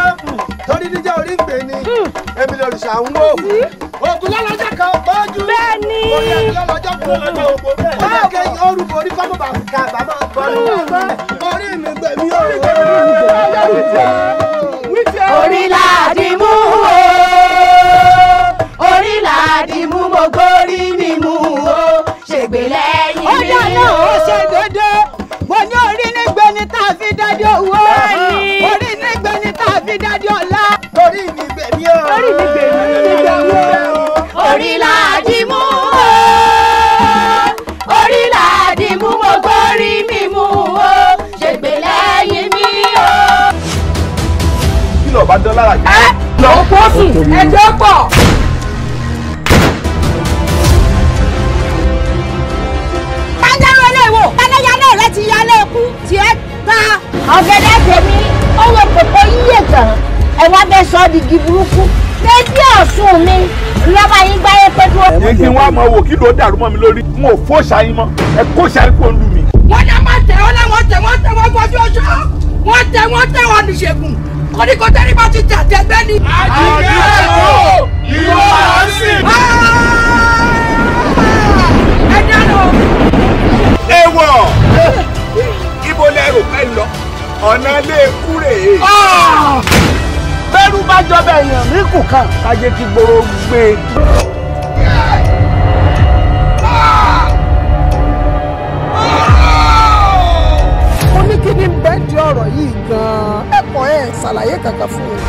[SPEAKER 1] torí níjẹ́ orí ń pè ní
[SPEAKER 2] èmi lè rìṣà ń wò ògùn lọ́lọ́jọ́ kan bójú bẹ́ẹ̀ni ògùn lọ́lọ́jọ́ kan bójú báwo kẹ́ orúkọ orí fọ́mù bàbá bàbá bọ́ọ̀lù orí mi gbẹ̀mí òòrùn. mi dádì ọ̀la. orí mi gbèmí o. orí mi gbèmí o. orí làdí mú o. orí làdí mú mo gbórí mi mú o. ṣègbè lẹ́yìn mi o.
[SPEAKER 1] kí ló bá dán lára jù. ẹ lọ́wọ́ pọ́sù
[SPEAKER 2] ẹjọ́ pọ̀. tájọ́ rẹ̀ lè wò yálé rẹ̀ ti yálé ikú tiẹ̀ ta ọ̀gẹ̀dẹ̀ tèmi ọwọ́ kòkó yíyẹ tán ẹ wá bẹ sọ di igi burúkú
[SPEAKER 1] bébí ọ̀sùn mi lọ́ba yín gbáyé pé kí wọ́n. èyí kí wọ́n á mọ wò kí ló dàrú mọ́ mi lórí n ò fó ṣáyín mọ́ ẹ kó ṣáyín kó ń lù mí.
[SPEAKER 2] wọ́n dá máa tẹ̀ wọ́n láwọn tẹ̀ wọ́n tẹ̀ wọ́n gbọ́jú ọjọ́ wọ́n tẹ̀ wọ́n tẹ̀ wọ́n níṣègùn kọ́díkọ́ tẹ́lẹ̀ bá ti jà tẹ́gbẹ́ ni. àjíkẹ́ ẹ̀kọ́ ìwọ àásìn. ẹ dáná. ewọ ibo lẹ rò pẹ́ lọ
[SPEAKER 1] ọ̀nà lè kú rèé. Ah! bẹ́rù bá jọba èèyàn ní kù kájé kí gbòòrò gbé.
[SPEAKER 2] mo ní kí ni bẹ́ẹ̀ di ọ̀rọ̀ yìí gan-an ẹ̀kọ́ ẹ̀ ṣàlàyé kankan fún mi.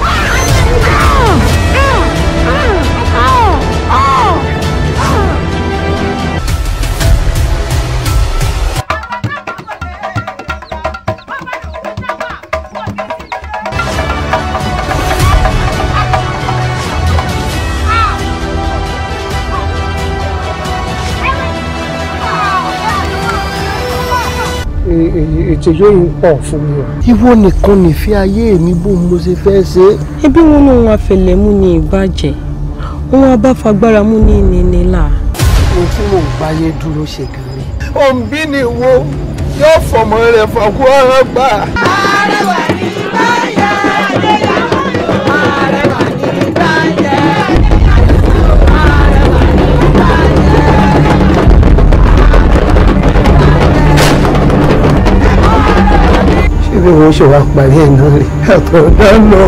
[SPEAKER 2] ètò yóò ń pọ̀ fún mi o.
[SPEAKER 1] ìwọ nìkan nìfẹ́ ayé mi bó mo ṣe fẹ́ ṣe. ẹbí wọn ní òun àfẹlẹ mú ní
[SPEAKER 3] ìbàjẹ́ òun abáfagbára mú ní ìnínílà.
[SPEAKER 1] ohun tí mò ń báyé dúró ṣe gan ni. òǹbí ni wo yóò fọmọ rẹ fọkú ọ̀rọ̀ gbà. ààrẹ wà ní. bí wọ́n ṣe wá parí ẹ̀ náà rè àtọ̀dá lọ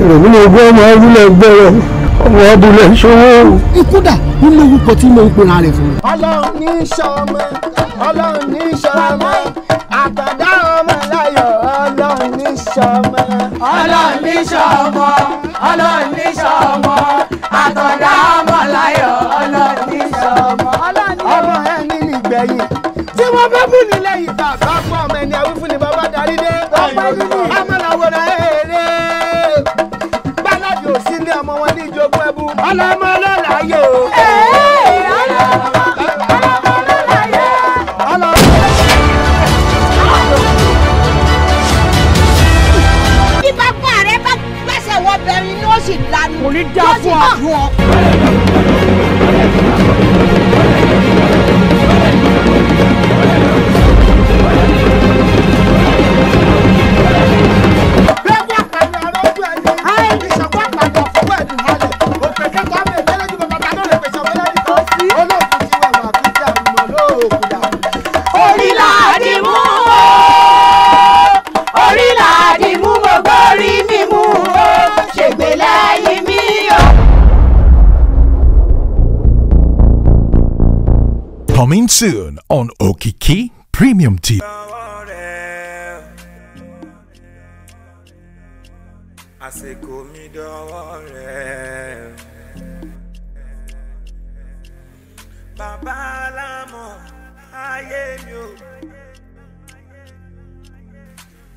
[SPEAKER 1] ìròmí ni ọmọ abúlé gbọ́rọ̀ ọmọ abúlé ṣòwò. ikú dà nínú tí mo ń pera rẹ̀ fún
[SPEAKER 2] mi. ọlọ́run ní sọmọ ọlọ́run ní sọmọ àtọ̀dá ọmọ láyọ̀ ọlọ́run ní sọmọ. ọlọ́run ní sọmọ ọlọ́run ní sọmọ. alámọ́lá láyò. ẹ̀ẹ́.
[SPEAKER 5] Key Premium Tea.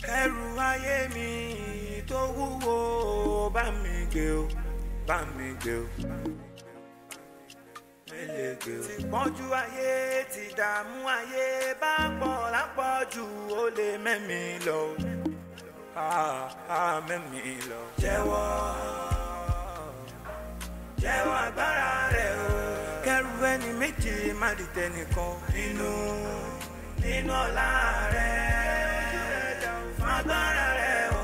[SPEAKER 4] ẹrù ayé mi tó wúwo bá mi gbé o bá mi gbé o ti pọ́njú ayé ti dààmú ayé bá pọ̀ lápọ̀jù ó lè mẹ́mi lọ ah, ah, mẹ́mi lọ. jẹ́wọ́ jẹ́wọ́ agbára rẹ̀ o. kẹ́rù ẹni méjì má di tẹnìkan. nínú nínú ọlá rẹ̀ agbára rẹ̀ o.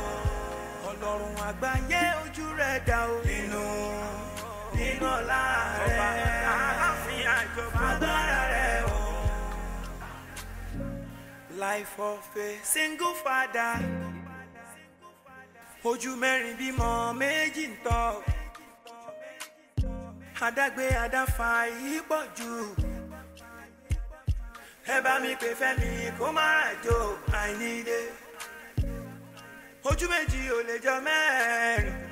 [SPEAKER 4] ọlọ́run àgbáyé ojú rẹ̀ dá o. nínú nínú ọlá rẹ̀ agbára life of a single father ojú mẹ́rin bímọ méjì ń tọ́ adágbé adáfa yìí pọ̀ jù ẹ bá mi pè fẹ́mi kó má jò àìníde ojú méjì ò lè jọ mẹ́rin.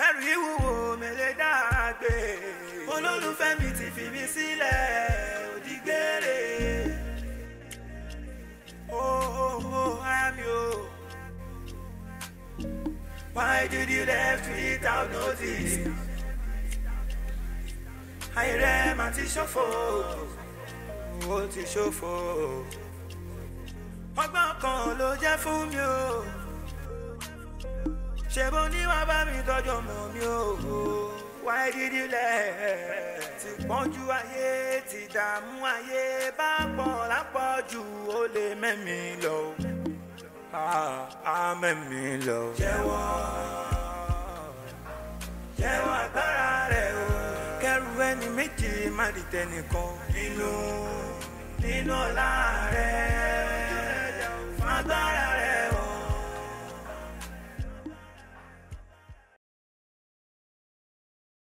[SPEAKER 4] ẹrù ìwúwo mẹlẹ́dàgbé olólùfẹ́ mi ti fi mi sílẹ̀ òdìgbére ooo oh, oh, oh, ayami o. Why did you left without notice? Àìrẹ́ mà ti ṣòfò, ó ti ṣòfò. Ọgbọ́n kan ló jẹ́ fún mi o. ṣe bó ní wàá bá mi tọ́jú ọmọ mi o. wáyé dídí lẹ̀ ti pọ́njú ayé ti dààmú ayé bá pọ̀ lápọ̀jù ó lè mẹ́mi lọ. a mẹ́mi lọ. jẹ́wọ́ jẹ́wọ́ agbára rẹ̀ o. kẹ́rù ẹni méjì má di tẹnìkan. nínú nínú ọlá rẹ̀ fagbára rẹ̀ o.